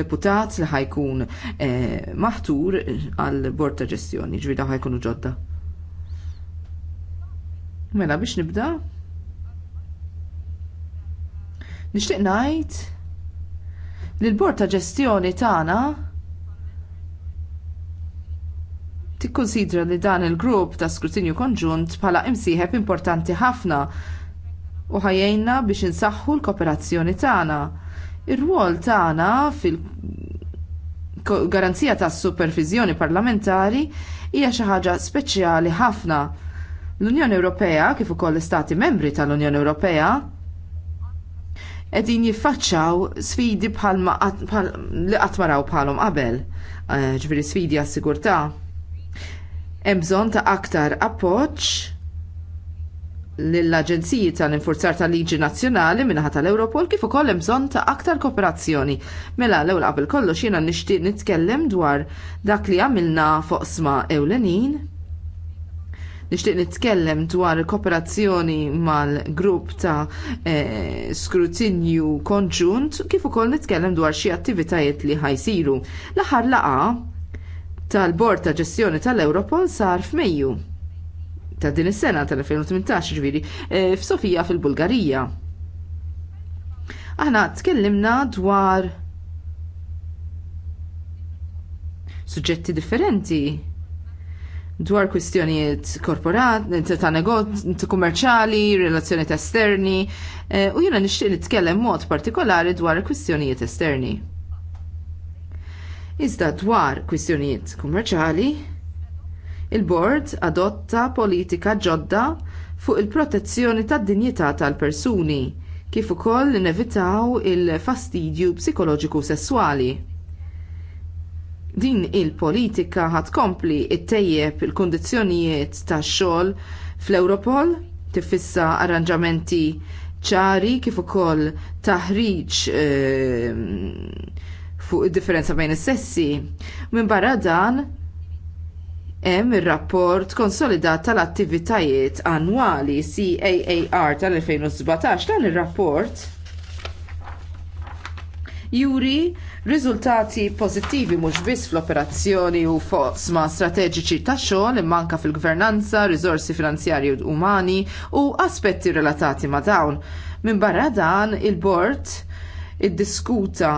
deputat li ħajkun eh, maħtur għall bord ta' Ġestjoni, ġvida ħajkunu ġodda. Mela biex nibda? Nixtieq ngħid li l-bord ta' ġestjoni tagħna tikkunsidra li dan il-grupp ta' skrutinju konġunt bħala imsieħeb importanti ħafna u ħajjejna biex insaħħu l-kooperazzjoni tagħna. Ir-rwol tagħna fil- garanzija tas supervizjoni parlamentari hija xi ħaġa speċjali ħafna. L-Unjoni Ewropea kif ukoll l-Istati Membri tal-Unjoni Ewropea qegħdin jiffaċċjaw sfidi bħalma li qatt maraw bħalhom qabel, eh, ġviri sfidi għas-sigurtà. Hemm bżonn ta' aktar appoġġ lill-Aġenziji tal-Infurzar tal-Liġi Nazzjonali minnaħat tal-Europol kif ukoll hemm bżonn ta' aktar kooperazzjoni. Mela l-ewwel qabel kollox jiena nixtieq nitkellem dwar dak li għamilna fuq sma ewlenin Nixtieq nitkellem dwar kooperazzjoni mal-grupp ta' eh, skrutinju konġunt kif ukoll nitkellem dwar xi attivitajiet li ħajsiru. L-aħħar laqgħa tal-Bord ta' Ġestjoni tal-Europol sar f'Mejju ta' din is-sena tal-2018 ġviri eh, f'Sofija fil-Bulgarija. Aħna tkellimna dwar suġġetti differenti dwar kwistjonijiet korporat, ta' negozju kummerċali, relazzjonijiet esterni, eh, u jiena nixtieq nitkellem mod partikolari dwar kwistjonijiet esterni. Iżda dwar kwistjonijiet kummerċali, il-Bord adotta politika ġodda fuq il-protezzjoni tad-dinjità tal-persuni, kif ukoll nevitaw il-fastidju psikoloġiku sesswali din il-politika ħatkompli ttejjeb il kundizzjonijiet tax-xogħol fl-Europol, tifissa arranġamenti ċari kif ukoll taħriġ e, fuq id-differenza bejn is-sessi. Minn barra dan hemm ir-rapport konsolidat tal-attivitajiet annwali CAAR tal-2017 dan ir-rapport juri riżultati pożittivi mhux biss fl-operazzjoni u ma' strateġiċi tax xogħol imma anke fil-gvernanza, riżorsi finanzjarji u umani u aspetti relatati ma' dawn. Minn barra dan il-bord iddiskuta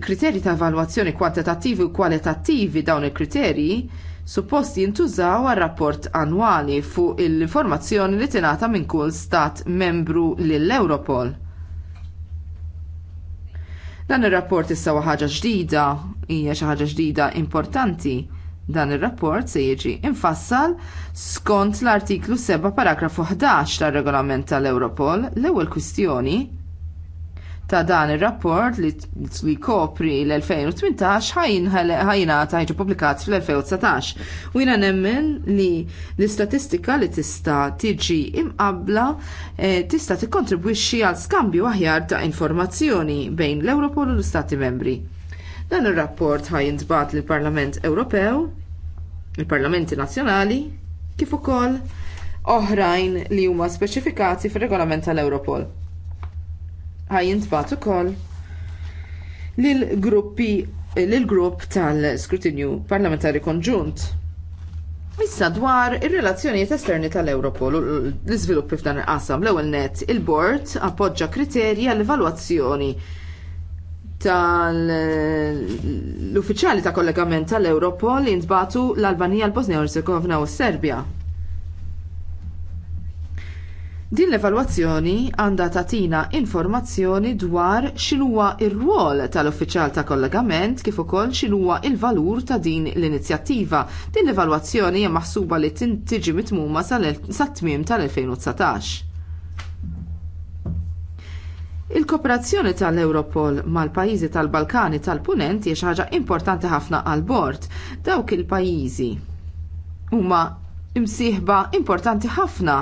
kriterji ta' evalwazzjoni kwantitattivi u kwalitattivi dawn il-kriterji suppost jintużaw għar rapport annwali fuq l-informazzjoni li tingħata minn kull stat membru lill-Europol. Dan ir-rapport issa huwa ħaġa ġdida, hija xi ħaġa ġdida importanti. Dan ir-rapport se jiġi infassal skont l-artiklu 7 paragrafu 11 tar-regolament tal-Europol l-ewwel kwistjoni ta' dan ir-rapport li kopri l-2018 ta' ħajġu publikat fl-2019. U jina nemmen li l-istatistika li tista' tiġi imqabla eh, tista' tikkontribwixxi għal skambju aħjar ta' informazzjoni bejn l-Europol u l-Istati membri. Dan ir-rapport tbat lill parlament Ewropew, il-Parlamenti Nazzjonali, kif ukoll oħrajn li huma speċifikati fir-regolament tal-Europol ħajjintbat ukoll lill-gruppi lill-grupp tal-skrutinju parlamentari konġunt. Issa dwar ir-relazzjonijiet esterni tal-Europol l-iżviluppi f'dan il-qasam l-ewwel net il-bord appoġġa kriterji għall evalwazzjoni tal-uffiċjali ta' kollegament tal-Europol jintbatu l-Albanija, l-Bosnia Herzegovina u s-Serbja. Din l-evalwazzjoni għandha tagħtina informazzjoni dwar x'inhuwa ir-rwol tal-uffiċjal ta' kollegament kif ukoll x'inhuwa il-valur ta' din l-inizjattiva. Din l-evalwazzjoni hija maħsuba li tiġi mitmuma sat-tmiem tal-2019. Il-kooperazzjoni tal-Europol mal-pajjiżi tal-Balkani tal-Punent hija xi ħaġa importanti ħafna għal bord dawk il-pajjiżi huma imsieħba importanti ħafna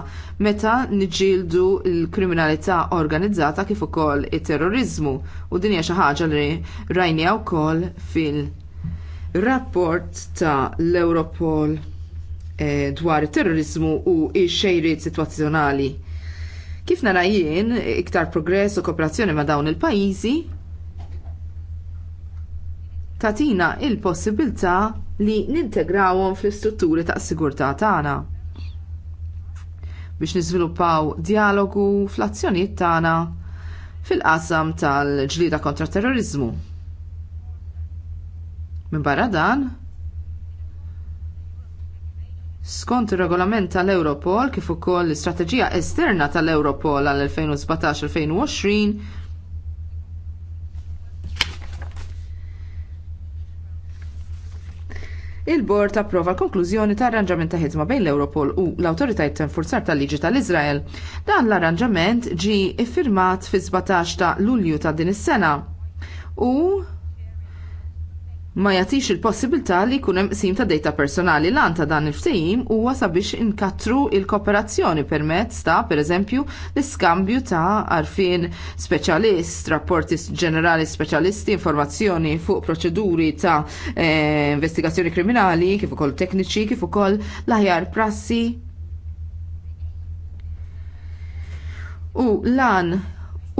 meta niġġieldu l-kriminalità organizzata kif ukoll it-terrorizmu u din hija xi ħaġa li rajnija wkoll fil-rapport ta' l-Europol eh, dwar it-terrorizmu u x-xejriet sitwazzjonali. Kif nara jien iktar progress u kooperazzjoni ma' dawn il-pajjiżi tatina il-possibilità li nintegrawhom fl-istrutturi ta' sigurtà tagħna biex niżviluppaw dialogu fl-azzjonijiet tagħna fil-qasam tal-ġlida kontra terrorizmu. Minn barra dan, skont ir regolament tal-Europol kif ukoll l-istrateġija esterna tal-Europol għal 2017-2020 il-bord approva l-konklużjoni ta' arranġament ta' ħidma bejn l-Europol u l-Awtoritajiet ta' tal-Liġi tal-Iżrael. Dan l-arranġament ġie iffirmat fi 17 ta' Lulju ta' din is-sena u ma jagħtix il-possibilità li jkun hemm qsim ta' data personali lan ta' dan il-ftehim huwa sabiex inkattru il-kooperazzjoni permezz ta' pereżempju l-iskambju ta' arfin speċjalist, rapporti ġenerali speċjalisti, informazzjoni fuq proċeduri ta' eh, investigazzjoni kriminali, kif ukoll tekniċi, kif ukoll l-aħjar prassi. U lan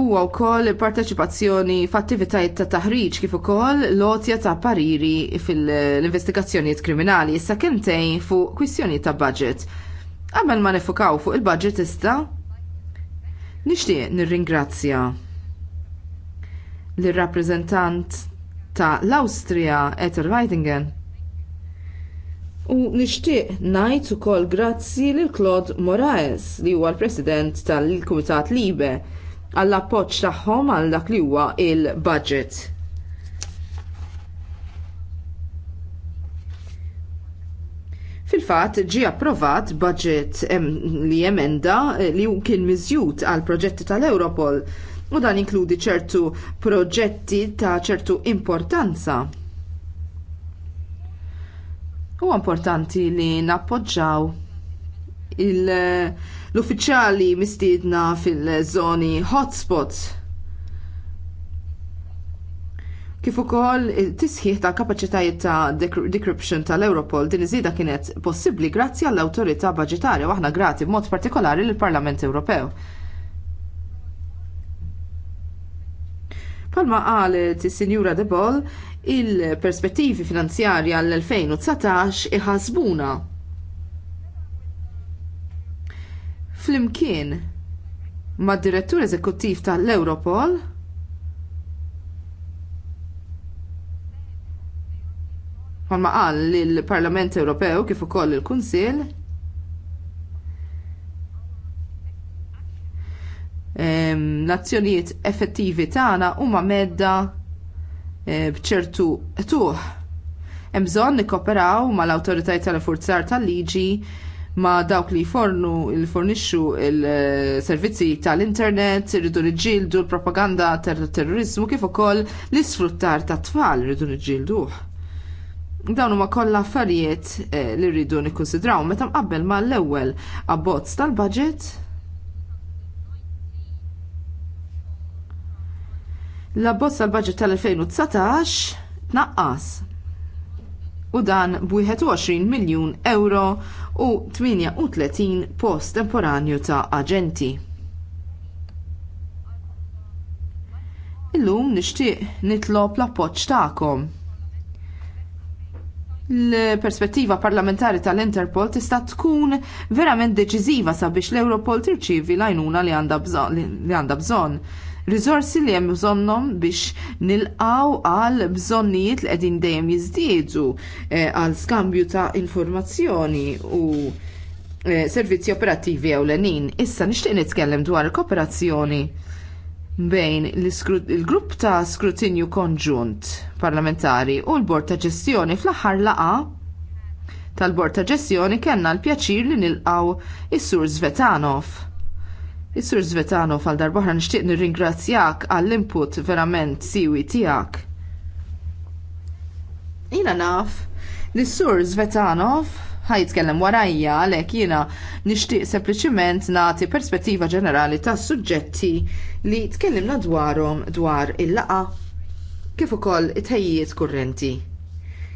huwa wkoll il-parteċipazzjoni f'attivitajiet ta' taħriġ kif ukoll lotja ta' pariri fil-investigazzjonijiet kriminali issa kemtejn fuq kwistjonijiet ta' budget. Qabel ma nifukaw fuq il-budget issa nixtieq nirringrazzja lir-rappreżentant ta' l-Awstrija Ethel Weidingen U nixtieq ngħid ukoll grazzi lil Claude Moraes li huwa l-President tal-Kumitat Libe għall appoġġ tagħhom għal dak li huwa il-budget. Fil-fatt ġie approvat budget li emenda eh, li kien miżjud għal proġetti tal-Europol u dan inkludi ċertu proġetti ta' ċertu importanza. U importanti li nappoġġaw il- l-uffiċjali mistiedna fil-żoni hotspots Kif ukoll tisħiħ ta' kapaċitajiet ta' decryption tal-Europol din iżida kienet possibbli grazzi għall-awtorità u aħna grati b'mod partikolari lill parlament Ewropew. Palma qalet is-Sinjura De il-perspettivi finanzjarja l-2019 iħasbuna flimkien mad direttur eżekuttiv tal-Europol Ma qal lill l-Parlament Ewropew kif ukoll il-Kunsill l-azzjonijiet effettivi tagħna huma medda e, bċertu tuħ. Hemm bżonn nikkoperaw mal-awtoritajiet tal-forzar tal-liġi ma' dawk li fornu il-fornixxu il-servizzi tal-internet, irridu niġġieldu l-propaganda tal-terrorizmu kif ukoll l-isfruttar tat tfal irridu niġġielduh dawn huma kollha affarijiet eh, li rridu nikkonsidraw meta mqabbel ma l-ewwel abbozz tal-budget l-abbozz tal-budget tal-2019 tnaqqas u dan b'21 miljun euro u 38 post temporanju ta' aġenti. Illum nixtieq nitlob l-appoġġ tagħkom. L-perspettiva parlamentari tal-Interpol tista' tkun verament deċiżiva sabiex l-Europol tirċievi l-għajnuna li għandha bżonn rizorsi li hemm bżonnhom biex nilqaw għal bżonnijiet li qegħdin dejjem jiżdiedu eh, għal skambju ta' informazzjoni u eh, servizzi operattivi lenin. Issa nixtieq nitkellem dwar kooperazzjoni bejn il-grupp ta' skrutinju konġunt parlamentari u l-bord ta' ġestjoni fl-aħħar laqa' tal-bord ta' ġestjoni kellna l-pjaċir li nilqgħu is-sur Zvetanov Is-Sur Zvetano fal boħra nixtieq nirringrazzjak għall-input verament siwi tiegħek. Jiena naf li sur Zvetanov ħajtkellem warajja għalhekk jiena nixtieq sempliċiment nagħti perspettiva ġenerali tas-suġġetti li tkellimna dwarhom dwar il laqgħa kif ukoll it ħajjiet kurrenti.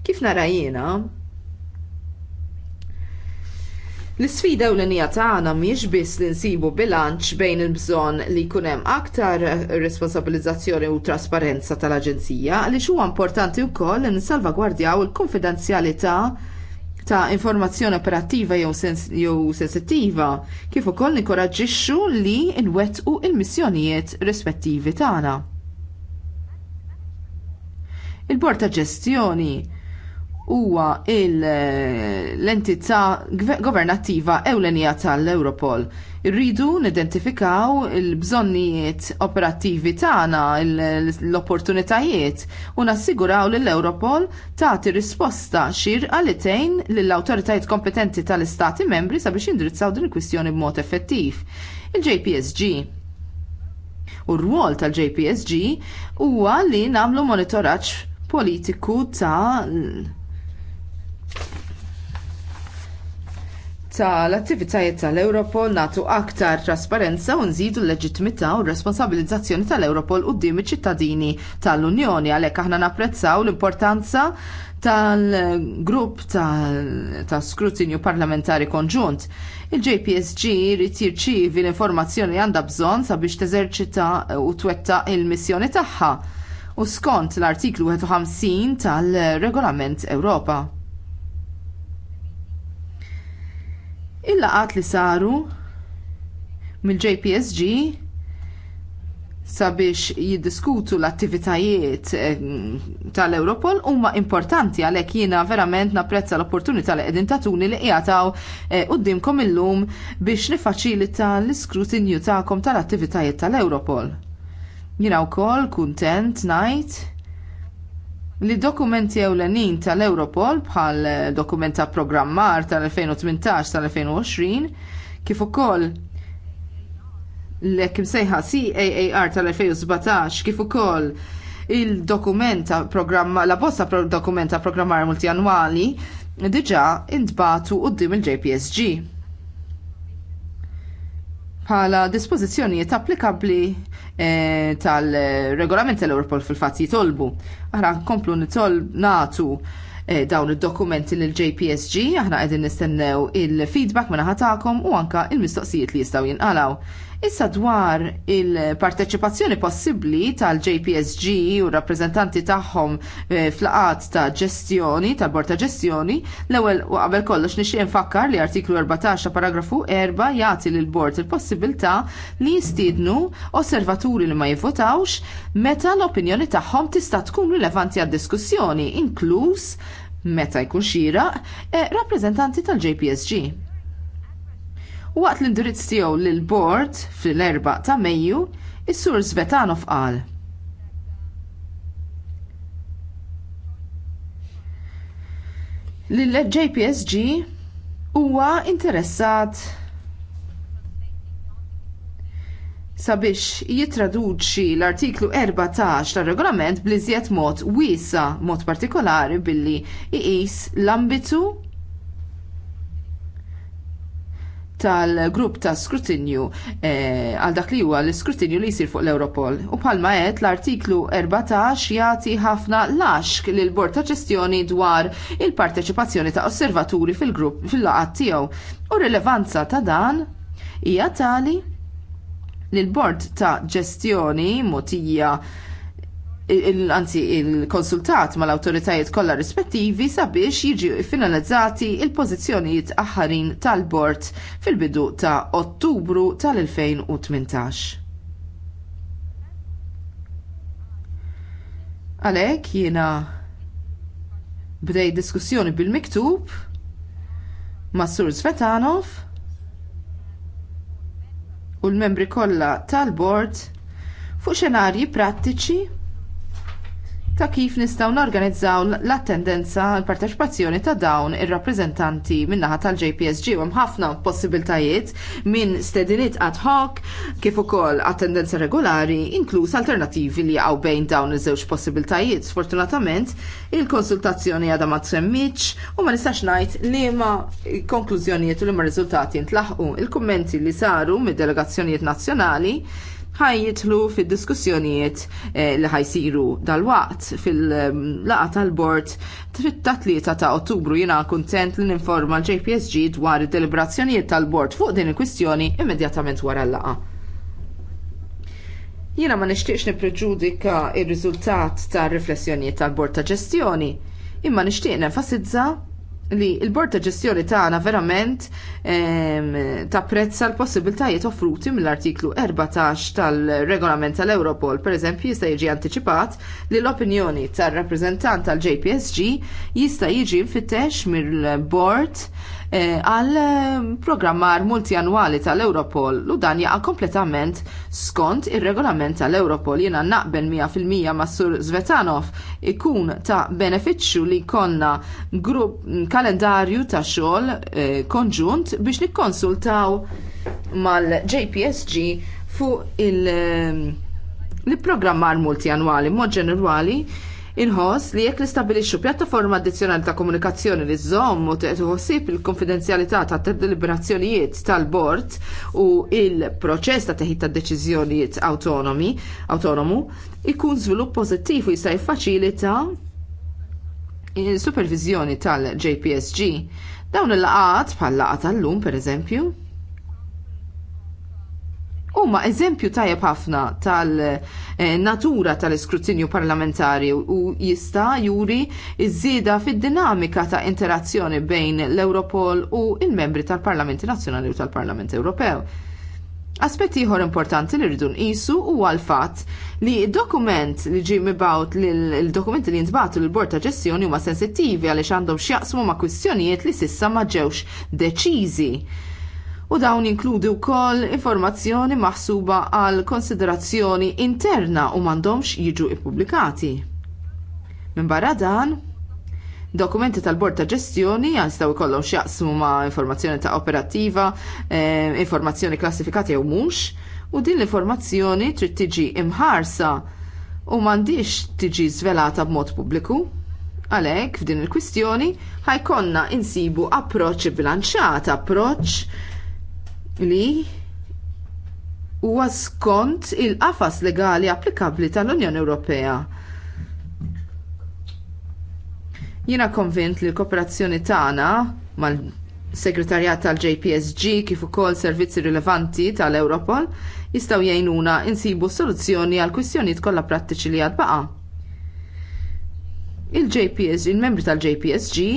Kif narajjina, L-isfida u l tagħna mhijiex biss li nsibu bilanċ bejn il-bżonn li jkun hemm aktar responsabilizzazzjoni u trasparenza tal-Aġenzija li huwa importanti wkoll li nissalvagwardjaw il-konfidenzjalità ta' informazzjoni operattiva jew, sens jew sensittiva kif ukoll nikoraġġixxu li nwettqu l missjonijiet rispettivi tagħna. Il-Bord ta' Ġestjoni huwa eh, l-entità governattiva ewlenija tal-Europol. Irridu nidentifikaw il-bżonnijiet operattivi tagħna, l-opportunitajiet u nassiguraw li l-Europol tagħti risposta xirqa li tgħin lill-awtoritajiet kompetenti tal-istati membri sabiex indirizzaw din il-kwistjoni b'mod effettiv. Il-JPSG U r-rwol tal-JPSG huwa li nagħmlu monitoraġġ politiku ta' tal-attivitajiet tal-Europol nagħtu aktar trasparenza u nżidu l-leġittimità u r responsabilizzazzjoni tal-Europol quddiem iċ-ċittadini tal-Unjoni għalhekk aħna napprezzaw l-importanza tal-grupp ta' skrutinju parlamentari konġunt. Il-JPSG jrid jirċievi l-informazzjoni li għandha bżonn sabiex teżerċita u twettaq il-missjoni tagħha u skont l-artiklu 51 tal-Regolament Ewropa. il laqgħat li saru mill-JPSG sabiex jiddiskutu l-attivitajiet eh, tal-Europol huma importanti għalhekk jiena verament napprezza l-opportunità li qegħdin tatuni li qiegħataw eh, quddiemkom illum biex niffaċilita l-iskrutinju tagħkom tal-attivitajiet tal-Europol. Jiena wkoll kuntent ngħid li dokumenti ewlenin tal-Europol bħal dokumenta programmar tal-2018 tal-2020 kif ukoll l-ekim sejħa CAAR tal-2017 kif ukoll il-dokumenta programma, la bosta pro dokumenta programmar multianwali diġa intbatu qoddim il-JPSG bħala dispożizzjonijiet applikabbli eh, tal-regolament tal-Europol fil-fatt jitolbu. Aħna nkomplu nitol natu eh, dawn id-dokumenti l jpsg aħna qegħdin nistennew il-feedback minn ħatakom u anka il-mistoqsijiet li jistgħu jinqalaw. Issa dwar il-parteċipazzjoni possibbli tal-JPSG u rappreżentanti tagħhom eh, fl-qat ta' ġestjoni, tal-bord ta' ġestjoni, l-ewwel u qabel kollox nixie nfakkar li artiklu 14 paragrafu 4 jagħti lil bord il-possibilità li jistiednu osservaturi li ma jivvotawx meta l-opinjoni tagħhom tista' tkun rilevanti għad-diskussjoni, inkluż meta jkun xira, eh, rappreżentanti tal-JPSG. Waqt l-indirizz tiegħu lil bord fl-4 ta' Mejju, is-Sur Svetanov qal. Lill-JPSG huwa interessat sabiex jitraduċi l-artiklu 14 tar regolament bliżjed mod wiesa, mod partikolari billi iqis l-ambitu tal-grupp ta' skrutinju eh, għal dak li huwa l-iskrutinju li jsir fuq l-Europol. U bħalma qed l-artiklu 14 jagħti ħafna laxk lil bord ta' ġestjoni dwar il-parteċipazzjoni ta' osservaturi fil-grupp fil-laqat tiegħu. U rilevanza ta' dan hija tali li l-bord ta' ġestjoni motija anzi il-konsultat mal awtoritajiet kollha rispettivi sabiex jiġi finalizzati il-pożizzjonijiet aħħarin tal-bord fil-bidu ta' Ottubru tal-2018. Għalhekk jiena bdej diskussjoni bil-miktub ma' Sur Svetanov u l-membri kollha tal-bord fuq xenarji prattiċi ta' kif nistgħu norganizzaw l-attendenza għall parteċipazzjoni ta' dawn ir-rappreżentanti min-naħa tal-JPSG u ħafna possibiltajiet minn stedinit ad hoc kif ukoll attendenza regolari inkluż alternattivi li għaw bejn dawn iż-żewġ possibiltajiet. Sfortunatament, il-konsultazzjoni għadha ma semmitx u ma nistax ngħid li ma konklużjonijiet u li ma riżultati ntlaħqu il-kummenti li saru mid-delegazzjonijiet nazzjonali ħajjitlu fid-diskussjonijiet eh, li ħajsiru dal-waqt fil-laqa tal-bord tlieta ta' ottubru jina kuntent li ninforma l-JPSG dwar id-deliberazzjonijiet tal-bord fuq din il-kwistjoni immedjatament wara l-laqa. Jiena ma nixtieqx nippreġudika r riżultat tar riflessjonijiet tal-bord ta' ġestjoni, imma nixtieq nenfasizza li il-bord ta' ġestjoni tagħna verament tapprezza l-possibiltajiet offruti mill-artiklu 14 tal-regolament tal-Europol, eżempju, jista' jiġi antiċipat li l-opinjoni tar-rappreżentant tal-JPSG jista' jiġi mfittex mill-bord Eh, għal eh, programmar multianwali tal-Europol u dan jaqa kompletament skont ir-regolament tal-Europol jiena naqbel 100% ma' Sur Zvetanov ikun ta' beneficju li konna grupp kalendarju ta' xogħol eh, konġunt biex nikkonsultaw mal-JPSG fuq il- programmar multianwali mod ġenerali Inħoss li jekk nistabilixxu pjattaforma addizzjonali ta' komunikazzjoni li żomm u uħossib il-konfidenzjalità ta' deliberazzjonijiet tal-bord u il-proċess ta' teħid ta' deċiżjonijiet autonomi autonomu ikun żvilupp pożittiv u jista' jiffaċilita supervizjoni tal-JPSG. Dawn il-laqat bħal laqat tal-lum, per eżempju, huma eżempju tajjeb ħafna tal-natura tal-iskrutinju parlamentari u jista' juri iż-żieda fid-dinamika ta' interazzjoni bejn l-Europol u il-membri tal-Parlamenti Nazzjonali u tal-Parlament Ewropew. Aspetti ieħor importanti li rridu nqisu huwa l-fatt li dokument li ġie mibgħut l-dokumenti li jintbagħtu lill bord ta' ġestjoni huma sensittivi għaliex għandhom x'jaqsmu ma' kwistjonijiet li sissa ma ġewx deċiżi u dawn inkludi wkoll informazzjoni maħsuba għal konsiderazzjoni interna u m'għandhomx jiġu ippubblikati. Minbarra dan, dokumenti tal-bord ta' ġestjoni jistgħu jkollhom x'jaqsmu ma' informazzjoni ta' operattiva, eh, informazzjoni klassifikati jew mhux, u din l-informazzjoni trid tiġi imħarsa u m'għandix tiġi żvelata b'mod pubbliku. Għalhekk f'din il-kwistjoni ħajkonna insibu approċċ bilanċjat, approċċ li huwa skont il-qafas legali applikabbli tal-Unjoni Ewropea. Jiena konvint li l-kooperazzjoni tagħna mal-Segretarjat tal-JPSG kif ukoll servizzi rilevanti tal-Europol jistgħu jgħinuna insibu soluzzjoni għal kwistjonijiet kollha prattiċi li għadbaqa. il il-membri tal-JPSG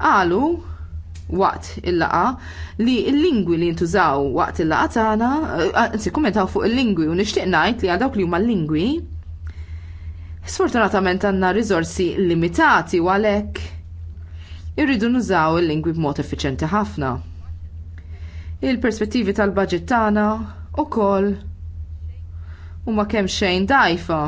Qalu waqt il laqgħa li l-lingwi li jintużaw waqt il laqgħa tagħna, eh, anzi kummentaw fuq il-lingwi u nixtieq ngħid li għal dawk li huma l-lingwi sfortunatament għandna riżorsi limitati u għalhekk irridu nużaw il-lingwi b'mod effiċjenti ħafna. Il-perspettivi tal-baġit tagħna ukoll huma kemm xejn dajfa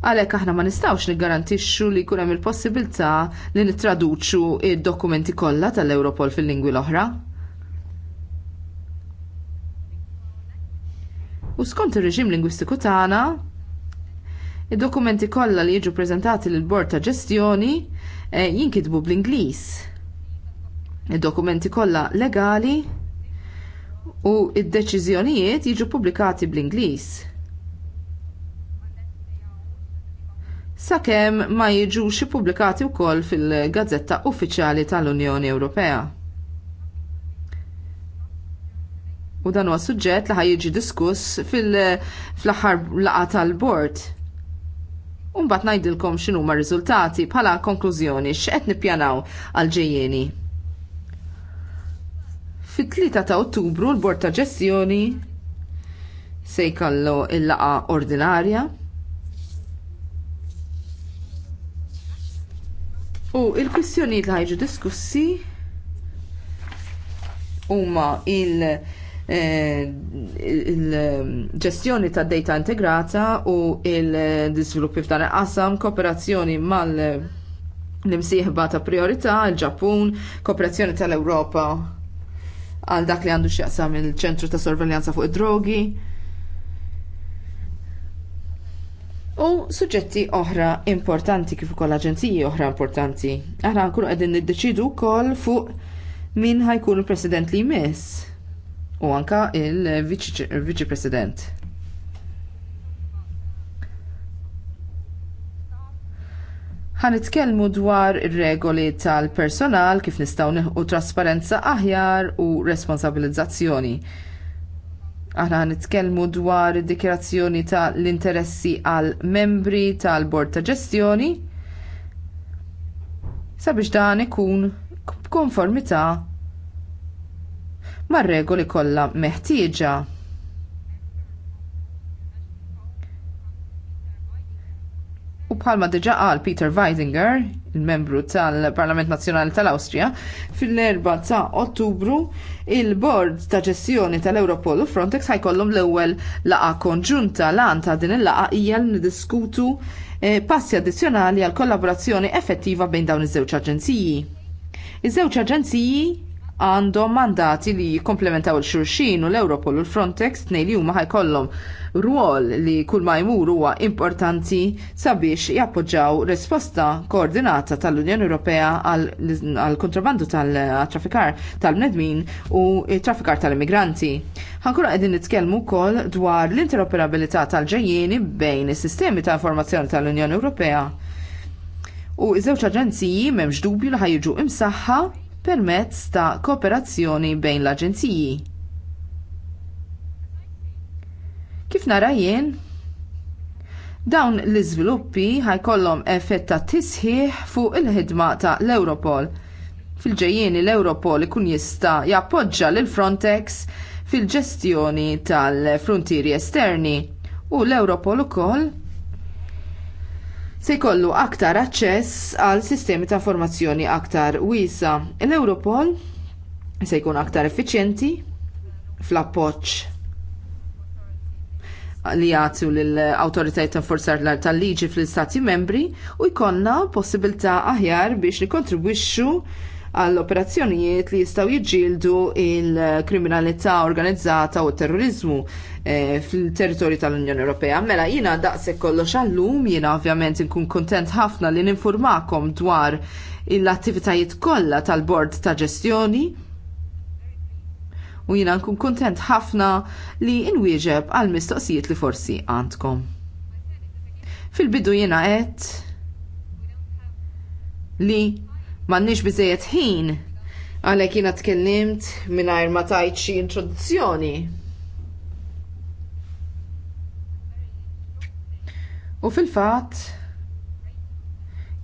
Għalhekk aħna ma nistgħux niggarantixxu li jkun hemm il-possibilità li nittraduċu id-dokumenti kollha tal-Europol fil-lingwi l-oħra. U skont ir-reġim lingwistiku tagħna, id-dokumenti kollha li jiġu preżentati lill bord ta' ġestjoni eh, jinkitbu bl-Ingliż. Id-dokumenti kollha legali u d deċiżjonijiet jiġu pubblikati bl-Ingliż. sakemm ma jiġux ippubblikati wkoll fil-Gazzetta Uffiċjali tal-Unjoni Ewropea. U dan huwa suġġett li ħajjiġi diskuss fil-aħħar laqgħa tal-bord. U ngħidilkom x'inhuma r-riżultati bħala konklużjoni x'qed nippjanaw għal ġejjieni. Fit-3 ta' Ottubru l-Bord ta' Ġestjoni se jkollu il-laqa ordinarja U il-kwistjonijiet li ħajġu diskussi huma eh, il-ġestjoni il, il, tad data integrata u il-disviluppi f'dan qasam kooperazzjoni mal l-imsieħba ta' priorità, il-Ġappun, kooperazzjoni tal-Ewropa għal dak li għandu x'jaqsam il-ċentru ta' sorveljanza fuq id-drogi u suġġetti oħra importanti kif ukoll aġenziji oħra importanti. Aħna nkunu qegħdin niddeċidu wkoll fuq min ħajkun il-President li jmiss u anka il-Viċi President. nitkellmu dwar ir-regoli tal-personal kif nistgħu neħu trasparenza aħjar u responsabilizzazzjoni. Aħna nitkellmu dwar id dikjarazzjoni ta' l-interessi għal membri tal-bord ta' ġestjoni sabiex dan ikun b'konformità mar-regoli kollha meħtieġa. U bħalma diġà qal Peter Weidinger, membru tal-Parlament Nazzjonali tal-Awstrija, fil-4 ta' Ottubru il-Bord ta' ġestjoni tal-Europol u Frontex ħajkollhom l-ewwel laqgħa konġunta lan ta' din il-laqgħa hija li niddiskutu eh, passi addizzjonali għal kollaborazzjoni effettiva bejn dawn iż-żewġ aġenziji. Iż-żewġ aġenziji għandhom mandati li jikkomplementaw il-xurxin u l-Europol u l-Frontex tnej li huma ħajkollhom rwol li kull ma jmur huwa importanti sabiex jappoġġaw risposta koordinata tal-Unjoni Ewropea għall kontrabandu tal-traffikar tal-bnedmin u traffikar tal-immigranti. Ħankura qegħdin nitkellmu wkoll dwar l-interoperabilità tal-ġejjieni bejn is-sistemi ta' informazzjoni tal-Unjoni Ewropea. U iż-żewġ aġenziji m'hemmx dubju li ħajġu imsaħħa permezz ta' kooperazzjoni bejn l-aġenziji. Kif nara jien? Dawn l-iżviluppi ħajkollhom effett ta' tisħiħ fuq il-ħidma ta' l-Europol. Fil-ġejjieni l-Europol ikun jista' jappoġġa lil Frontex fil-ġestjoni tal-frontieri esterni u l-Europol ukoll se jkollu aktar aċċess għal sistemi ta' formazzjoni aktar wiesa. L-Europol se jkun aktar effiċjenti fl-appoġġ li jagħtu lill-awtoritajiet ta' forzar tal-liġi fl-istati membri u jkollna possibilta aħjar biex nikontribwixxu għall operazzjonijiet li jistgħu jġildu l kriminalità organizzata u t terrorizmu eh, fil-territorju tal-Unjoni Ewropea. Mela jiena daqshekk kollox għallum, jiena ovvjament inkun kuntent ħafna li ninformakom dwar l-attivitajiet kollha tal-bord ta' ġestjoni u jina nkun kontent ħafna li inwieġeb għal mistoqsijiet li forsi għandkom. Fil-bidu jina għed li mannix biżejjed ħin għalhekk jiena tkellimt mingħajr ma tajt introduzzjoni. U fil-fatt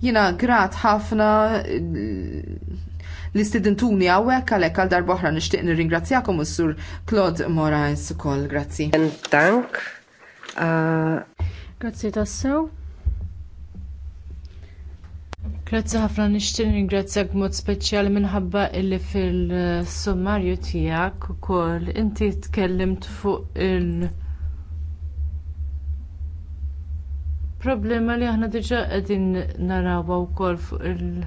jiena grat ħafna l istidintuni għawek għalek għal darboħra nishtiq nir-ringrazzjakom sur Claude Moraes ukoll. Grazzi. Tank. Uh, Grazzi tassew. Grazzi ħafna nixtieq ningrazzjak mod speċjali minħabba illi fil-sommarju tiegħek ukoll inti tkellimt fuq il- problema li aħna diġà qegħdin narawha wkoll fuq il-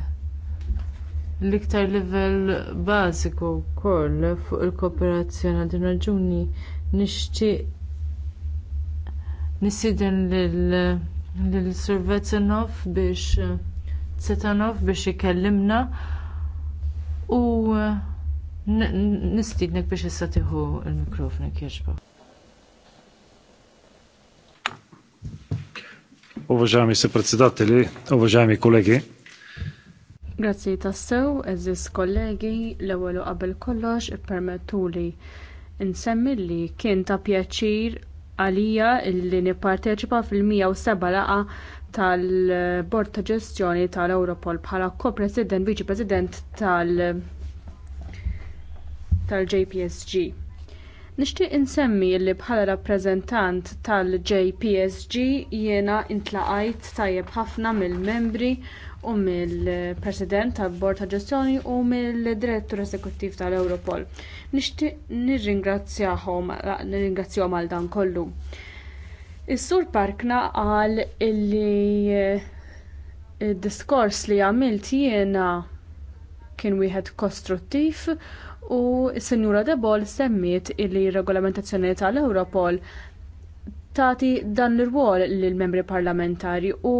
l-iktar livell bażiku wkoll fuq il-kooperazzjoni għal din raġuni nixtieq nisiden lil Survetinov biex Setanov biex ikellimna u nistidnek biex issa tieħu l mikrofon kieġba. Уважаеми съпредседатели, уважаеми колеги, Grazzi tassew, eżis kollegi, l-ewwel u qabel kollox ippermettuli insemmi li kien ta' pjaċir għalija li nipparteċipa fil-107 laqa tal-Bord ta' Ġestjoni tal-Europol bħala ko-president, viċi president tal- tal-JPSG. Nixtieq insemmi li bħala rappreżentant tal-JPSG jiena intlaqajt tajjeb ħafna mill-membri u mill-President tal-Bord ta' Ġestjoni u mill-Direttur Eżekuttiv tal-Europol. Nixtieq nirringrazzjahom nirringrazzjahom għal dan kollu. Is-Sur Parkna qal illi d eh, diskors li għamilt jiena kien wieħed kostruttiv u s-Sinjura Debol semmiet illi regolamentazzjoni tal-Europol tagħti dan l-rwol lill membri parlamentari u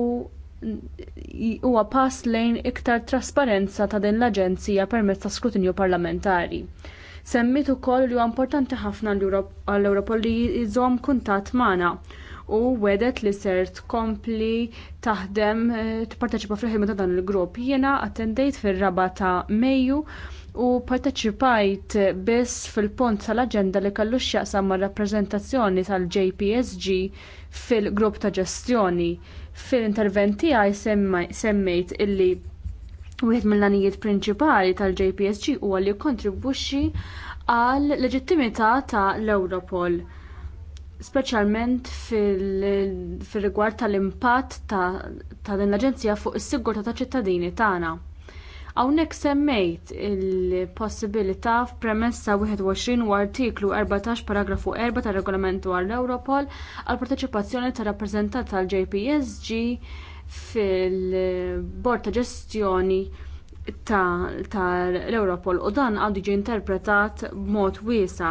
huwa pass lejn iktar trasparenza ta' din l-Aġenzija permezz ta' skrutinju parlamentari. Semmit ukoll li huwa importanti ħafna għall-Ewropol li jżomm kuntatt magħna u wedet li ser tkompli taħdem eh, tipparteċipa fil-ħidma ta' dan il-grupp. Jiena attendejt fir-raba ta' Mejju u parteċipajt biss fil-punt tal-aġenda li kellu x'jaqsam ma' rappreżentazzjoni tal-JPSG fil-grupp ta' ġestjoni. Fil-intervent tiegħi semmejt illi wieħed mill-għanijiet prinċipali tal-JPSG huwa li jikkontribwixxi għal leġittimità ta' l-Europol speċjalment fil-rigward tal-impatt ta' din l-Aġenzija fuq is-sigurtà ta' ċittadini tagħna. Hawnhekk semmejt il-possibilità f'premessa 21 u artiklu 14 paragrafu 4 tar regolamentu għall Europol għall parteċipazzjoni ta' rappreżentant tal-JPSG fil-Bord ta' Ġestjoni tal-Europol u dan għandu ġi interpretat b'mod wiesa'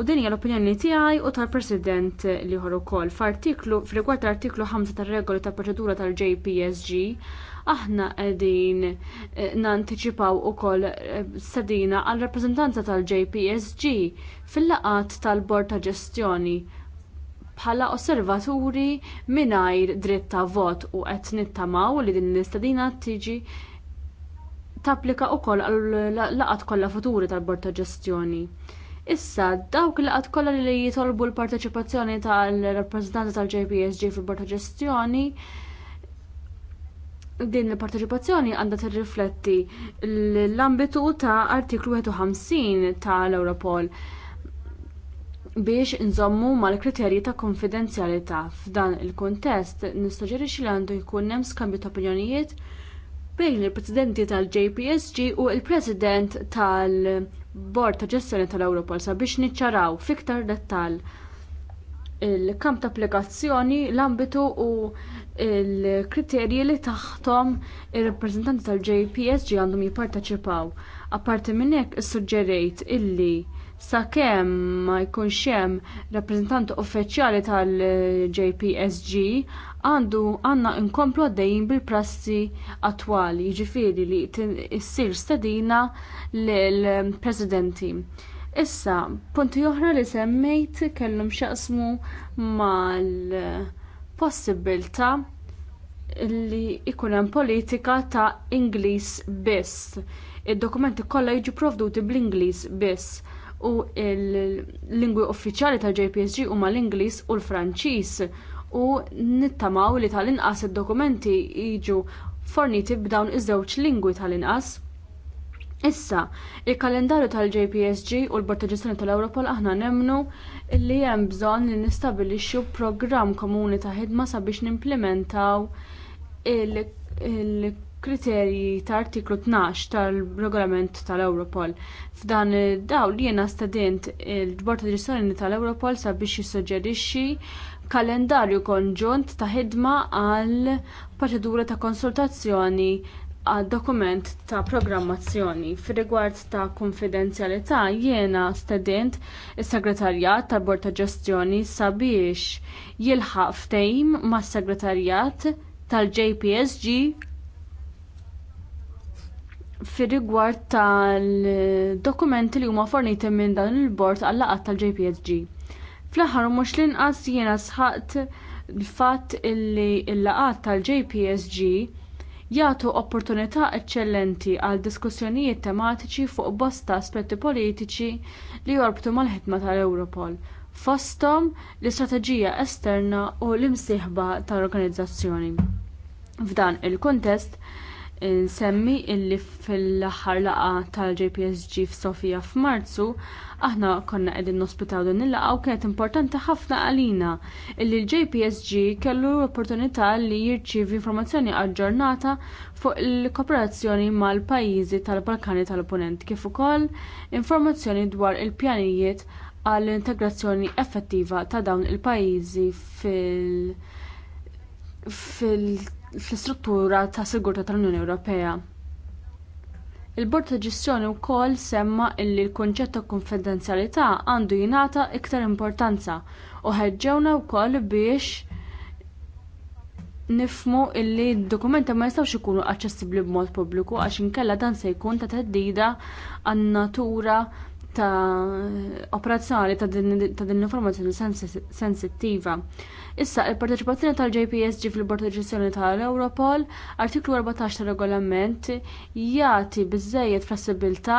U din hija l-opinjoni tiegħi u tal-President li ukoll. F'artiklu f'rigward artiklu 5 tar-regoli ta' proċedura tal-JPSG, aħna qegħdin eh, nanticipaw ukoll eh, sedina għal rappreżentanza tal-JPSG fil-laqat tal-Bord ta' Ġestjoni bħala osservaturi mingħajr dritt ta' vot u qed nittamaw li din l-istadina tiġi tapplika wkoll għal laqat kollha futuri tal-Bord ta' Ġestjoni. Issa, dawk li għad kollha li jitolbu l-parteċipazzjoni tal-rappresentanti tal-JPSG fil-Bord ta' Ġestjoni, din il-parteċipazzjoni għandha tirrifletti l-ambitu ta' artiklu 51 tal-Europol biex nżommu mal-kriterji ta' konfidenzjalità f'dan il-kuntest nissuġġerixxi li għandu jkun hemm skambju ta' opinjonijiet bejn il-Presidenti tal-JPSG u l president tal-Bord ta' Ġestjoni tal-Europol sabiex niċċaraw fiktar dettall il-kamp ta' applikazzjoni, l-ambitu u il-kriterji li taħtom ir-rappreżentanti tal-JPSG għandhom jipparteċipaw. Apparti minn hekk issuġġerejt illi sakemm ma jkunx hemm rappreżentanti uffiċjali tal-JPSG għandu għandna nkomplu għaddejjin bil-prassi attwali, jiġifieri li ssir stedina lill-presidenti. Issa, punti oħra li semmejt kellhom x'jaqsmu mal- possibilità li jkun hemm politika ta' Ingliż biss. Id-dokumenti kollha jiġu provduti bl-Ingliż biss u l-lingwi uffiċjali tal JPSG huma l-Ingliż u l-Franċiż u nittamaw li tal-inqas id-dokumenti jiġu forniti b'dawn iż-żewġ lingwi tal-inqas. Issa, il-kalendarju tal-JPSG u l-Bord tal-Europol aħna nemnu li hemm bżonn li nistabilixxu programm komuni ta' ħidma sabiex nimplementaw il-kriterji ta' artiklu 12 tal-regolament tal-Europol. F'dan li jiena stadint il-Bord tal-Europol sabiex jissuġġerixxi kalendarju konġunt ta' ħidma għal proċedura ta' konsultazzjoni għad dokument ta' programmazzjoni fir rigward ta' konfidenzjalità jiena stedint is-segretarjat tal bord ta' ġestjoni sabiex jilħaq ftehim mas segretarjat tal-JPSG fir rigward tal-dokumenti li huma forniti minn dan il-bord għal laqgħat tal-JPSG. Fl-aħħar mhux l-inqas jiena sħaqt l-fatt illi l-laqgħat tal-JPSG jagħtu opportunità eċċellenti għal diskussjonijiet tematiċi fuq bosta aspetti politiċi li jorbtu mal-ħidma tal-Europol fosthom l-istrateġija esterna u l-imsieħba tal-organizzazzjoni. F'dan il-kuntest, nsemmi illi fil-aħħar laqgħa tal-JPSG f'Sofija f'Marzu aħna konna qegħdin nospitaw din il laqgħa u kienet importanti ħafna għalina illi l-JPSG kellu l-opportunità li jirċievi informazzjoni aġġornata fuq il-kooperazzjoni mal-pajjiżi tal-Balkani tal-Punent kif ukoll informazzjoni dwar il-pjanijiet għall integrazzjoni effettiva ta' dawn il-pajjiżi fil- fil fl-istruttura ta' sigurtà tal-Unjoni Ewropea. Il-Bord ta' Ġestjoni wkoll semma li l-kunċett ta' konfidenzjalità għandu jingħata iktar importanza u ħeġġewna wkoll biex nifmu illi d-dokumenti ma jistgħux ikunu aċċessibbli b'mod pubbliku għax inkella dan se jkun ta' teddida għan natura ta' operazzjoni ta' din l-informazzjoni sensittiva. Sens Issa, il-parteċipazzjoni tal-JPSG fil-Bord Ġestjoni tal-Europol, artiklu 14 tal-regolament, jagħti biżejjed flessibilità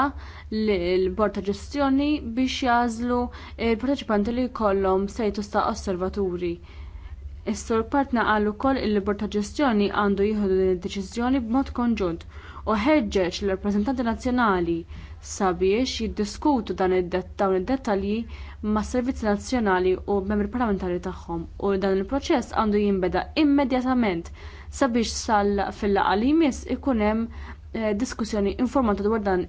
l-Bord ta' Ġestjoni biex jażlu il-parteċipanti li jkollhom sejtu ta' osservaturi. Is-sur partna qal ukoll il-libor ta' ġestjoni għandu jieħdu din id-deċiżjoni b'mod konġunt u ħeġġeġ l-rappreżentanti nazzjonali sabiex jiddiskutu dan id-dettalji ma' servizzi nazzjonali u membri parlamentari tagħhom u dan il-proċess għandu jinbeda immedjatament sabiex sal fil laqgħa li jmiss ikun hemm eh, diskussjoni informata dwar dan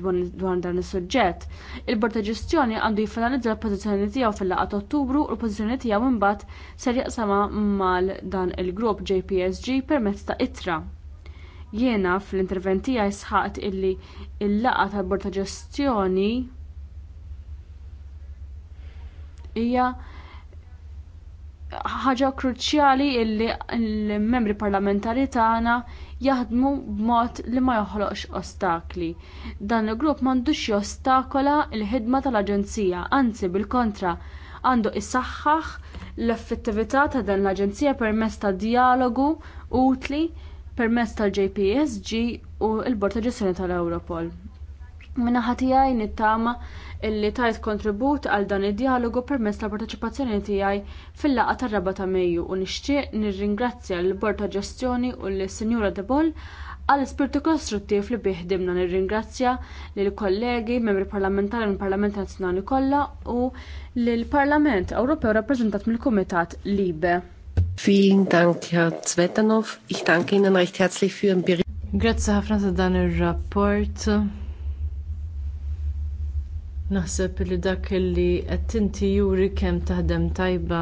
dwar dan is-suġġett. Il-Bord ta' Ġestjoni għandu jiffinalizza l-pożizzjoni tiegħu fil-laqgħa ta' Ottubru u l-pożizzjoni tiegħu imbagħad ser jaqsama mal dan il-grupp JPSG permezz ta' ittra jiena fl-intervent tiegħi sħaqt illi l-laqgħa tal-bord ta' ġestjoni hija ħaġa kruċjali illi l-membri parlamentari tagħna jaħdmu b'mod li ma joħloqx ostakli. Dan il-grupp m'għandux jostakola l-ħidma tal-Aġenzija, anzi bil-kontra għandu jsaħħaħ l-effettività ta' dan l-Aġenzija permezz ta' dialogu utli permezz tal-JPSG u l-Bord ta' Ġestjoni tal-Europol. Minna ħatijaj nittama illi tajt kontribut għal dan id-dialogu permezz tal-parteċipazzjoni tiegħi fil-laqgħa tar-raba ta' Mejju u nixtieq nirringrazzja l-Bord ta' Ġestjoni u lis-Sinjura De Boll għal ispirtu kostruttiv li biħdimna nirringrazzja lill kollegi membri parlamentari mill parlament Nazzjonali kollha u lill Parlament Ewropew rappreżentat mill-Kumitat Libe. Vielen Dank, Herr Zvetanov. Ich danke Ihnen recht herzlich für Ihren Bericht. Grazie ħafna ta' dan ir-rapport. Naħseb li dak li qed inti juri kemm taħdem tajba,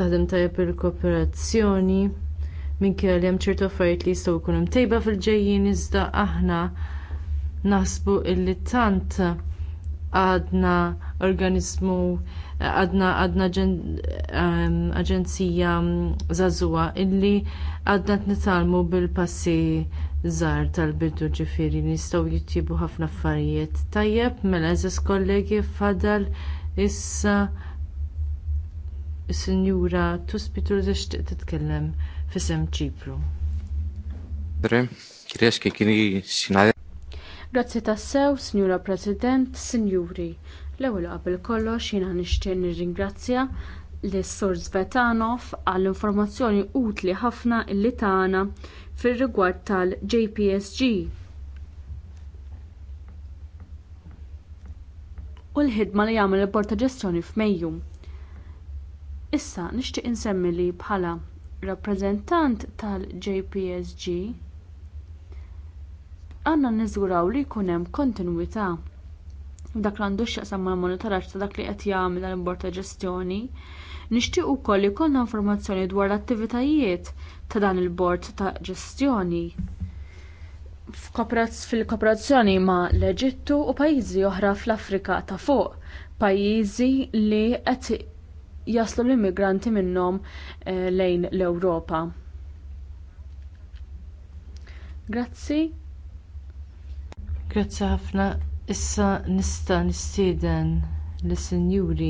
taħdem tajba il-kooperazzjoni minkejja li hemm ċertu affarijiet li jistgħu jkunu tajba fil-ġejjin iżda aħna naħsbu illi tant għadna organizmu għadna għadna aġenzija zazua illi għadna t-nitalmu bil-passi żgħar tal-bidu ġifieri nistgħu jittibu ħafna affarijiet. Tajjeb, mela eżis kollegi fadal issa Sinjura Tuspitur tixtieq titkellem fisem Ċipru. Grazzi tassew, Sinjura President, Sinjuri. L-ewwel qabel kollox jiena nixtieq nirringrazzja lis sur Svetanov għall-informazzjoni utli ħafna illi tagħna fir-rigward tal-JPSG. U l-ħidma li jagħmel il porta Ġestjoni f'Mejju. Issa nixtieq insemmi li bħala rappreżentant tal-JPSG għandna niżguraw li jkun hemm kontinwità dak l-għandu x'jaqsam mal-monitoraġġ ta' dak li qed jagħmel l bord ta' ġestjoni. Nixtieq ukoll li jkollna informazzjoni dwar l-attivitajiet ta' dan il-bord ta' ġestjoni fil-kooperazzjoni ma' l-Eġittu u pajjiżi oħra fl-Afrika ta' fuq, pajjiżi li qed jaslu l-immigranti minnhom eh, lejn l-Ewropa. Grazzi. Grazzi ħafna. Issa nista nistieden lis sinjuri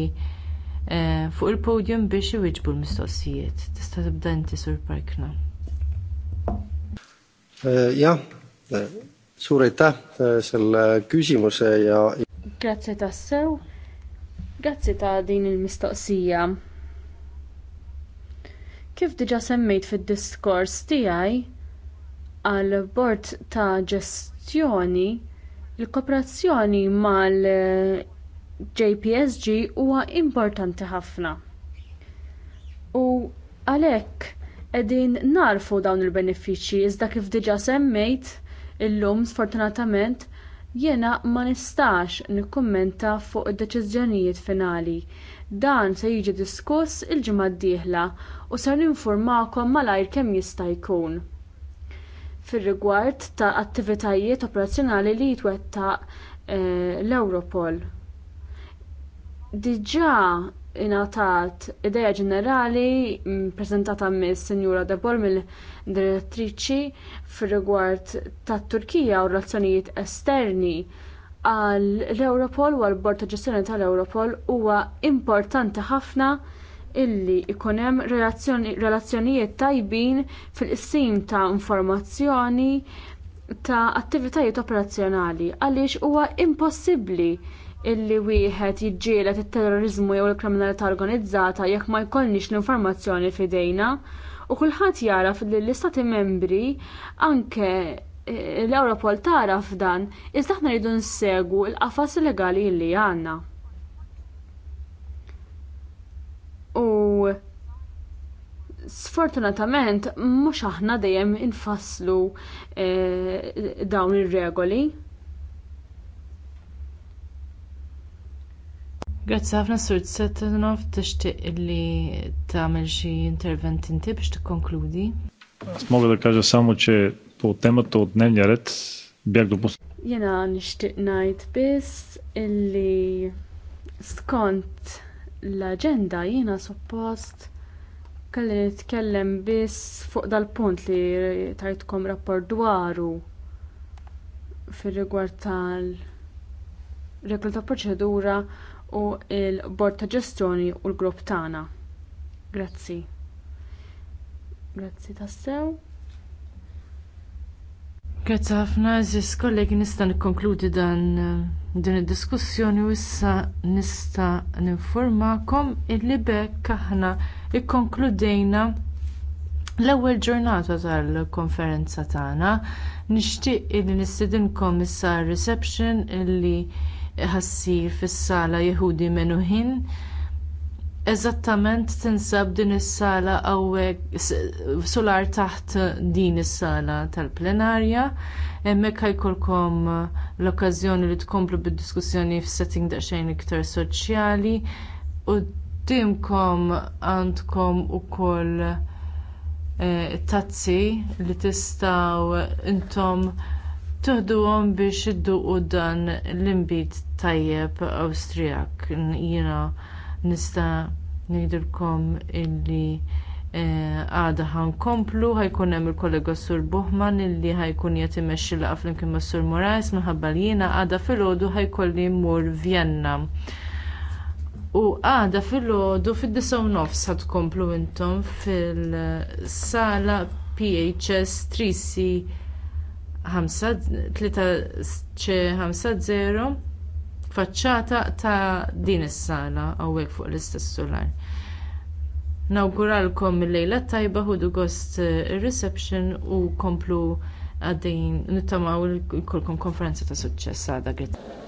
eh, fuq il-podium biex iwiġbu l-mistoqsijiet. Tista' tibda inti sur parkna. Eh, ja, eh, suur aitäh selle küsimuse ja. Grazzi tassew. Grazzi ta' din il-mistoqsija. Kif diġa semmejt fid-diskors tiegħi għal bord ta' ġestjoni Il-kooperazzjoni mal-JPSG huwa importanti ħafna. U għalhekk qegħdin narfu dawn il-benefiċċji iżda kif diġà semmejt illum sfortunatament jiena ma nistax nikkummenta fuq id-deċiżjonijiet finali. Dan se jiġi diskuss il-ġimgħa d-dieħla u ser ninformakom malajr kemm jista' jkun fir-rigward ta' attivitajiet operazzjonali li jitwettaq eh, l-Europol. Diġà ingħatat idea ġenerali ppreżentata mm, mis Sinjura Debol mill-direttriċi fir-rigward tat Turkija u relazzjonijiet esterni għall l-Europol u għall bord ta' ġestjoni tal-Europol huwa importanti ħafna illi ikun hemm relazzjonijiet tajbin fil-qsim ta' informazzjoni ta' attivitajiet operazzjonali għaliex huwa impossibbli illi wieħed jiġġieled it-terrorizmu jew il-kriminalità organizzata jekk ma jkollniex l-informazzjoni f'idejna u kulħadd jaraf li l-istati membri anke eh, l ewropol tara f'dan iżda aħna rridu nsegu l-qafas legali li għandna. U sfortunatament mhux aħna dejjem infasslu eh, dawn ir-regoli. Grazzi ħafna Sur Tsetanov tixtieq li tagħmel xi intervent inti biex tikkonkludi. Аз мога да кажа само, че по темата от дневния ред бях Jena nishtiq najt biss illi skont l-aġenda jiena suppost kelli nitkellem biss fuq dal-punt li tajtkom rapport dwaru fir-rigward tal-regla ta' proċedura u l-bord ta' ġestjoni u l-grupp tagħna. Grazzi. Grazzi tassew. Grazzi ħafna, eżis kollegi nista' nikkonkludi dan eh, din id-diskussjoni u issa nista' ninformakom illi bekk aħna ikkonkludejna l-ewwel ġurnata tal-konferenza tagħna nixtieq illi nistidinkom issa reception illi ħassir fis-sala Yehudi Menuhin eżattament tinsab din is-sala hawnhekk sular taħt din is-sala tal-plenarja. Hemmhekk ħajkolkom l-okkażjoni li tkomplu bid-diskussjoni f'setting daqsxejn iktar soċjali u dimkom għandkom ukoll eh, tazzi li tistgħu intom tuħduhom biex idduqu dan l-inbit tajjeb Awstrijak jiena nista ngħidilkom illi eh, għada ħan komplu, ħajkun hemm il-kollega Sur Buhman illi ħajkun qed imexxi laqgħa flimkien ma' Sur Moraes minħabba li jiena għada filgħodu ħajkolli mmur Vienna. U għada filgħodu fid-disa u nofs ħad komplu intom fil-sala PHS 3C 5 3 c 50 faċċata ta' din is-sala hawnhekk fuq l-istess Sular. Nawguralkom il-lejla tajba ħudu gost eh, reception u komplu għaddejn nittamaw il-kolkom konferenza ta' suċċess għadha